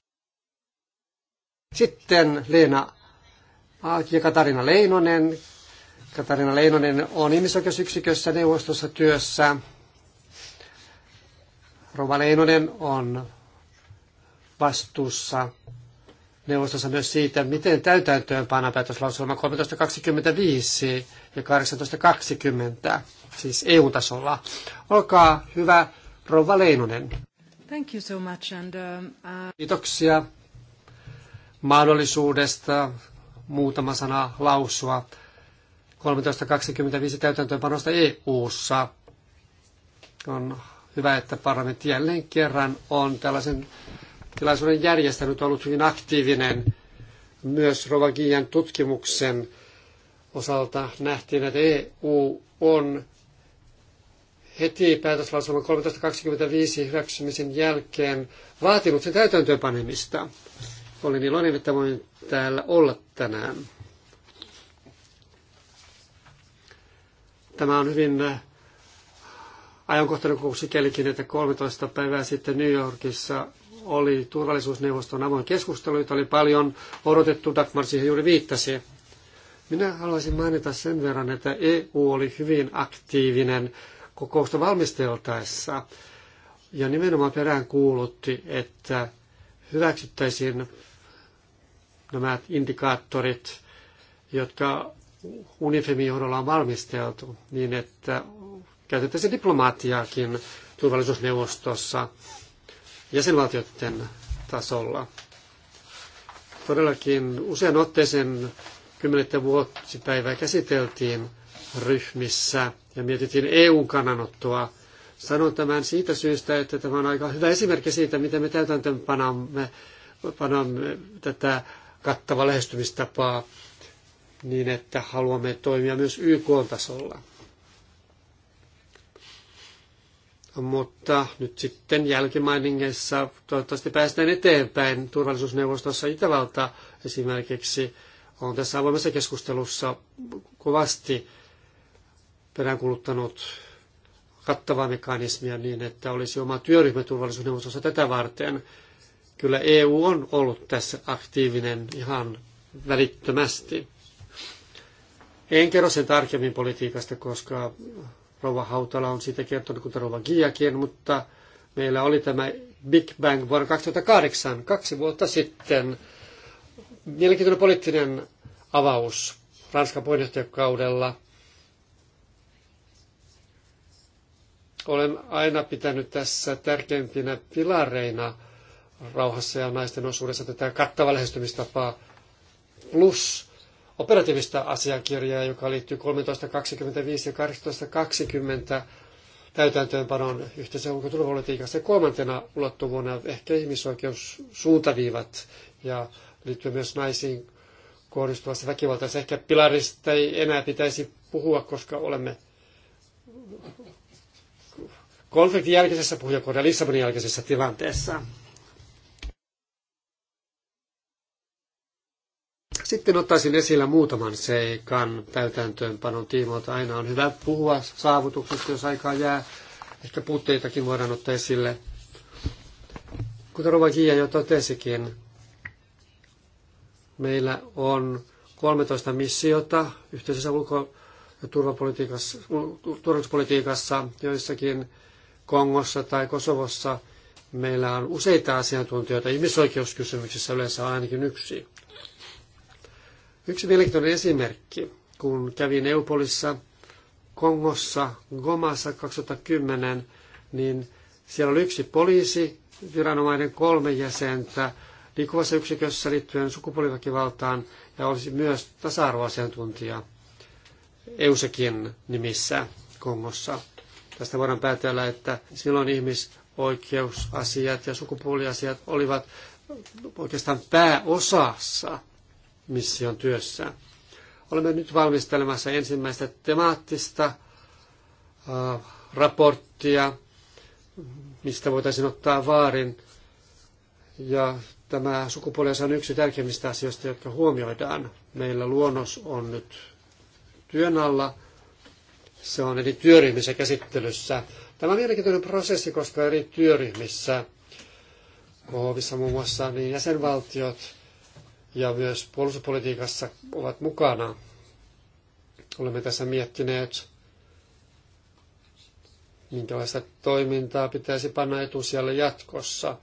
[SPEAKER 2] Sitten Leena ja Katarina Leinonen. Katarina Leinonen on ihmisoikeusyksikössä neuvostossa työssä. Rova Leinonen on vastuussa neuvostossa myös siitä, miten täytäntöön panna päätöslauselma 1325 ja 1820, siis EU-tasolla. Olkaa hyvä, Rouva Leinonen.
[SPEAKER 1] Thank you so much and, um, uh,
[SPEAKER 2] Kiitoksia mahdollisuudesta muutama sana lausua 1325 täytäntöönpanosta EU-ssa. On hyvä, että parlamentti jälleen kerran on tällaisen tilaisuuden järjestänyt, ollut hyvin aktiivinen myös Rovagian tutkimuksen osalta nähtiin, että EU on heti päätöslauselman 1325 hyväksymisen jälkeen vaatinut sen täytäntöönpanemista. Olin iloinen, että voin täällä olla tänään. Tämä on hyvin äh, ajankohtainen kokous sikälikin, että 13 päivää sitten New Yorkissa oli turvallisuusneuvoston avoin keskustelu, jota oli paljon odotettu, Dagmar siihen juuri viittasi. Minä haluaisin mainita sen verran, että EU oli hyvin aktiivinen kokousta valmisteltaessa ja nimenomaan perään kuulutti, että hyväksyttäisiin nämä indikaattorit, jotka Unifemin johdolla on valmisteltu, niin että käytettäisiin diplomaatiaakin turvallisuusneuvostossa jäsenvaltioiden tasolla. Todellakin usean otteeseen kymmenettä vuosipäivää käsiteltiin ryhmissä ja mietittiin EU-kannanottoa. Sanon tämän siitä syystä, että tämä on aika hyvä esimerkki siitä, miten me täytäntöönpanamme panamme tätä kattava lähestymistapaa niin, että haluamme toimia myös YK-tasolla. mutta nyt sitten jälkimainingeissa toivottavasti päästään eteenpäin. Turvallisuusneuvostossa Itävalta esimerkiksi on tässä avoimessa keskustelussa kovasti peräänkuluttanut kattavaa mekanismia niin, että olisi oma työryhmä turvallisuusneuvostossa tätä varten. Kyllä EU on ollut tässä aktiivinen ihan välittömästi. En kerro sen tarkemmin politiikasta, koska Rova Hautala on siitä kertonut, kuten Rova Giakin, mutta meillä oli tämä Big Bang vuonna 2008, kaksi vuotta sitten. Mielenkiintoinen poliittinen avaus Ranskan puheenjohtajakaudella. Olen aina pitänyt tässä tärkeimpinä pilareina rauhassa ja naisten osuudessa tätä kattava lähestymistapaa plus operatiivista asiakirjaa, joka liittyy 13.25 ja 18.20 täytäntöönpanon yhteisen ulkoturvapolitiikassa. Ja kolmantena ulottuvuona ehkä ihmisoikeussuuntaviivat ja liittyy myös naisiin kohdistuvassa väkivaltaisessa. Ehkä pilarista ei enää pitäisi puhua, koska olemme konfliktin jälkeisessä puhujakohdassa Lissabonin jälkeisessä tilanteessa. Sitten ottaisin esillä muutaman seikan täytäntöönpanon tiimoilta. Aina on hyvä puhua saavutuksesta, jos aikaa jää. Ehkä puutteitakin voidaan ottaa esille. Kuten Rova Gia jo totesikin, meillä on 13 missiota yhteisessä ulko- ja turvapolitiikassa, turvallisuuspolitiikassa, joissakin Kongossa tai Kosovossa meillä on useita asiantuntijoita, ihmisoikeuskysymyksissä yleensä on ainakin yksi. Yksi mielenkiintoinen esimerkki, kun kävin Eupolissa, Kongossa, Gomassa 2010, niin siellä oli yksi poliisi, viranomainen kolme jäsentä, liikkuvassa yksikössä liittyen sukupuoliväkivaltaan ja olisi myös tasa-arvoasiantuntija EUSEKin nimissä Kongossa. Tästä voidaan päätellä, että silloin ihmisoikeusasiat ja sukupuoliasiat olivat oikeastaan pääosassa mission työssään. Olemme nyt valmistelemassa ensimmäistä temaattista raporttia, mistä voitaisiin ottaa vaarin. Ja tämä sukupuoli on yksi tärkeimmistä asioista, jotka huomioidaan. Meillä luonnos on nyt työn alla. Se on eri työryhmissä käsittelyssä. Tämä on mielenkiintoinen prosessi, koska eri työryhmissä, Kohovissa muun muassa, niin jäsenvaltiot ja myös puolustuspolitiikassa ovat mukana. Olemme tässä miettineet, minkälaista toimintaa pitäisi panna etusijalle jatkossa.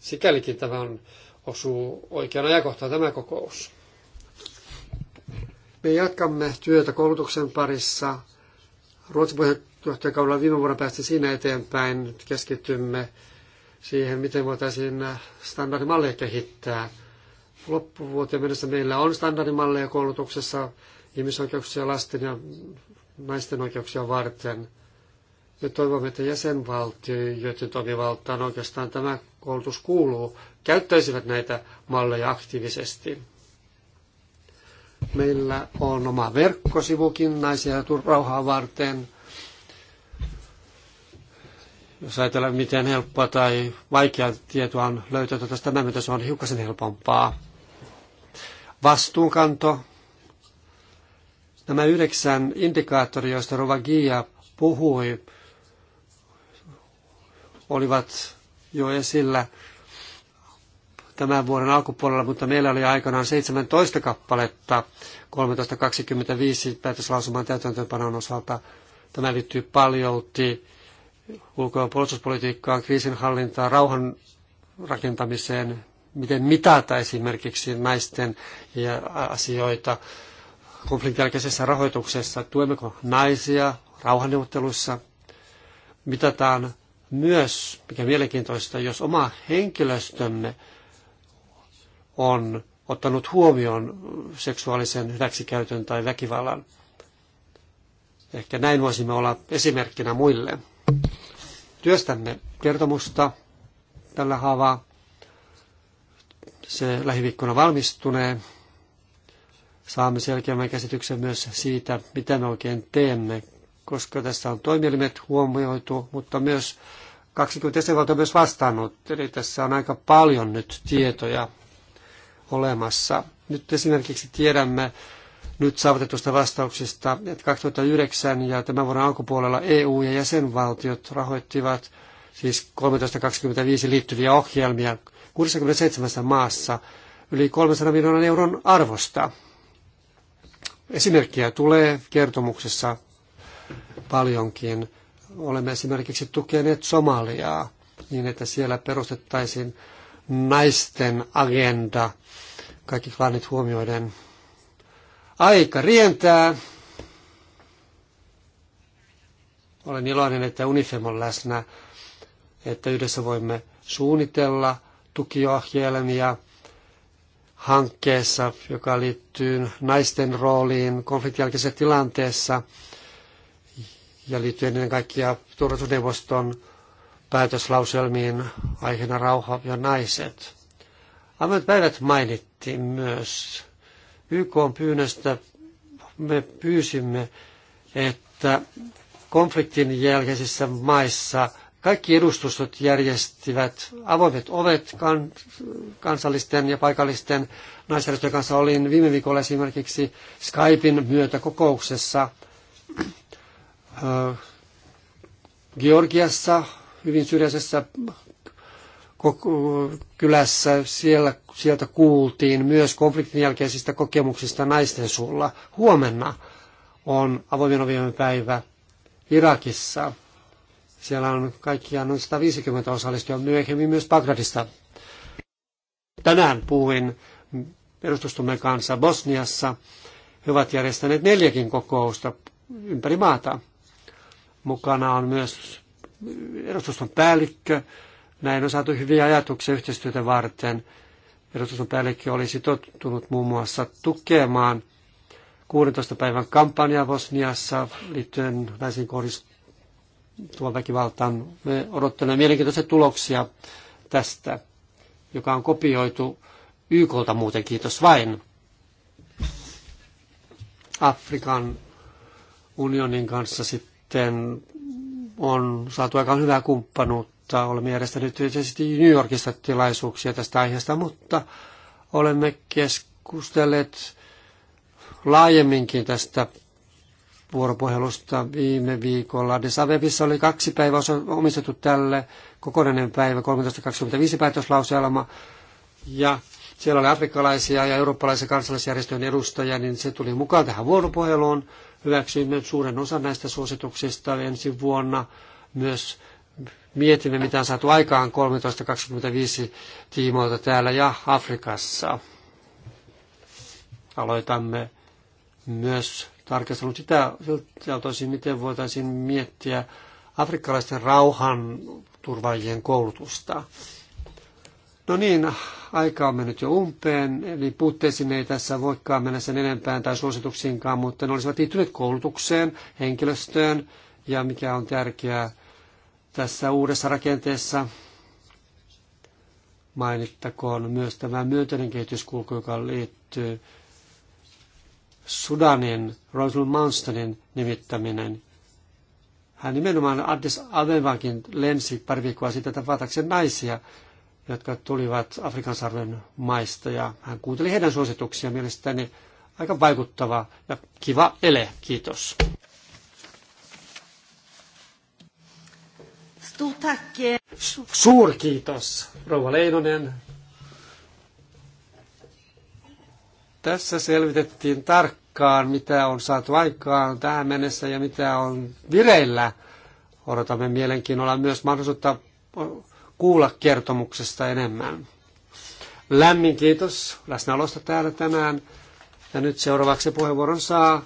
[SPEAKER 2] Sikälikin tämä on, osuu oikean ajankohtaan tämä kokous. Me jatkamme työtä koulutuksen parissa. Ruotsin puheenjohtajakaudella viime vuonna päästiin siinä eteenpäin. Keskitymme siihen, miten voitaisiin standardimalleja kehittää – loppuvuoteen mennessä meillä on standardimalleja koulutuksessa ihmisoikeuksia lasten ja naisten oikeuksia varten. Me toivomme, että jäsenvaltioiden toimivaltaan oikeastaan tämä koulutus kuuluu, käyttäisivät näitä malleja aktiivisesti. Meillä on oma verkkosivukin naisia ja rauhaa varten. Jos ajatellaan, miten helppoa tai vaikeaa tietoa on löytää tästä, tämä myötä se on hiukan helpompaa vastuunkanto. Nämä yhdeksän indikaattoria, joista Rova Gia puhui, olivat jo esillä tämän vuoden alkupuolella, mutta meillä oli aikanaan 17 kappaletta 13.25 päätöslausuman täytäntöönpanon osalta. Tämä liittyy paljolti ulko- ja puolustuspolitiikkaan, kriisinhallintaan, rauhan rakentamiseen, miten mitata esimerkiksi naisten asioita konfliktin jälkeisessä rahoituksessa, tuemmeko naisia rauhanneuvotteluissa, mitataan myös, mikä mielenkiintoista, jos oma henkilöstömme on ottanut huomioon seksuaalisen hyväksikäytön tai väkivallan. Ehkä näin voisimme olla esimerkkinä muille. Työstämme kertomusta tällä haavaa se lähiviikkona valmistunee. Saamme selkeämmän käsityksen myös siitä, mitä me oikein teemme, koska tässä on toimielimet huomioitu, mutta myös 20 jäsenvaltio myös vastannut. Eli tässä on aika paljon nyt tietoja olemassa. Nyt esimerkiksi tiedämme nyt saavutetusta vastauksista, että 2009 ja tämän vuoden alkupuolella EU ja jäsenvaltiot rahoittivat siis 1325 liittyviä ohjelmia 67 maassa yli 300 miljoonan euron arvosta. Esimerkkejä tulee kertomuksessa paljonkin. Olemme esimerkiksi tukeneet Somaliaa niin, että siellä perustettaisiin naisten agenda kaikki klanit huomioiden. Aika rientää. Olen iloinen, että Unifem on läsnä, että yhdessä voimme suunnitella – tukiohjelmia hankkeessa, joka liittyy naisten rooliin konfliktin tilanteessa ja liittyy ennen kaikkea turvallisuusneuvoston päätöslauselmiin aiheena rauha ja naiset. Avoimet päivät mainittiin myös. YK on pyynnöstä me pyysimme, että konfliktin jälkeisissä maissa kaikki edustustot järjestivät avoimet ovet kansallisten ja paikallisten naisjärjestöjen kanssa. Olin viime viikolla esimerkiksi Skypein myötä kokouksessa Georgiassa, hyvin syrjäisessä kylässä. Siellä, sieltä kuultiin myös konfliktin jälkeisistä kokemuksista naisten suulla. Huomenna on avoimien ovien päivä Irakissa. Siellä on kaikkiaan noin 150 osallistujaa myöhemmin myös Bagdadista. Tänään puhuin edustustumme kanssa Bosniassa. He ovat järjestäneet neljäkin kokousta ympäri maata. Mukana on myös edustuston päällikkö. Näin on saatu hyviä ajatuksia yhteistyötä varten. Edustuston päällikkö olisi tottunut muun muassa tukemaan 16 päivän kampanja Bosniassa liittyen naisiin kohdist- tuon väkivaltaan. Me odottelemme mielenkiintoisia tuloksia tästä, joka on kopioitu YKlta muuten, kiitos vain. Afrikan unionin kanssa sitten on saatu aika hyvää kumppanuutta. Olemme järjestäneet tietysti New Yorkissa tilaisuuksia tästä aiheesta, mutta olemme keskustelleet laajemminkin tästä vuoropuhelusta viime viikolla. Desavevissa oli kaksi päivää omistettu tälle, kokonainen päivä, 13.25 päätöslauselma. Ja siellä oli afrikkalaisia ja eurooppalaisia kansalaisjärjestöjen edustajia, niin se tuli mukaan tähän vuoropuheluun. Hyväksyimme suuren osan näistä suosituksista ensi vuonna. Myös mietimme, mitä on saatu aikaan 13.25 tiimoilta täällä ja Afrikassa. Aloitamme myös tarkastellut sitä siltä osin, miten voitaisiin miettiä afrikkalaisten rauhan turvaajien koulutusta. No niin, aika on mennyt jo umpeen, eli puutteisiin ei tässä voikaan mennä sen enempään tai suosituksiinkaan, mutta ne olisivat liittyneet koulutukseen, henkilöstöön ja mikä on tärkeää tässä uudessa rakenteessa. Mainittakoon myös tämä myönteinen kehityskulku, joka liittyy Sudanin Rosal Munstonin nimittäminen. Hän nimenomaan Addis Abebakin lensi pari viikkoa sitten tavatakseen naisia, jotka tulivat Afrikan sarven maista, ja hän kuunteli heidän suosituksia mielestäni aika vaikuttava ja kiva ele. Kiitos. Suur kiitos, rouva Leinonen, Tässä selvitettiin tarkkaan, mitä on saatu aikaan tähän mennessä ja mitä on vireillä. Odotamme mielenkiinnolla myös mahdollisuutta kuulla kertomuksesta enemmän. Lämmin kiitos läsnäolosta täällä tänään. Ja nyt seuraavaksi puheenvuoron saa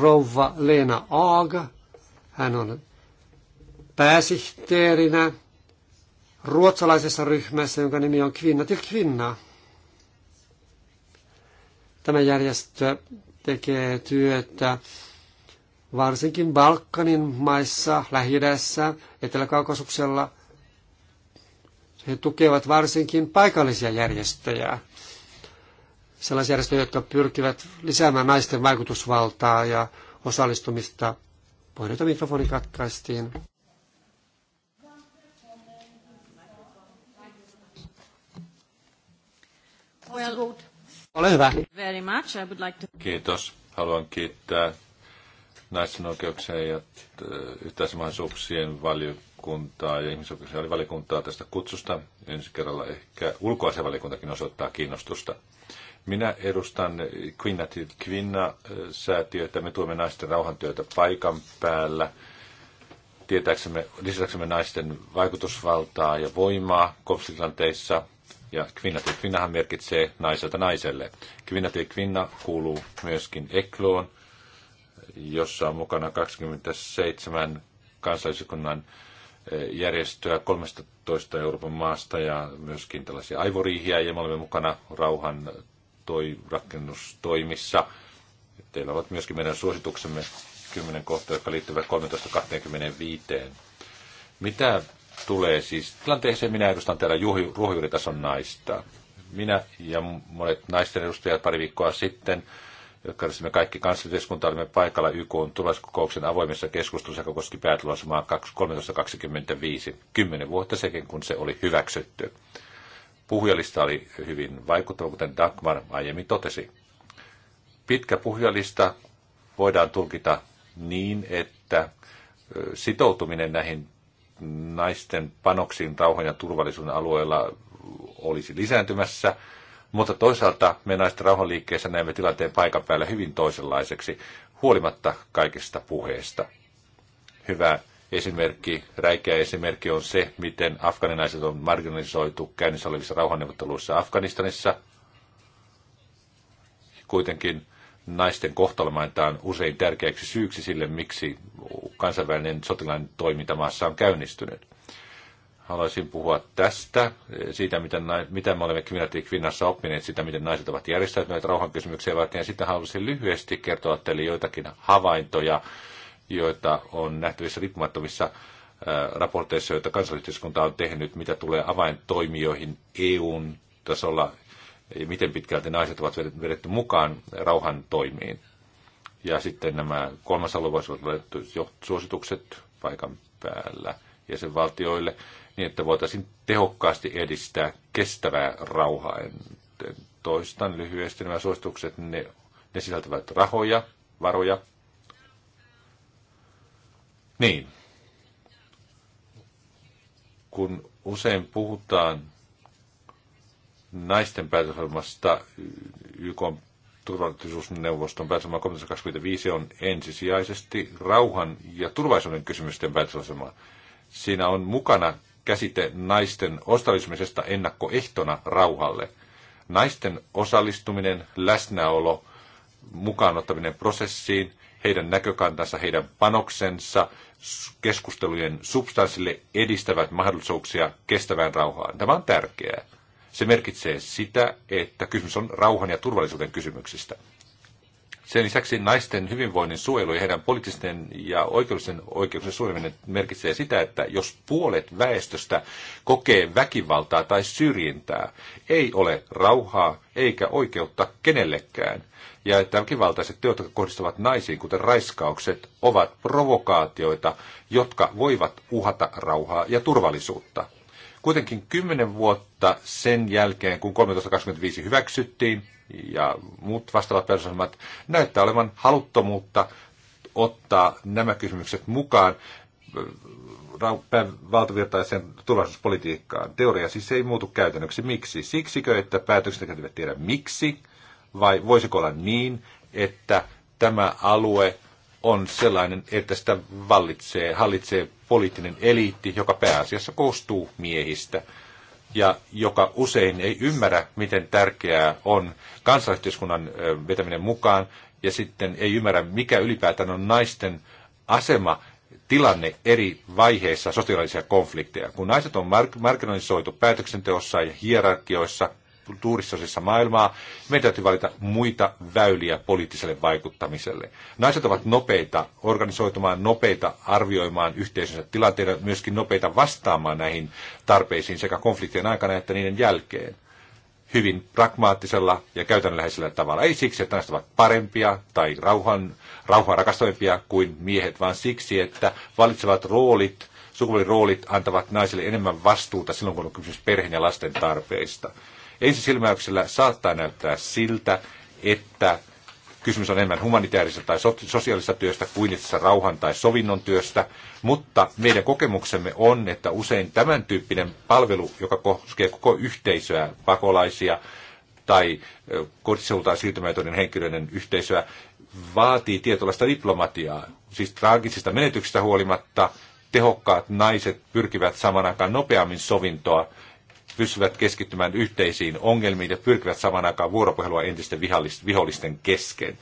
[SPEAKER 2] rouva Leena Aag. Hän on pääsihteerinä ruotsalaisessa ryhmässä, jonka nimi on Kvinna till kvinna. Tämä järjestö tekee työtä varsinkin Balkanin maissa, lähi Etelä-Kaukasuksella. He tukevat varsinkin paikallisia järjestöjä, sellaisia järjestöjä, jotka pyrkivät lisäämään naisten vaikutusvaltaa ja osallistumista. Puhelijoita mikrofoni katkaistiin. Well, ole hyvä.
[SPEAKER 1] Very much. I would like to...
[SPEAKER 4] Kiitos. Haluan kiittää naisten oikeuksien ja äh, yhteismahdollisuuksien valiokuntaa ja ihmisoikeuksien valiokuntaa tästä kutsusta. Ensi kerralla ehkä ulkoasiavaliokuntakin osoittaa kiinnostusta. Minä edustan Quinnatil Quinna-säätiötä. Me tuomme naisten rauhantyötä paikan päällä. Tietääksemme, lisätäksemme naisten vaikutusvaltaa ja voimaa konfliktilanteissa – ja kvinna till kvinnahan merkitsee naiselta naiselle. Kvinna till kvinna kuuluu myöskin Ekloon, jossa on mukana 27 kansalliskunnan e, järjestöä 13 Euroopan maasta ja myöskin tällaisia aivoriihiä ja me olemme mukana rauhan toi, rakennustoimissa. Teillä ovat myöskin meidän suosituksemme 10 kohtaa, jotka liittyvät 13.25. Mitä tulee siis tilanteeseen, minä edustan täällä ruohonjuuritason naista. Minä ja monet naisten edustajat pari viikkoa sitten, jotka olisimme kaikki kansallisyhteiskunta, olimme paikalla YK on avoimessa keskustelussa, joka koski päätulosmaa 1325, kymmenen vuotta sekin, kun se oli hyväksytty. Puhujalista oli hyvin vaikuttava, kuten Dagmar aiemmin totesi. Pitkä puhujalista voidaan tulkita niin, että sitoutuminen näihin naisten panoksiin rauhan ja turvallisuuden alueella olisi lisääntymässä, mutta toisaalta me naisten rauhanliikkeessä näemme tilanteen paikan päällä hyvin toisenlaiseksi, huolimatta kaikista puheista. Hyvä esimerkki, räikeä esimerkki on se, miten afganinaiset on marginalisoitu käynnissä olevissa rauhanneuvotteluissa Afganistanissa. Kuitenkin naisten kohtalo mainitaan usein tärkeäksi syyksi sille, miksi kansainvälinen sotilainen toiminta maassa on käynnistynyt. Haluaisin puhua tästä, siitä, miten, mitä me olemme Kvinat Kvinnassa oppineet, sitä, miten naiset ovat järjestäytyneet rauhankysymyksiä varten. Ja sitten haluaisin lyhyesti kertoa teille joitakin havaintoja, joita on nähtävissä riippumattomissa raporteissa, joita kansallisyhteiskunta on tehnyt, mitä tulee avaintoimijoihin EUn tasolla ja miten pitkälti naiset ovat vedetty mukaan rauhan toimiin. Ja sitten nämä kolmas alue voisivat vedetty suositukset paikan päällä jäsenvaltioille, niin että voitaisiin tehokkaasti edistää kestävää rauhaa. en toistan lyhyesti nämä suositukset, ne, ne sisältävät rahoja, varoja. Niin. Kun usein puhutaan naisten päätösohjelmasta YK turvallisuusneuvoston päätösohjelma 325 on ensisijaisesti rauhan ja turvallisuuden kysymysten päätösohjelma. Siinä on mukana käsite naisten osallistumisesta ennakkoehtona rauhalle. Naisten osallistuminen, läsnäolo, mukaanottaminen prosessiin, heidän näkökantansa, heidän panoksensa, keskustelujen substanssille edistävät mahdollisuuksia kestävään rauhaan. Tämä on tärkeää. Se merkitsee sitä, että kysymys on rauhan ja turvallisuuden kysymyksistä. Sen lisäksi naisten hyvinvoinnin suojelu ja heidän poliittisten ja oikeudellisten oikeuksien suojeleminen merkitsee sitä, että jos puolet väestöstä kokee väkivaltaa tai syrjintää, ei ole rauhaa eikä oikeutta kenellekään. Ja että väkivaltaiset teot, jotka kohdistuvat naisiin, kuten raiskaukset, ovat provokaatioita, jotka voivat uhata rauhaa ja turvallisuutta. Kuitenkin kymmenen vuotta sen jälkeen, kun 1325 hyväksyttiin ja muut vastaavat perusasemat näyttää olevan haluttomuutta ottaa nämä kysymykset mukaan äh, valtavirtaiseen turvallisuuspolitiikkaan. Teoria siis ei muutu käytännöksi. Miksi? Siksikö, että päätöksentekijät eivät tiedä miksi, vai voisiko olla niin, että tämä alue on sellainen, että sitä vallitsee, hallitsee poliittinen eliitti, joka pääasiassa koostuu miehistä ja joka usein ei ymmärrä, miten tärkeää on kansalaisyhteiskunnan vetäminen mukaan, ja sitten ei ymmärrä, mikä ylipäätään on naisten asema, tilanne eri vaiheissa sotilaallisia konflikteja. Kun naiset on mark- marginalisoitu päätöksenteossa ja hierarkioissa, suurissa osassa maailmaa. Meidän täytyy valita muita väyliä poliittiselle vaikuttamiselle. Naiset ovat nopeita organisoitumaan, nopeita arvioimaan yhteisönsä tilanteita, myöskin nopeita vastaamaan näihin tarpeisiin sekä konfliktien aikana että niiden jälkeen hyvin pragmaattisella ja käytännönläheisellä tavalla. Ei siksi, että naiset ovat parempia tai rauhan, rauhan rakastavimpia kuin miehet, vaan siksi, että valitsevat roolit, sukupuoliroolit antavat naisille enemmän vastuuta silloin, kun on kysymys perheen ja lasten tarpeista. Ensisilmäyksellä saattaa näyttää siltä, että kysymys on enemmän humanitaarisesta tai sosiaalisesta työstä kuin itse rauhan tai sovinnon työstä, mutta meidän kokemuksemme on, että usein tämän tyyppinen palvelu, joka koskee koko yhteisöä, pakolaisia tai kotiseudultaan siirtymäjoiden henkilöiden yhteisöä, vaatii tietynlaista diplomatiaa. Siis traagisista menetyksistä huolimatta tehokkaat naiset pyrkivät saman aikaan nopeammin sovintoa pystyvät keskittymään yhteisiin ongelmiin ja pyrkivät saman aikaan vuoropuhelua entisten vihollisten kesken.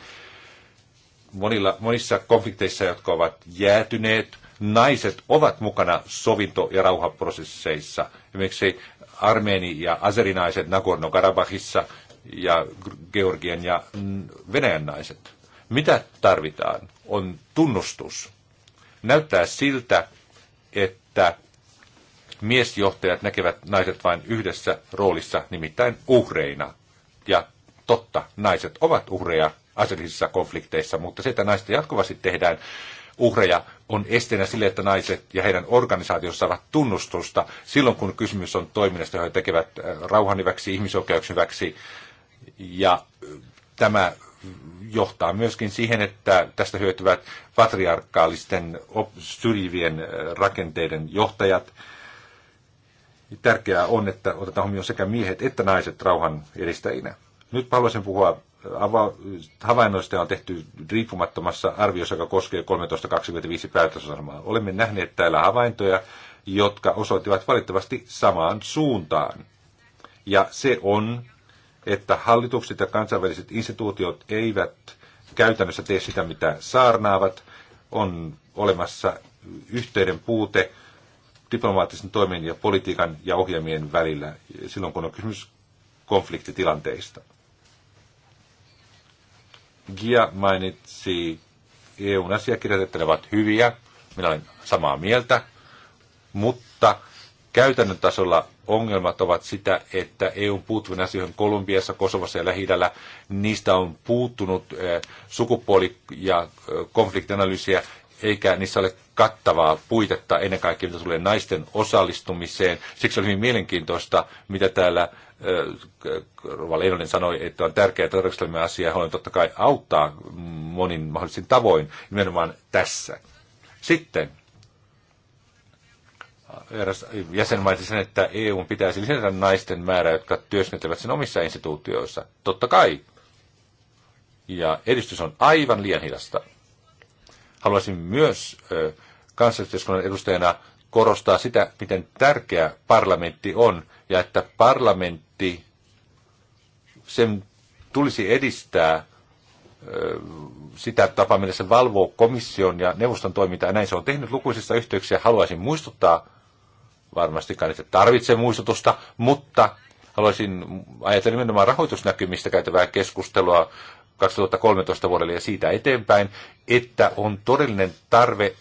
[SPEAKER 4] Monilla, monissa konflikteissa, jotka ovat jäätyneet, naiset ovat mukana sovinto- ja rauhaprosesseissa. Esimerkiksi armeeni- ja azerinaiset Nagorno-Karabahissa ja Georgian ja Venäjän naiset. Mitä tarvitaan? On tunnustus. Näyttää siltä, että miesjohtajat näkevät naiset vain yhdessä roolissa, nimittäin uhreina. Ja totta, naiset ovat uhreja aseellisissa konflikteissa, mutta se, että naista jatkuvasti tehdään uhreja, on esteenä sille, että naiset ja heidän organisaationsa saavat tunnustusta silloin, kun kysymys on toiminnasta, johon he tekevät äh, rauhaniväksi, ihmisoikeuksien hyväksi. Ja äh, tämä johtaa myöskin siihen, että tästä hyötyvät patriarkaalisten syrjivien äh, rakenteiden johtajat, Tärkeää on, että otetaan huomioon sekä miehet että naiset rauhan edistäjinä. Nyt haluaisin puhua havainnoista on tehty riippumattomassa arviossa, joka koskee 1325 päätösasemaa. Olemme nähneet täällä havaintoja, jotka osoittivat valitettavasti samaan suuntaan. Ja se on, että hallitukset ja kansainväliset instituutiot eivät käytännössä tee sitä, mitä saarnaavat. On olemassa yhteyden puute diplomaattisen toimen ja politiikan ja ohjelmien välillä silloin, kun on kysymys konfliktitilanteista. Gia mainitsi EUn asiakirjat, että ne ovat hyviä. Minä olen samaa mieltä. Mutta käytännön tasolla ongelmat ovat sitä, että EUn puuttuminen asioihin Kolumbiassa, Kosovassa ja lähi niistä on puuttunut eh, sukupuoli- ja eh, konfliktianalyysiä, eikä niissä ole kattavaa puitetta ennen kaikkea, mitä tulee naisten osallistumiseen. Siksi oli hyvin mielenkiintoista, mitä täällä äh, Rova Leinonen sanoi, että on tärkeää tarkastelemme asiaa, haluan totta kai auttaa monin mahdollisin tavoin, nimenomaan tässä. Sitten eräs jäsen mainitsi sen, että EU pitäisi lisätä naisten määrää, jotka työskentelevät sen omissa instituutioissa. Totta kai. Ja edistys on aivan liian hidasta. Haluaisin myös kansallisyhteiskunnan edustajana korostaa sitä, miten tärkeä parlamentti on ja että parlamentti, sen tulisi edistää sitä tapaa, millä se valvoo komission ja neuvoston toimintaa. Näin se on tehnyt lukuisissa yhteyksissä. Haluaisin muistuttaa, varmastikaan että tarvitsee muistutusta, mutta haluaisin ajatella nimenomaan rahoitusnäkymistä käytävää keskustelua 2013 vuodelle ja siitä eteenpäin, että on todellinen tarve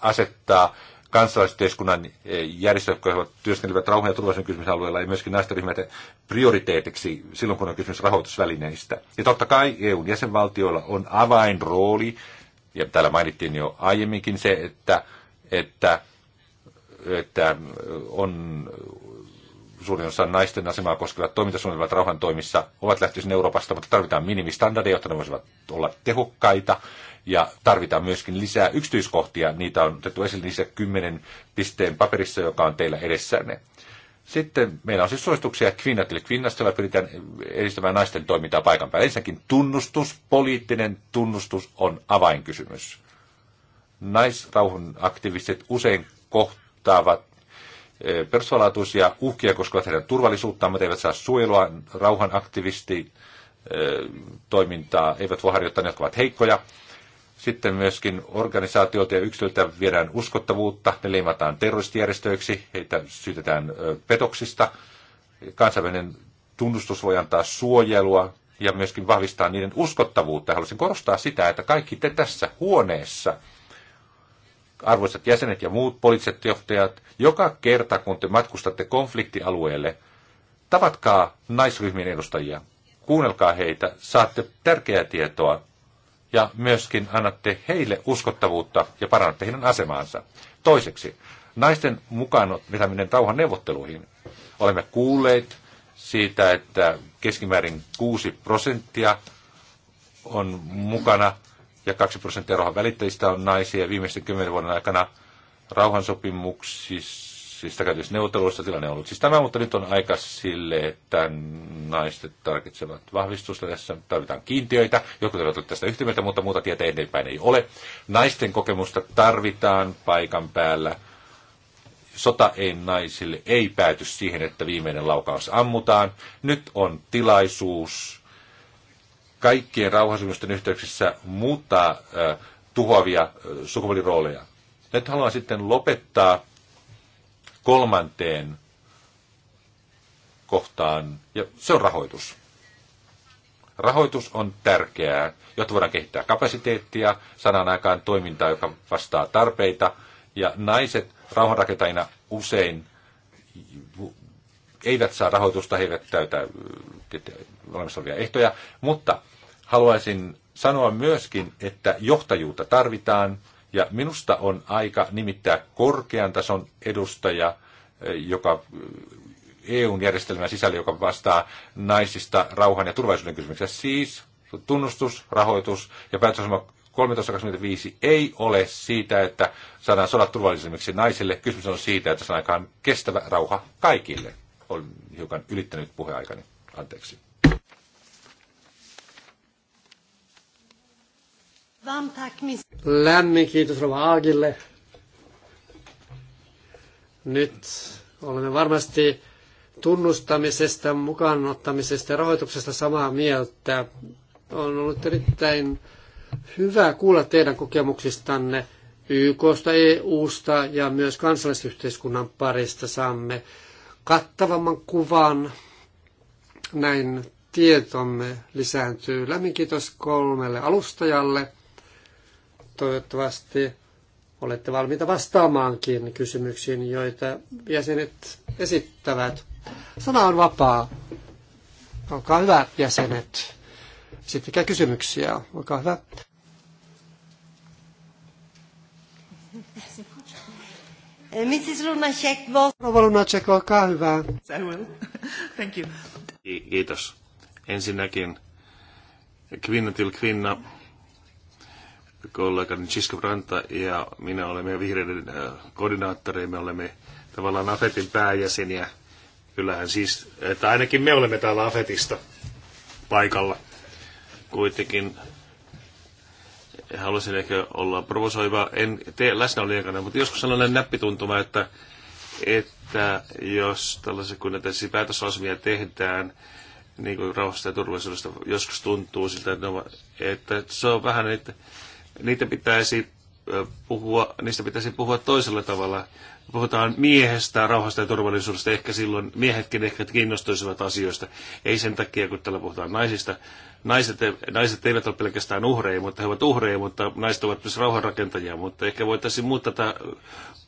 [SPEAKER 4] asettaa kansalaisyhteiskunnan eh, järjestöt, jotka työskentelevät rauhan ja turvallisuuden kysymysalueella ja myöskin naistenryhmät prioriteetiksi silloin, kun on kysymys rahoitusvälineistä. Ja totta kai EUn jäsenvaltioilla on avainrooli, ja täällä mainittiin jo aiemminkin se, että, että, että on suurin osa naisten asemaa koskevat toimintasuunnitelmat toimissa ovat lähtöisin Euroopasta, mutta tarvitaan minimistandardeja, jotta ne voisivat olla tehokkaita. Ja tarvitaan myöskin lisää yksityiskohtia. Niitä on otettu esille niissä kymmenen pisteen paperissa, joka on teillä edessänne. Sitten meillä on siis suosituksia Kvinnat, eli Kvinnastolla pyritään edistämään naisten toimintaa paikan päällä. Ensinnäkin tunnustus, poliittinen tunnustus on avainkysymys. Naisrauhan aktivistit usein kohtaavat Eh, perustavanlaatuisia uhkia koskevat heidän turvallisuuttaan, mutta eivät saa suojelua, rauhan aktivisti, eh, toimintaa, eivät voi harjoittaa, ne, jotka ovat heikkoja. Sitten myöskin organisaatioita ja yksilöitä viedään uskottavuutta, ne leimataan terroristijärjestöiksi, heitä syytetään eh, petoksista. Kansainvälinen tunnustus voi antaa suojelua ja myöskin vahvistaa niiden uskottavuutta. Haluaisin korostaa sitä, että kaikki te tässä huoneessa – arvoisat jäsenet ja muut poliittiset johtajat, joka kerta kun te matkustatte konfliktialueelle, tavatkaa naisryhmien edustajia, kuunnelkaa heitä, saatte tärkeää tietoa ja myöskin annatte heille uskottavuutta ja parannatte heidän asemaansa. Toiseksi, naisten mukaan vetäminen rauhan neuvotteluihin. Olemme kuulleet siitä, että keskimäärin 6 prosenttia on mukana ja 2 prosenttia rauhan välittäjistä on naisia. Viimeisten kymmenen vuoden aikana rauhansopimuksista käytössä neuvotteluissa tilanne on ollut siis tämä, mutta nyt on aika sille, että naiset tarvitsevat vahvistusta. Tässä tarvitaan kiintiöitä. Jotkut ovat tästä yhtä mieltä, mutta muuta tietä eteenpäin ei ole. Naisten kokemusta tarvitaan paikan päällä. Sota ei naisille ei pääty siihen, että viimeinen laukaus ammutaan. Nyt on tilaisuus kaikkien rauhansopimusten yhteyksissä muuttaa tuhoavia sukupuolirooleja. Nyt haluan sitten lopettaa kolmanteen kohtaan, ja se on rahoitus. Rahoitus on tärkeää, jotta voidaan kehittää kapasiteettia, sanan aikaan toimintaa, joka vastaa tarpeita, ja naiset rauhanrakentajina usein eivät saa rahoitusta, he eivät täytä mm, olemassa olevia ehtoja, mutta haluaisin sanoa myöskin, että johtajuutta tarvitaan ja minusta on aika nimittää korkean tason edustaja, e, joka mm, EUn järjestelmän sisällä, joka vastaa naisista, rauhan ja turvallisuuden kysymyksiä. Siis tunnustus, rahoitus ja päätösasema 1325 ei ole siitä, että saadaan sodat turvallisemmiksi naisille. Kysymys on siitä, että saadaan kestävä rauha kaikille olen hiukan ylittänyt puheaikani. Anteeksi.
[SPEAKER 2] Lämmin kiitos Rova Aagille. Nyt olemme varmasti tunnustamisesta, mukaanottamisesta ja rahoituksesta samaa mieltä. On ollut erittäin hyvä kuulla teidän kokemuksistanne YKsta, EUsta ja myös kansallisyhteiskunnan parista saamme kattavamman kuvan. Näin tietomme lisääntyy. Lämmin kiitos kolmelle alustajalle. Toivottavasti olette valmiita vastaamaankin kysymyksiin, joita jäsenet esittävät. Sana on vapaa. Olkaa hyvä, jäsenet. Sittenkään kysymyksiä. Olkaa hyvä. Eh, Mrs. Lunacek, Rova Lunacek, olkaa hyvä. I will. Thank you.
[SPEAKER 3] Kiitos. Ensinnäkin kvinna til kvinna kollegani Cisco Branta ja minä olemme vihreiden äh, koordinaattoreja, me olemme tavallaan AFETin pääjäseniä. Kyllähän siis, että ainakin me olemme täällä AFETista paikalla. Kuitenkin haluaisin ehkä olla provosoiva, en tee läsnäolijakana, mutta joskus sellainen näppituntuma, että, että jos tällaisia, kun näitä päätöslausumia tehdään, niin kuin rauhasta ja turvallisuudesta joskus tuntuu siltä, että, on, että se on vähän, että niitä pitäisi puhua, niistä pitäisi puhua toisella tavalla puhutaan miehestä, rauhasta ja turvallisuudesta, ehkä silloin miehetkin ehkä kiinnostuisivat asioista. Ei sen takia, kun täällä puhutaan naisista. Naiset, naiset eivät ole pelkästään uhreja, mutta he ovat uhreja, mutta naiset ovat myös rauhanrakentajia. Mutta ehkä voitaisiin muuttaa tätä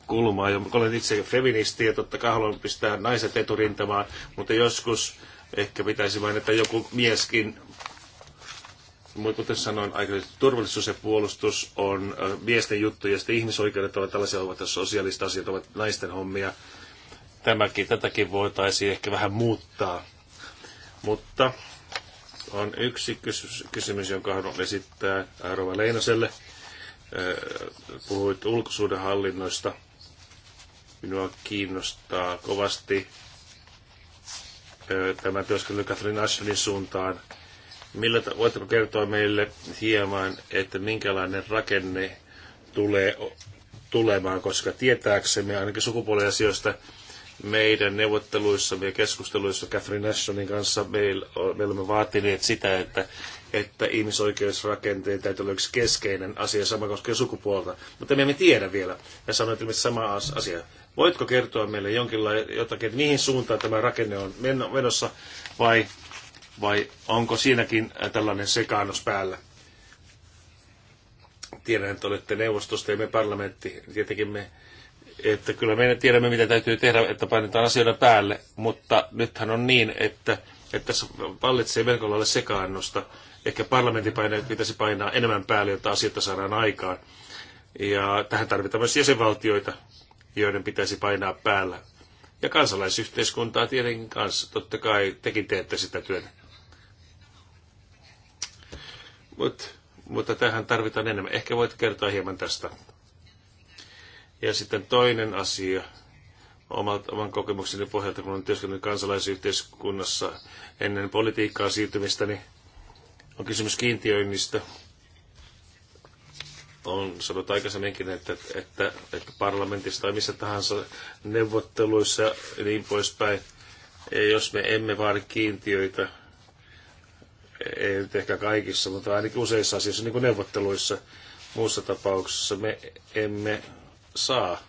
[SPEAKER 3] kulmaa. Ja olen itse feministi ja totta kai haluan pistää naiset eturintamaan, mutta joskus ehkä pitäisi mainita joku mieskin kuten sanoin aikaisemmin, turvallisuus ja puolustus on miesten juttu ja sitten ihmisoikeudet ovat tällaisia ovat, ja sosiaaliset asiat ovat naisten hommia. Tämäkin, tätäkin voitaisiin ehkä vähän muuttaa. Mutta on yksi kysymys, kysymys jonka haluan esittää Rova Leinoselle. Puhuit ulkosuudenhallinnoista. Minua kiinnostaa kovasti tämä työskentely Catherine Ashleyn suuntaan – Millä, voitteko kertoa meille hieman, että minkälainen rakenne tulee tulemaan, koska tietääksemme ainakin sukupuoliasioista meidän neuvotteluissa ja keskusteluissa Catherine Nationin kanssa meillä, me olemme vaatineet sitä, että, että ihmisoikeusrakenteen täytyy olla yksi keskeinen asia, sama koskee sukupuolta. Mutta me emme tiedä vielä. Ja sanoit ilmeisesti sama asia. Voitko kertoa meille jonkinlaista jotakin, että mihin suuntaan tämä rakenne on menossa vai vai onko siinäkin äh, tällainen sekaannus päällä? Tiedän, että olette neuvostosta ja me parlamentti. Tietenkin me, että kyllä me tiedämme, mitä täytyy tehdä, että painetaan asioita päälle, mutta nythän on niin, että, että tässä vallitsee melko lailla sekaannusta. Ehkä parlamentin pitäisi painaa enemmän päälle, jotta asioita saadaan aikaan. Ja tähän tarvitaan myös jäsenvaltioita, joiden pitäisi painaa päällä ja kansalaisyhteiskuntaa tietenkin kanssa. Totta kai tekin teette sitä työtä mut, mutta tähän tarvitaan enemmän. Ehkä voit kertoa hieman tästä. Ja sitten toinen asia omat, oman kokemukseni pohjalta, kun olen työskennellyt kansalaisyhteiskunnassa ennen politiikkaa siirtymistä, niin on kysymys kiintiöinnistä. On sanonut aikaisemminkin, että, että, että parlamentissa tai missä tahansa neuvotteluissa ja niin poispäin, jos me emme vaadi kiintiöitä, ei nyt ehkä kaikissa, mutta ainakin useissa asioissa, niin kuin neuvotteluissa, muussa tapauksessa me emme saa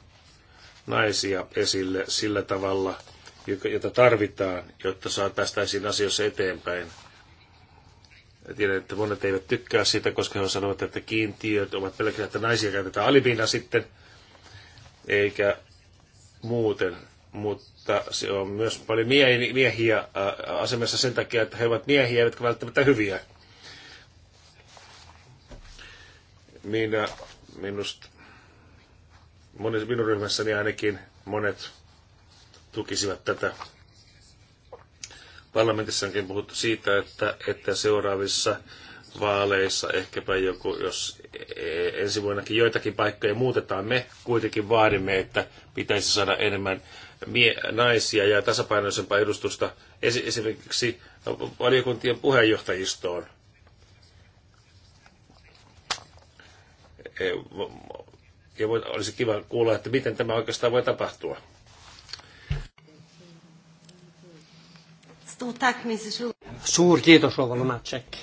[SPEAKER 3] naisia esille sillä tavalla, jota tarvitaan, jotta saa päästäisiin asioissa eteenpäin. Tiedän, että monet eivät tykkää siitä, koska he sanovat, että kiintiöt ovat pelkästään, että naisia käytetään alibina sitten, eikä muuten. Mutta mutta se on myös paljon miehiä asemassa sen takia, että he ovat miehiä, jotka välttämättä hyviä. Minä, minusta, monet, minun ryhmässäni ainakin monet tukisivat tätä. Parlamentissa onkin puhuttu siitä, että, että seuraavissa vaaleissa ehkäpä joku, jos e, ensi vuonnakin joitakin paikkoja muutetaan, me kuitenkin vaadimme, että pitäisi saada enemmän mie- naisia ja tasapainoisempaa edustusta esimerkiksi valiokuntien puheenjohtajistoon. Ja olisi kiva kuulla, että miten tämä oikeastaan voi tapahtua.
[SPEAKER 2] Suur kiitos, Rova Lunacek.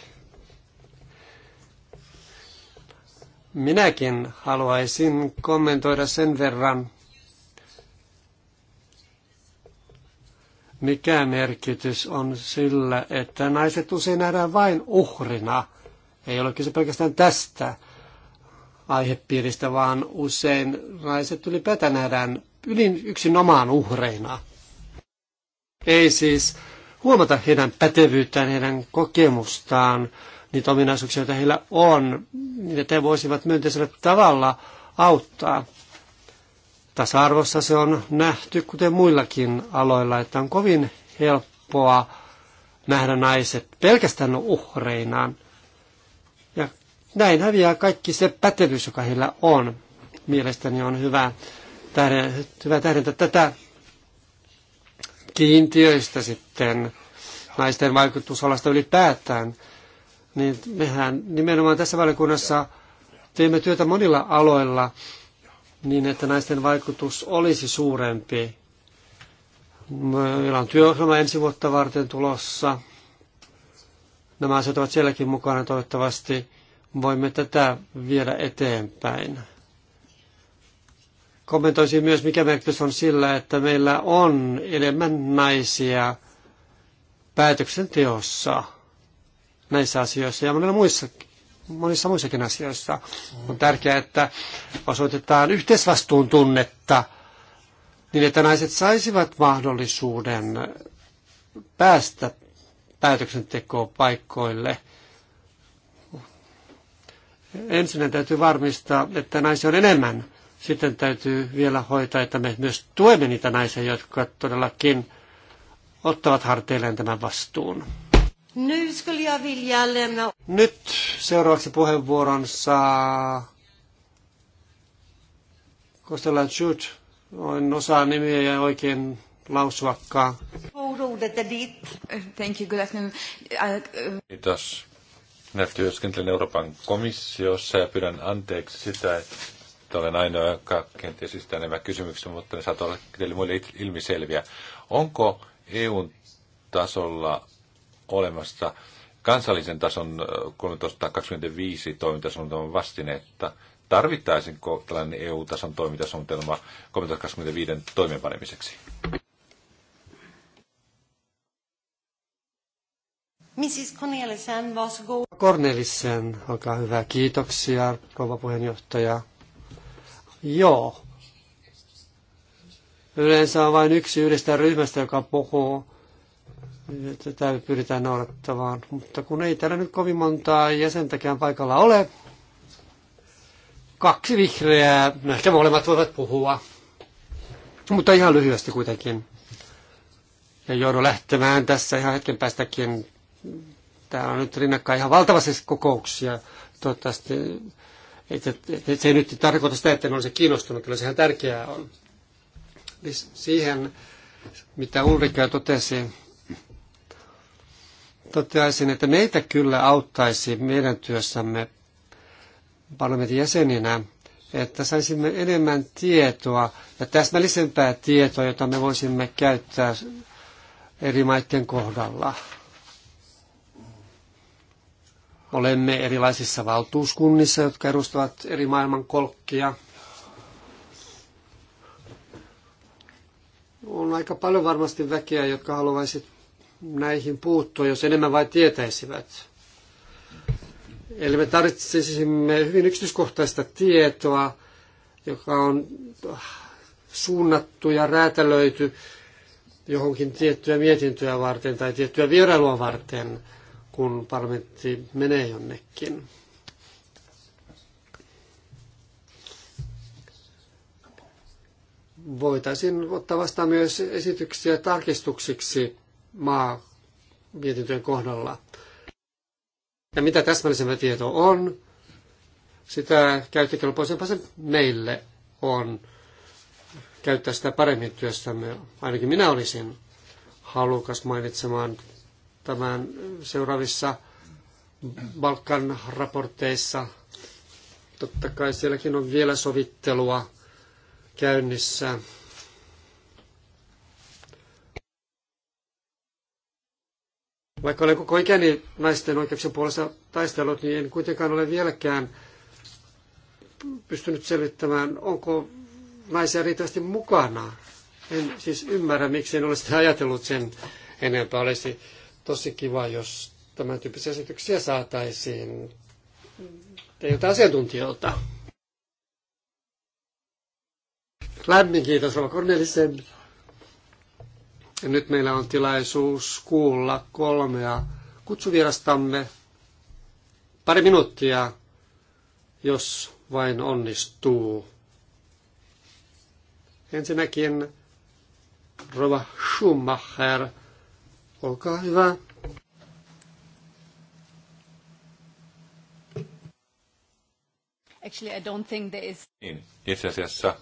[SPEAKER 2] Minäkin haluaisin kommentoida sen verran, mikä merkitys on sillä, että naiset usein nähdään vain uhrina. Ei ole kyse pelkästään tästä aihepiiristä, vaan usein naiset ylipäätään nähdään ylin omaan uhreina. Ei siis huomata heidän pätevyyttään, heidän kokemustaan, niitä ominaisuuksia, joita heillä on, ja he voisivat myönteisellä tavalla auttaa Tasa-arvossa se on nähty, kuten muillakin aloilla, että on kovin helppoa nähdä naiset pelkästään uhreinaan. Ja näin häviää kaikki se pätevyys, joka heillä on. Mielestäni on hyvä, hyvä tähdentää tätä kiintiöistä sitten, naisten vaikutusalasta ylipäätään. Niin mehän nimenomaan tässä valiokunnassa teemme työtä monilla aloilla, niin, että naisten vaikutus olisi suurempi. Meillä on työohjelma ensi vuotta varten tulossa. Nämä asiat ovat sielläkin mukana. Toivottavasti voimme tätä viedä eteenpäin. Kommentoisin myös, mikä merkitys on sillä, että meillä on enemmän naisia päätöksenteossa näissä asioissa ja monilla muissakin monissa muissakin asioissa. On tärkeää, että osoitetaan yhteisvastuun tunnetta niin, että naiset saisivat mahdollisuuden päästä paikoille. Ensin täytyy varmistaa, että naisia on enemmän. Sitten täytyy vielä hoitaa, että me myös tuemme niitä naisia, jotka todellakin ottavat harteilleen tämän vastuun.
[SPEAKER 1] Nu skulle jag vilja lämna...
[SPEAKER 2] Nyt seuraavaksi puheenvuoron saa Kostela Chut. En osaa nimiä ja oikein lausuakaan.
[SPEAKER 1] Thank you, good afternoon. Uh,
[SPEAKER 2] Kiitos.
[SPEAKER 4] Minä työskentelen Euroopan komissiossa ja pyydän anteeksi sitä, että olen ainoa, joka kenties esittää nämä kysymykset, mutta ne saattavat olla teille muille ilmiselviä. Onko EUn tasolla olemassa kansallisen tason 1325 toimintasuunnitelman että Tarvittaisinko tällainen EU-tason toimintasuunnitelma 1325 toimeenpanemiseksi?
[SPEAKER 1] Mrs. Cornelissen,
[SPEAKER 2] Cornelissen, olkaa hyvä. Kiitoksia, rouva puheenjohtaja. Joo. Yleensä on vain yksi yhdestä ryhmästä, joka puhuu tätä pyritään noudattamaan. Mutta kun ei täällä nyt kovin montaa jäsentäkään paikalla ole, kaksi vihreää, no ehkä molemmat voivat puhua, mutta ihan lyhyesti kuitenkin. Ja joudun lähtemään tässä ihan hetken päästäkin. Täällä on nyt rinnakkain ihan valtavasti kokouksia. Toivottavasti et, et, et se ei nyt tarkoita sitä, että en olisi kiinnostunut, kyllä ihan tärkeää on. Siis siihen, mitä Ulrika totesi, toteaisin, että meitä kyllä auttaisi meidän työssämme parlamentin jäseninä, että saisimme enemmän tietoa ja täsmällisempää tietoa, jota me voisimme käyttää eri maiden kohdalla. Olemme erilaisissa valtuuskunnissa, jotka edustavat eri maailman kolkkia. On aika paljon varmasti väkeä, jotka haluaisivat näihin puuttua, jos enemmän vain tietäisivät. Eli me tarvitsisimme hyvin yksityiskohtaista tietoa, joka on suunnattu ja räätälöity johonkin tiettyä mietintöä varten tai tiettyä vierailua varten, kun parlamentti menee jonnekin. Voitaisiin ottaa vastaan myös esityksiä tarkistuksiksi maa mietintöjen kohdalla. Ja mitä täsmällisempi tieto on, sitä käyttökelpoisempaa se meille on käyttää sitä paremmin työstämme. Ainakin minä olisin halukas mainitsemaan tämän seuraavissa Balkan raporteissa. Totta kai sielläkin on vielä sovittelua käynnissä Vaikka olen koko ikäni naisten oikeuksien puolesta taistellut, niin en kuitenkaan ole vieläkään pystynyt selvittämään, onko naisia riittävästi mukana. En siis ymmärrä, miksi en ole sitä ajatellut sen enempää. Olisi tosi kiva, jos tämän tyyppisiä esityksiä saataisiin teiltä asiantuntijoilta. Lämmin kiitos Rova Kornelisen. Ja nyt meillä on tilaisuus kuulla kolmea kutsuvierastamme Pari minuuttia, jos vain onnistuu. Ensinnäkin Rova Schumacher, olkaa hyvä.
[SPEAKER 1] Actually, I don't think there is...
[SPEAKER 4] Niin, itse asiassa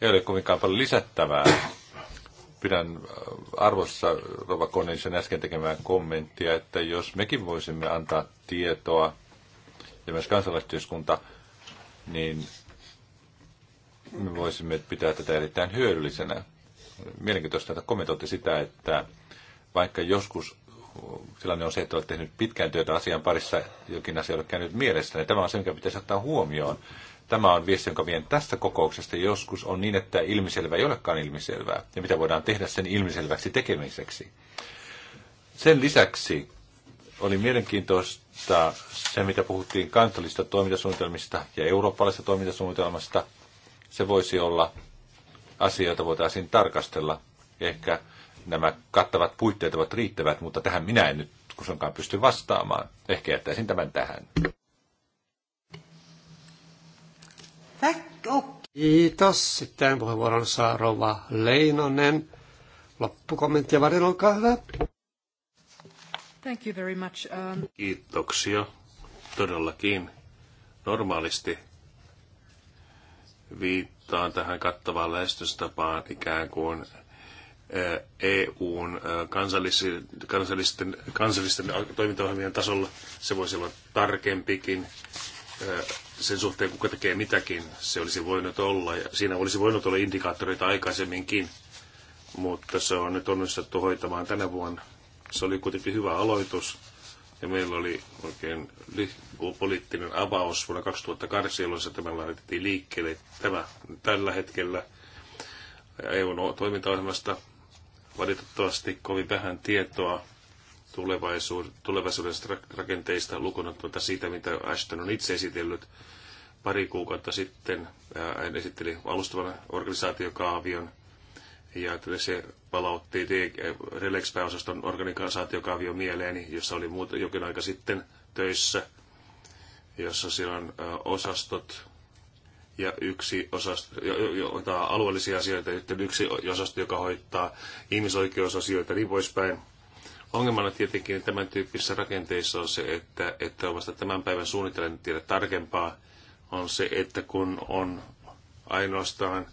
[SPEAKER 4] ei ole kovinkaan paljon lisättävää pidän äh, arvossa Rova Konin äsken tekemään kommenttia, että jos mekin voisimme antaa tietoa ja myös kansalaisyhteiskunta, niin me voisimme pitää tätä erittäin hyödyllisenä. Mielenkiintoista, että kommentoitte sitä, että vaikka joskus tilanne on se, että olet tehnyt pitkään työtä asian parissa, jokin asia ei ole käynyt mielessä, niin tämä on se, mikä pitäisi ottaa huomioon. Tämä on viesti, jonka vien tästä kokouksesta. Joskus on niin, että ilmiselvä ei olekaan ilmiselvää. Ja mitä voidaan tehdä sen ilmiselväksi tekemiseksi. Sen lisäksi oli mielenkiintoista se, mitä puhuttiin kansallisista toimintasuunnitelmista ja eurooppalaisesta toimintasuunnitelmasta. Se voisi olla asia, jota voitaisiin tarkastella. Ehkä nämä kattavat puitteet ovat riittävät, mutta tähän minä en nyt kusankaan pysty vastaamaan. Ehkä jättäisin tämän tähän.
[SPEAKER 2] Kiitos. Sitten puheenvuoron saa Rova Leinonen. Loppukommentti varten, olkaa hyvä.
[SPEAKER 1] Thank you very much. Um...
[SPEAKER 2] Kiitoksia.
[SPEAKER 3] Todellakin. Normaalisti viittaan tähän kattavaan lähestystapaan ikään kuin EUn kansallisten, kansallisten, kansallisten toimintaohjelmien tasolla. Se voisi olla tarkempikin sen suhteen, kuka tekee mitäkin, se olisi voinut olla. Ja siinä olisi voinut olla indikaattoreita aikaisemminkin, mutta se on nyt onnistuttu hoitamaan tänä vuonna. Se oli kuitenkin hyvä aloitus ja meillä oli oikein poliittinen avaus vuonna 2008, jolloin se tämä laitettiin liikkeelle. Tämä tällä hetkellä EUn toimintaohjelmasta valitettavasti kovin vähän tietoa tulevaisuuden rakenteista lukunottamatta siitä, mitä Ashton on itse esitellyt pari kuukautta sitten. Hän esitteli alustavan organisaatiokaavion ja se palautti Relex-pääosaston organisaatiokaavio mieleeni, jossa oli muut, jokin aika sitten töissä, jossa siellä on osastot ja yksi osasto, jota alueellisia asioita, yksi osasto, joka hoitaa ihmisoikeusasioita ja niin poispäin Ongelmana tietenkin tämän tyyppisissä rakenteissa on se, että, että vasta tämän päivän suunnitelman tiedä tarkempaa, on se, että kun on ainoastaan,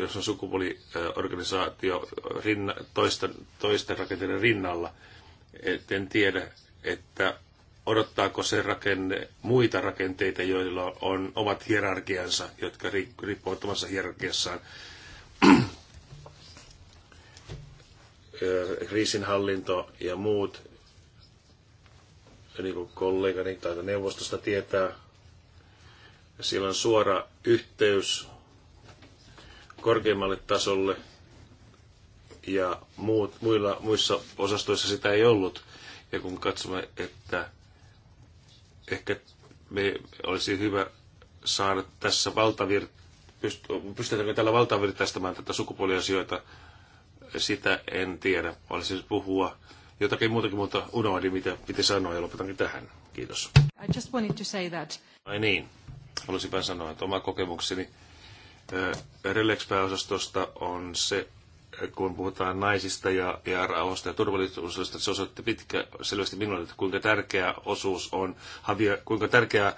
[SPEAKER 3] jos on sukupuoliorganisaatio rinna, toisten, toisten rakenteiden rinnalla, et en tiedä, että odottaako se rakenne muita rakenteita, joilla on omat hierarkiansa, jotka riippuvat omassa hierarkiassaan kriisinhallinto ja muut, niin kuin kollegani tai neuvostosta tietää, sillä on suora yhteys korkeimmalle tasolle ja muut, muilla, muissa osastoissa sitä ei ollut. Ja kun katsomme, että ehkä me olisi hyvä saada tässä valtavirta, pystytäänkö tällä valtavirtaistamaan tätä sukupuoliasioita, sitä en tiedä. Olisi siis puhua jotakin muutakin, mutta unohdin, mitä piti sanoa ja lopetankin tähän. Kiitos.
[SPEAKER 1] I just wanted to say that.
[SPEAKER 3] Ai niin. Haluaisin vain sanoa, että oma kokemukseni Relax-pääosastosta on se, kun puhutaan naisista ja, ja rauhasta ja turvallisuudesta, se osoitti pitkä, selvästi minulle, että kuinka tärkeä osuus on, havia, kuinka tärkeä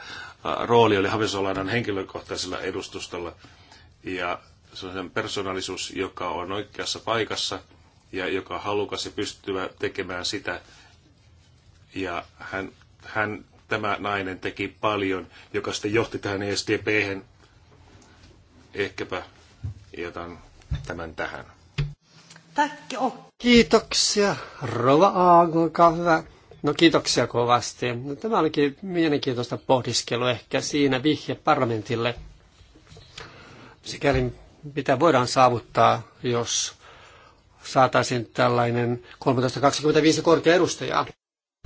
[SPEAKER 3] rooli oli Havisolanan henkilökohtaisella edustustalla. Ja sellaisen persoonallisuus, joka on oikeassa paikassa ja joka halukas ja pystyvä tekemään sitä. Ja hän, hän, tämä nainen teki paljon, joka sitten johti tähän e sdp -hän. Ehkäpä jätän tämän tähän.
[SPEAKER 2] Kiitoksia, Rova Aago, hyvä. No kiitoksia kovasti. No, tämä olikin mielenkiintoista pohdiskelua ehkä siinä vihje parlamentille. Sikäli mitä voidaan saavuttaa, jos saataisiin tällainen 1325 korkea edustajaa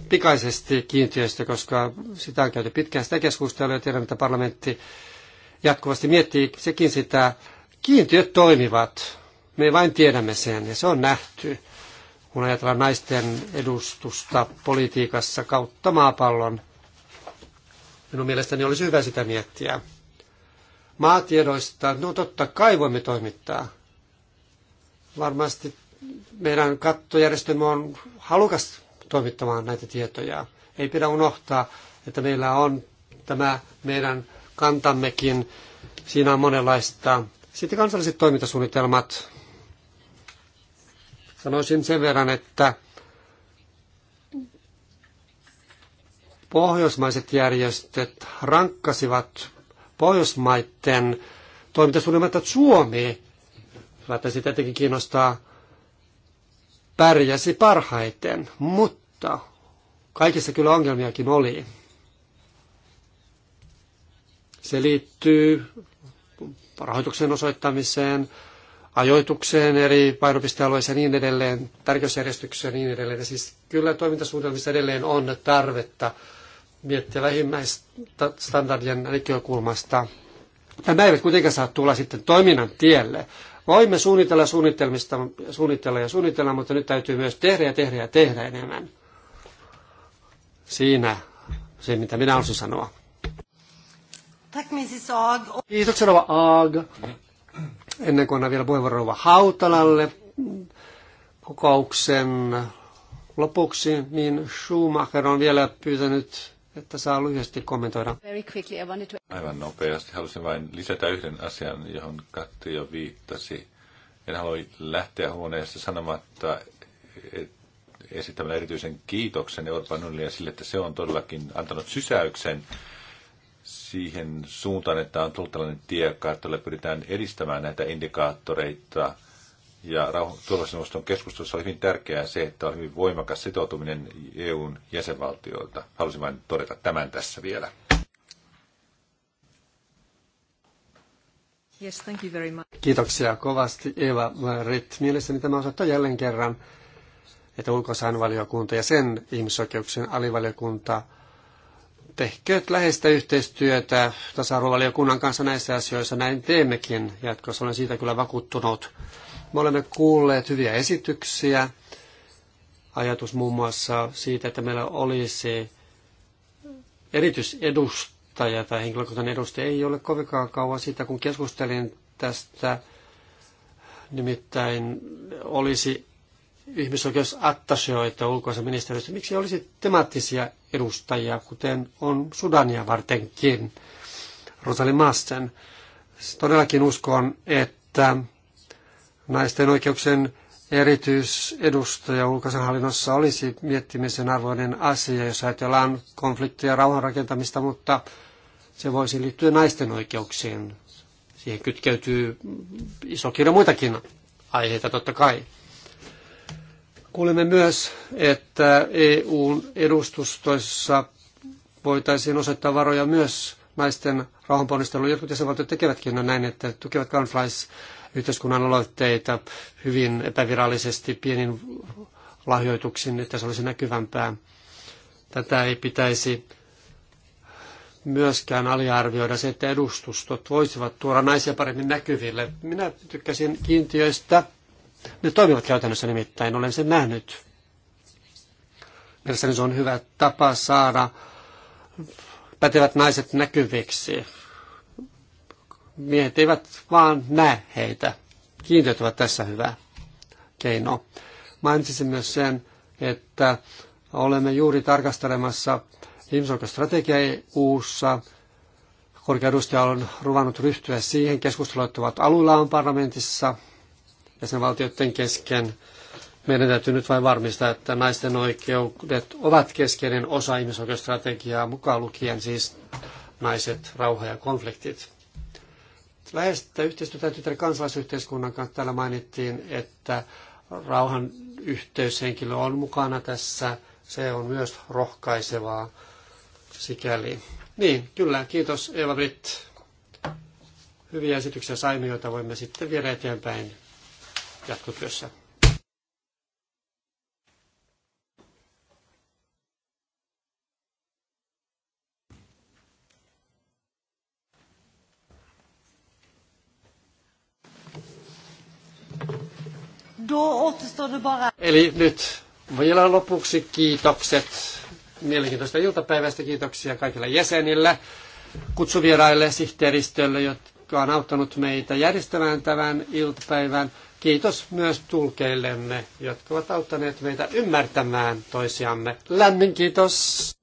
[SPEAKER 2] pikaisesti kiintiöistä, koska sitä on käyty pitkään sitä keskustelua ja tiedän, että parlamentti jatkuvasti miettii sekin sitä. Kiintiöt toimivat, me vain tiedämme sen ja se on nähty, kun ajatellaan naisten edustusta politiikassa kautta maapallon. Minun mielestäni olisi hyvä sitä miettiä maatiedoista, no totta kai voimme toimittaa. Varmasti meidän kattojärjestelmä on halukas toimittamaan näitä tietoja. Ei pidä unohtaa, että meillä on tämä meidän kantammekin. Siinä on monenlaista. Sitten kansalliset toimintasuunnitelmat. Sanoisin sen verran, että pohjoismaiset järjestöt rankkasivat Pohjoismaiden toimintasuunnitelmat, että Suomi, vaikka tietenkin kiinnostaa, pärjäsi parhaiten, mutta kaikissa kyllä ongelmiakin oli. Se liittyy rahoituksen osoittamiseen, ajoitukseen, eri painopistealueisiin ja niin edelleen, tärkeysjärjestykseen ja niin edelleen. Ja siis kyllä toimintasuunnitelmissa edelleen on tarvetta miettiä lähimmäistä standardien näkökulmasta. Tämä ei kuitenkaan saa tulla sitten toiminnan tielle. Voimme suunnitella, suunnitelmista, suunnitella ja suunnitella, mutta nyt täytyy myös tehdä ja tehdä ja tehdä enemmän. Siinä se, mitä minä haluaisin sanoa. Kiitoksia Rova Aag. Ennen kuin annan vielä puheenvuoron Rova Hautalalle kokouksen lopuksi, niin Schumacher on vielä pyytänyt että saa lyhyesti kommentoida.
[SPEAKER 1] Aivan
[SPEAKER 4] nopeasti. Halusin vain lisätä yhden asian, johon Katri jo viittasi. En halua lähteä huoneesta sanomatta, esittämään esittämällä erityisen kiitoksen Euroopan unionille sille, että se on todellakin antanut sysäyksen siihen suuntaan, että on tullut tällainen tiekartta, jolla pyritään edistämään näitä indikaattoreita – ja turvallisuusneuvoston keskustelussa oli hyvin tärkeää se, että on hyvin voimakas sitoutuminen EUn jäsenvaltioilta. Haluaisin vain todeta tämän tässä vielä.
[SPEAKER 1] Yes, thank you very much.
[SPEAKER 2] Kiitoksia kovasti Eva Ritt. Mielestäni tämä osoittaa jälleen kerran, että ulkosainvaliokunta ja sen ihmisoikeuksien alivaliokunta tehkööt läheistä yhteistyötä tasa-arvovaliokunnan kanssa näissä asioissa. Näin teemmekin jatkossa. Olen siitä kyllä vakuuttunut. Me olemme kuulleet hyviä esityksiä. Ajatus muun muassa siitä, että meillä olisi erityisedustaja tai henkilökohtainen edustaja ei ole kovinkaan kauan siitä, kun keskustelin tästä. Nimittäin olisi ihmisoikeusattasioita ulkoisen ministeriöstä. Miksi olisi temaattisia edustajia, kuten on Sudania vartenkin? Rosali Masten. Todellakin uskon, että naisten oikeuksien erityisedustaja ulkoisenhallinnossa olisi miettimisen arvoinen asia, jos ajatellaan konflikteja ja rauhan rakentamista, mutta se voisi liittyä naisten oikeuksiin. Siihen kytkeytyy iso kirja muitakin aiheita totta kai. Kuulimme myös, että EUn edustustoissa voitaisiin osoittaa varoja myös naisten rauhanponnisteluun. Jotkut jäsenvaltiot tekevätkin no näin, että tukevat kansalais- yhteiskunnan aloitteita hyvin epävirallisesti pienin lahjoituksin, että se olisi näkyvämpää. Tätä ei pitäisi myöskään aliarvioida se, että edustustot voisivat tuoda naisia paremmin näkyville. Minä tykkäsin kiintiöistä. Ne toimivat käytännössä nimittäin, olen sen nähnyt. Mielestäni se on hyvä tapa saada pätevät naiset näkyviksi miehet eivät vaan näe heitä. Kiintiöt ovat tässä hyvä keino. Mainitsisin myös sen, että olemme juuri tarkastelemassa ihmisoikeusstrategia EU-ssa. Korkeudustaja on ruvannut ryhtyä siihen. Keskustelut ovat aluillaan parlamentissa ja sen valtioiden kesken. Meidän täytyy nyt vain varmistaa, että naisten oikeudet ovat keskeinen osa ihmisoikeusstrategiaa, mukaan lukien siis naiset, rauha ja konfliktit. Läheistä yhteistyötä tytär kansalaisyhteiskunnan kanssa. Täällä mainittiin, että rauhan yhteyshenkilö on mukana tässä. Se on myös rohkaisevaa sikäli. Niin, kyllä. Kiitos Eva Britt. Hyviä esityksiä saimme, joita voimme sitten viedä eteenpäin jatkotyössä. Eli nyt vielä lopuksi kiitokset. Mielenkiintoista iltapäivästä kiitoksia kaikille jäsenille, kutsuvieraille, sihteeristölle, jotka on auttanut meitä järjestämään tämän iltapäivän. Kiitos myös tulkeillemme, jotka ovat auttaneet meitä ymmärtämään toisiamme. Lämmin kiitos!